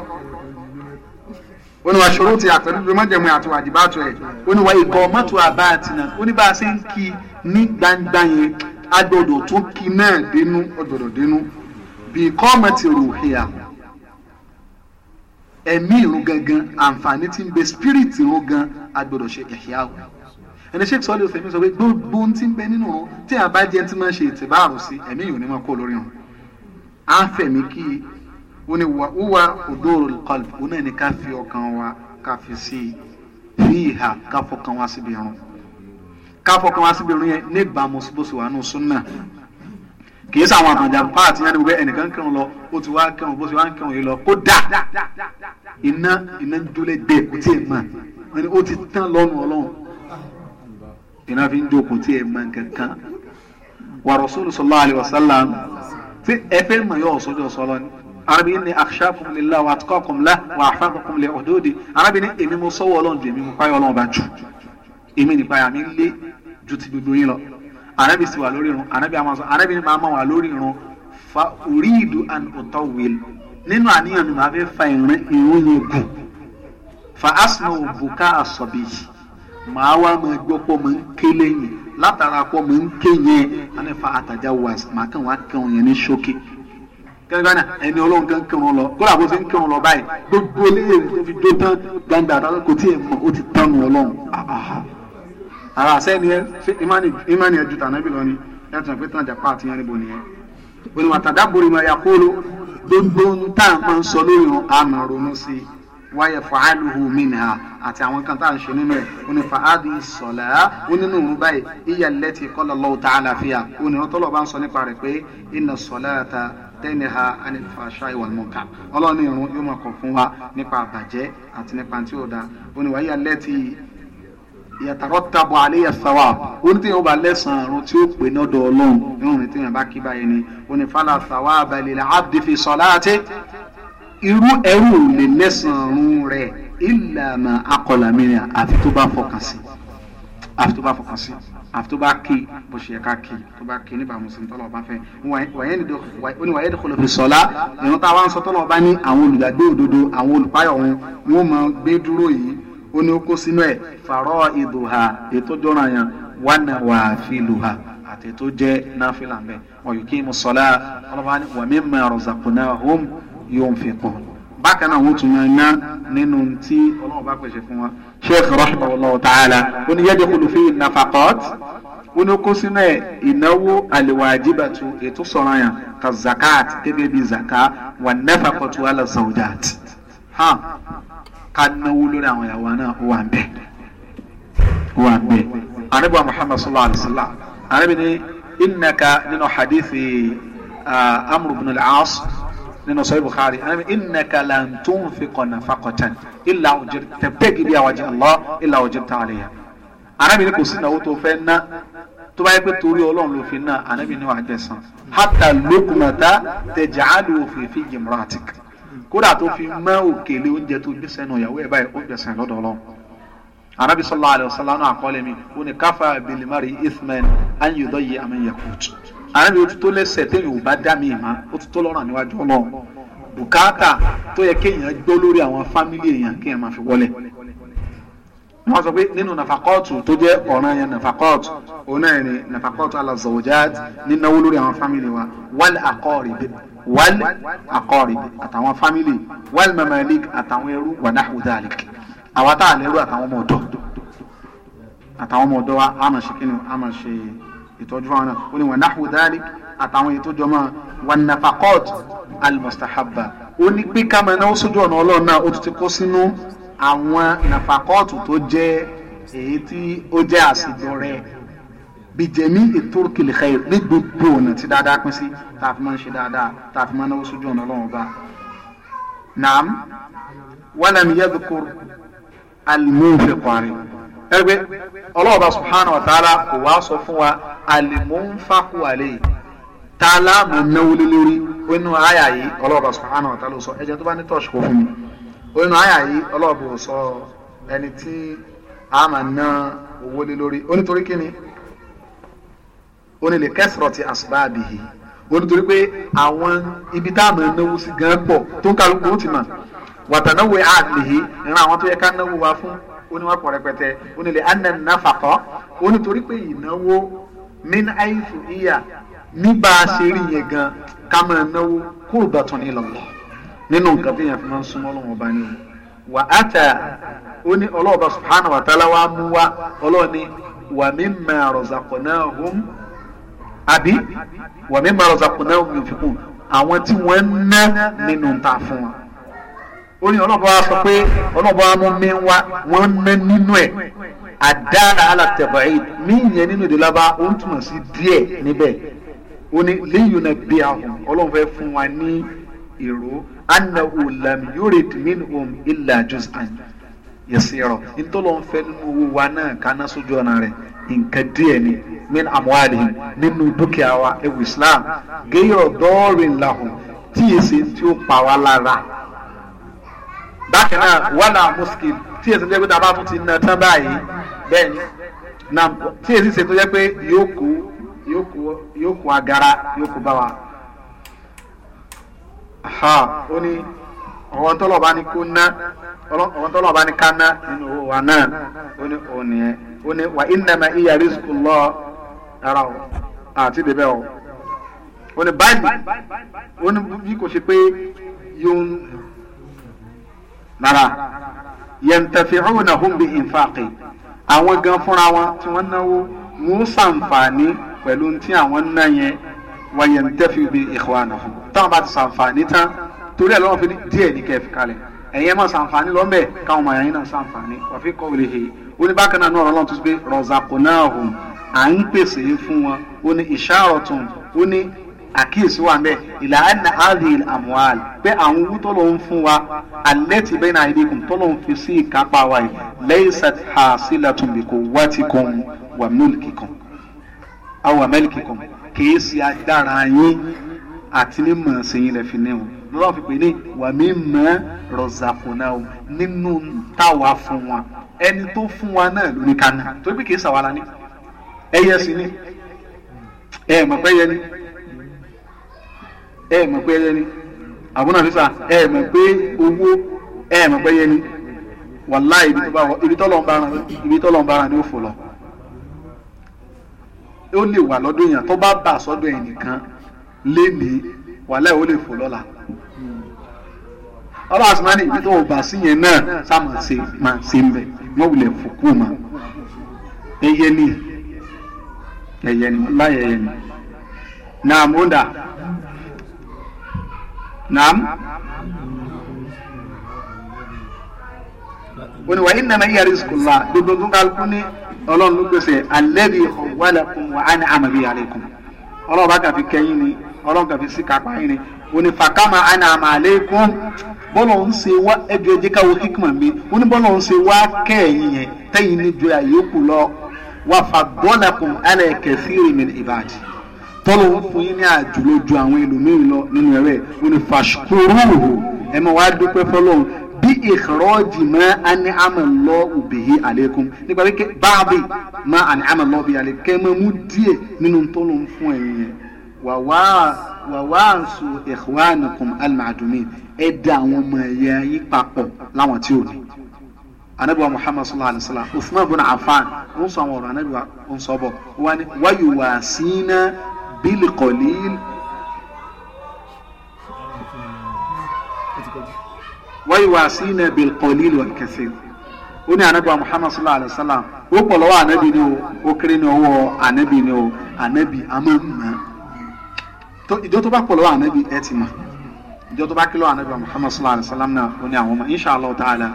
oníwà ṣòro ti àpẹẹrẹ mọ́jẹ̀mú àti wàjibátò ẹ̀ oníwà ikọ̀ mọ́tò àbá àtìnà oníbà ṣe ń kí ní gbangba yẹn agbọ́dọ̀ tó kí náà dénú ọ̀dọ̀dọ̀ dénú bí kọ́mọ̀tì rò hìyà ẹ̀mí ìrun gangan àǹfààní tí ń bẹ spirit ìrun gan agbọ́dọ̀ ṣe ìhìá o ẹni ṣe sọ́ọ́lì òsèmí sọ pé gbogbo ohun tí ń bẹ nínú òun tí a bá jẹ́ tí máa ṣe ìtìbáàrò sí ẹ̀mí ìrun ní máa kó lórí òun à ń fẹ̀mí kí ó ní wà ó kọlù ó náà ní ká fi ọkàn wa ká fi sí i fi ìhà ká fọkàn wa síbi ìrun ká fọkàn wa síbi ìrun yẹn níbàámu síbòsíwánú súnà kìí sàwọn àkànjà pa àti yẹn ni wípé ẹnìkan kírun lọ ó ti wá kírun bó ti wá kírun yìí lọ kó dà iná iná ń jólé gbé kò tí ì mọ ẹni ó ti tán lọ́nu ọlọ́run iná fi ń jó kò tí ì mọ kankan wà Rasul sallallahu alaihi wasallam tí ẹ fẹ́ mọ̀ yóò sọ́jọ́ sọ́lọ́ ni arabi ni akhshakum lillah wa atqakum lah wa ahfazukum li hududi arabi ni èmi mo sọ́wọ́ ọlọ́run ju èmi mo páyọ̀ ọlọ́run bá jù èmi nípa yà mí lé ju ti gbogbo yín lọ anabi sì wà lórí irun anabi àmọ́ sọ anabi ni màá ma wà lórí irun fa oríìdù and ọ̀tọ̀ wíl nínú àníyàn ni màá fẹ́ fa ìrìn irun yẹn gùn fa asinu òbùká àsọ̀bì yìí màá wá máa gbọ́ pọ̀ mọ́ ń ké lẹ́yìn látara pọ̀ mọ́ ń ké yẹn ẹni fa àtàjà wà màá kàn wá kàn yẹn ní ṣókè kẹ́kẹ́ náà ẹni ọlọ́run kan kírun lọ kódà bó ṣe ń kírun lọ báyìí gbogbo eléyìí tó fi dó tán gbangba àtàkùn kò tí ì mọ̀ ó ti tánu ọlọ́run ara sẹ́ni ẹ imani ẹ ju tànàbí lọ ni ẹ tún pé tán jàpá àti yẹn níbo nìyẹn onímọ̀ àtàdábòrò ìmọ̀ ẹ̀yà kóró gbogbo tá a máa ń sọ lórí wọn a máa ronú sí i wáyé fàálùhù mìnà àti àwọn kan tá à ń ṣe nínú ẹ oní fàádì sọlá onínú òun báyìí iyà lẹ́tì kọ́lọ̀ lọ́wọ́ tá a là fìyà oní ọtọ́lọ̀ bá ń sọ nípa rẹ̀ pé iná sọlá ta tẹ́ni ha anìfàṣà ìwàlùmọ̀ká ọlọ́ọ̀ni irun yóò máa kọ̀ fún wa nípa àbàjẹ́ àti nípa tí ó da oní wáyé lẹ́tì yàtàrọ́tàbọ̀ àléyà sáwà onítìyàn ọba lẹ́sàn-án àrùn tí ó pè lọ́dọ̀ ọlọ́run irun rẹ̀ tíyàn bá kí báyìí ni onífàlà sáwà abalẹ̀ la abdi fi salati irú ẹrú ò lè lẹ́sàn-án àrùn rẹ̀ ìlànà akọ̀làmìnira àfi tó bá fọkàn sí àfi tó bá fọkàn sí àfi tó bá kí bó ṣe yẹ ká kí tó bá kí níbàámu sí tọ́lọ̀ ọba fẹ́ oníwàyé dìkọlù fi sọ̀lá ìrántá wa ń sọ tọ́lọ̀ ọba ní àwọn olùgbàgbé òdodo àwọn olùpáyọ̀ wọn wọn máa gbé dúró yìí ó ní ó kó sínú ẹ̀ faraiduha ètò jọra yẹn wa nawafiluha àti ètò jẹ́ náfìlà ń bẹ̀ wa yuqimu salat ọlọ́ba wa mimma razaqnahum yunfiqun bákan náà wọ́n tún yan ná nínú tí ọlọ́run bá pèsè fún wa sheikh rahimahullah ta'ala ó ní yadkhulu fi nafaqat ó ní kó sínú ẹ̀ ìnáwó alwajibatu ètò sọ̀rọ̀ yẹn ka zakat gẹ́gẹ́ bí zaka wà nafaqatu ala zawjat ká náwó lórí àwọn ìyàwó náà ó wà ń bẹ ó wà ń bẹ anabi wa muhammad sallallahu alaihi wa sallam anabi ni innaka nínú hadithi amru bin al-aas nínú sahih bukhari anabi innaka lan tunfiqa nafaqatan illa ujirta bẹ́ẹ̀gì bí wajhi allah illa ujirta alayha anabi ni kò sí náwó tó fẹ́ ná tó bá yẹ pé torí ọlọ́run fi ná anabi ni wàá jẹ san hatta lukumata taj'alu fi fi jimratik kódà tó fi mọ́ òkèlè oúnjẹ tó gbé sẹ́nu ìyàwó ẹ̀ báyìí ó gbẹ̀sẹ̀ lọ́dọ̀ ọlọ́run anabi sallallahu alayhi wa sallam náà àkọọ́lẹ̀ mi ó ní káfà bilimari ithman anyodọ yìí àmì yakut anabi ó ti tó lẹ́sẹ̀ téèyàn ò bá dá mi ìmá ó ti tó lọ́rùn níwájú ọlọ́run bùkátà tó yẹ kéèyàn gbọ́ lórí àwọn fámìlì èèyàn kéèyàn máa fi wọlé wọ́n sọ pé nínú nàfàkọ́ọ̀tù tó jẹ́ ọ̀ràn yẹn nàfàkọ́ọ̀tù wal akọrib àtàwọn fámìlì wal mamalik àtàwọn ẹrú wa nahwu dhalik àwa tá a lẹ́rú àtàwọn ọmọ ọ̀dọ́ àtàwọn ọmọ ọ̀dọ́ wa a máa ṣe kíni a máa ṣe ìtọ́jú wọn náà ó ní wa nahwu dhalik àtàwọn ètò jọmọ wa nafaqat almustahabba ó ní pé ká máa náwó sójú ọ̀nà ọlọ́run náà ó ti kó sínú àwọn nafaqat tó jẹ́ èyí tí ó jẹ́ àṣìjọ bìjẹ̀mí ìtòrókè lè xẹ́yìn ní gbogbo ọ̀nà tí dáadáa pín sí tá a fi máa ń ṣe dáadáa tá a fi máa ń náwó sójú ọ̀nà ọlọ́run ọba. naam wàlẹ̀ mi yẹ́dù kúrò alimóhùnfẹ́ kwari. ẹgbẹ́ ọlọ́run ọba subhanahu wa ta'ala kò wá sọ fún wa alimóhùnfàkù àlẹ́ tààlà mọ̀ náwó lórí onínú àyà yìí ọlọ́run ọba wa ta'ala sọ ẹ̀jẹ̀ tó bá ní tọ́ọ̀ṣì kò fún mi onínú àyà yìí ọlọ́run sọ ẹni tí a máa ná owó lé lórí onítorí kíni onílé kẹsìrọ̀ ti àsùbáàbìhì onítorí pé àwọn ibi tá a máa náwó sí gan pọ̀ tó ń kálukú ó ti mọ̀ wàtànáwó àdìhì ìran àwọn tó yẹ ká náwó wa fún oníwà pọ̀ rẹpẹtẹ onílé ananafakọ́ onítorí pé ìnáwó min aifu iya nígbà aṣeré yẹn gan ká máa náwó kúrò bàtún ní lọ́wọ́ nínú nǹkan tí yẹn fi máa ń súnmọ́ lọ́wọ́ bá ní o wà á tà ó ní ọlọ́ọ̀bá subhanahu wa ta'ala wa mú wa ọlọ́ọ̀ni wà mimma razaqnahum àbí wọ̀mí marọ̀zàkùnà òfìkún àwọn tí wọ́n ń ná nínú ta fún wọn. ó ní ọlọ́ba wa sọ pé ọlọ́ba wa mú mi wá wọ́n ń ná nínú ẹ̀ àdára alàtẹ̀bàáyé mí yẹn nínú ìdílé bá ó ń túmọ̀ sí díẹ̀ níbẹ̀ ó ní léyìn náà bí ahùn ọlọ́run fún wa ní èrò annahu lam yurid minhum illa juz'an yasira nítorí wọn fẹ́ nínú owó wa náà kaná sójú ọ̀nà rẹ̀ nǹkan min amualihim nínú dukia wa ewu islam gẹ́yọ̀ dọ́ọ̀rin lahùn tí èsì tí ó pa wá lára bákan náà wàhálà muskin tí èsì tó pé tá a ti na tán báyìí bẹ́ẹ̀ ni na tí èsì ṣe tó yẹ pé yóò kú yóò kú yóò kú agara yóò kú bá wa. ó ní ọ̀wọ́n tọ́lọ̀ bá ná ọ̀wọ́n tọ́lọ̀ ká ná nínú owó wa náà ó ní òun nìyẹn ó ní wà ìnàmà ìyá rìsíkù lọ ara o àti ìdìbẹ́ o ó ní báyìí ó ní bí kò ṣe pé yóò nara yẹntẹfìhúnà húnbi ìfàkì àwọn gan fúnra wọn tí wọ́n náwó wọn ó sàǹfààní pẹ̀lú tí àwọn ná yẹn wà yẹntẹfì bí ìhùwànà fún táwọn bá ti sàǹfààní tán torí ẹ̀ lọ́wọ́ fi díẹ̀ ní kẹfì kalẹ̀ ẹ̀yẹ́ máa sàǹfààní lọ́mẹ̀ káwọn màá yẹn náà sàǹfààní wàá fi kọ́ wìlì ó ní bákan náà ní ọ̀rọ̀ ọlọ́run tó ti pé rọ̀zàkùnáhùn à ń pèsè fún wọn ó ní ìṣàrọ̀tún ó ní àkíyèsí wa mbẹ ìlà àdínà àdìl àmúhàl pé àwọn owó tọ́lọ̀ ń fún wa àlẹ́tì bẹ́ẹ̀ náà ìdíkùn tọ́lọ̀ ń fi sí ìkápá wa yìí laysat hasilatun biquwwatikum wa mulkikum aw wa mulkikum kìí ṣe agbára yín àti mímọ̀ ṣe yín lẹ́fi níwọ̀n lọ́wọ́ fi pè ní wàmí mọ́ rọ̀zàkùnà o nínú táwa fún wa ẹni tó fún wa náà ló ní kánà torí pé kì í sàwárà ni ẹyẹ sì ni ẹ mọ̀ pé ẹyẹ ni ẹ mọ̀ pé ẹyẹ ni àbúrò náà sísà ẹ mọ̀ pé owó ẹ mọ̀ pé ẹyẹ ni wàláì ibi tọ́lọ̀ ń bá ara ibi tọ́lọ̀ ń bá ara ni ó fò lọ ó lè wà lọ́dún yẹn tó bá bà sọ́dọ̀ ẹnìkan lé ní wàhálà ó lè fò lọ́la ọlọ́run àsìmọ́ ní ibi tó o bá sí yẹn náà sá máa ṣe máa ṣe ń bẹ̀ wọ́n wulẹ̀ fòkú ma ẹyẹ ni ẹyẹ ni láyé ẹyẹ ni naam ó dà naam wọ́n ní wà ní nàmẹ́ yàrá ìsukùlá gbogbo tó ń kálukú ní ọlọ́run ló gbèsè alẹ́bi ọ̀wálẹ̀kùn wà á ní àmàbí yàrá ìkùn ọlọ́run bá kàfi kẹ́yìn ni ọlọ́run kàfi sí kápá yìí ni onífàkàmà ànàmà àlékún bọ́lọ̀ ń ṣe wá ẹjọ́ ẹjẹ́ káwọ́ hikma mi ó ní bọ́lọ̀ ń ṣe wá kẹ́ẹ̀yìn yẹn tẹ́yìn ní ju àyókù lọ wà fàdọ́lẹ̀kùn alẹ́ kẹsìrì mi ìbàdí tọ́lọ̀ ń fún yín ní àjùlọ ju àwọn ẹlòmíràn lọ nínú ẹ̀rẹ́ onífàṣkúrú ẹ̀ mọ̀ wá dúpẹ́ fọlọ́run bí ìkọ̀rọ̀jì mọ́ ani àmà lọ òbèyí àlékún nípa wípé báàbí mọ́ ani àmà lọ òbèyí àlékún kẹ́ mọ́ nínú tọ́lọ̀ ń fún ẹ̀yìn yẹn wà wá wà wàásù ikhwanakum al-ma'dumin ẹ da àwọn ọmọ ẹ̀yà yí papọ̀ láwọn tí ò ní. anabiwa muhammad sallallahu alaihi wa sallam uthman bin affan ń sọ àwọn ọ̀rọ̀ anabiwa ń sọ bọ̀ wọ́n ní wáyù wà sínú bílí kọ̀líl. wáyù wà sínú bílí kọ̀líl wal kathir ó anabiwa muhammad sallallahu alaihi wa sallam ó pọ̀ anabi ni o ó kéré ní ọwọ́ anabi ni o anabi a máa tó ìjọ tó bá pọ̀ lọ́wọ́ ànábì ẹ ti bá kí lọ́wọ́ ànábì muhammad sallallahu àwọn insha allah ta'ala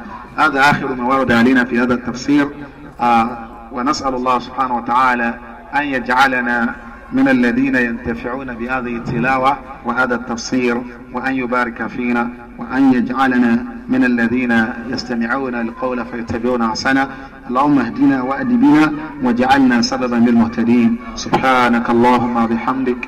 هذا آخر ما ورد علينا في هذا التفسير ونسأل الله سبحانه وتعالى أن يجعلنا من الذين ينتفعون بهذه التلاوة وهذا التفسير وأن يبارك فينا وأن يجعلنا من الذين يستمعون القول فيتبعون أحسنه اللهم اهدنا وأد بنا واجعلنا سببا للمهتدين سبحانك اللهم بحمدك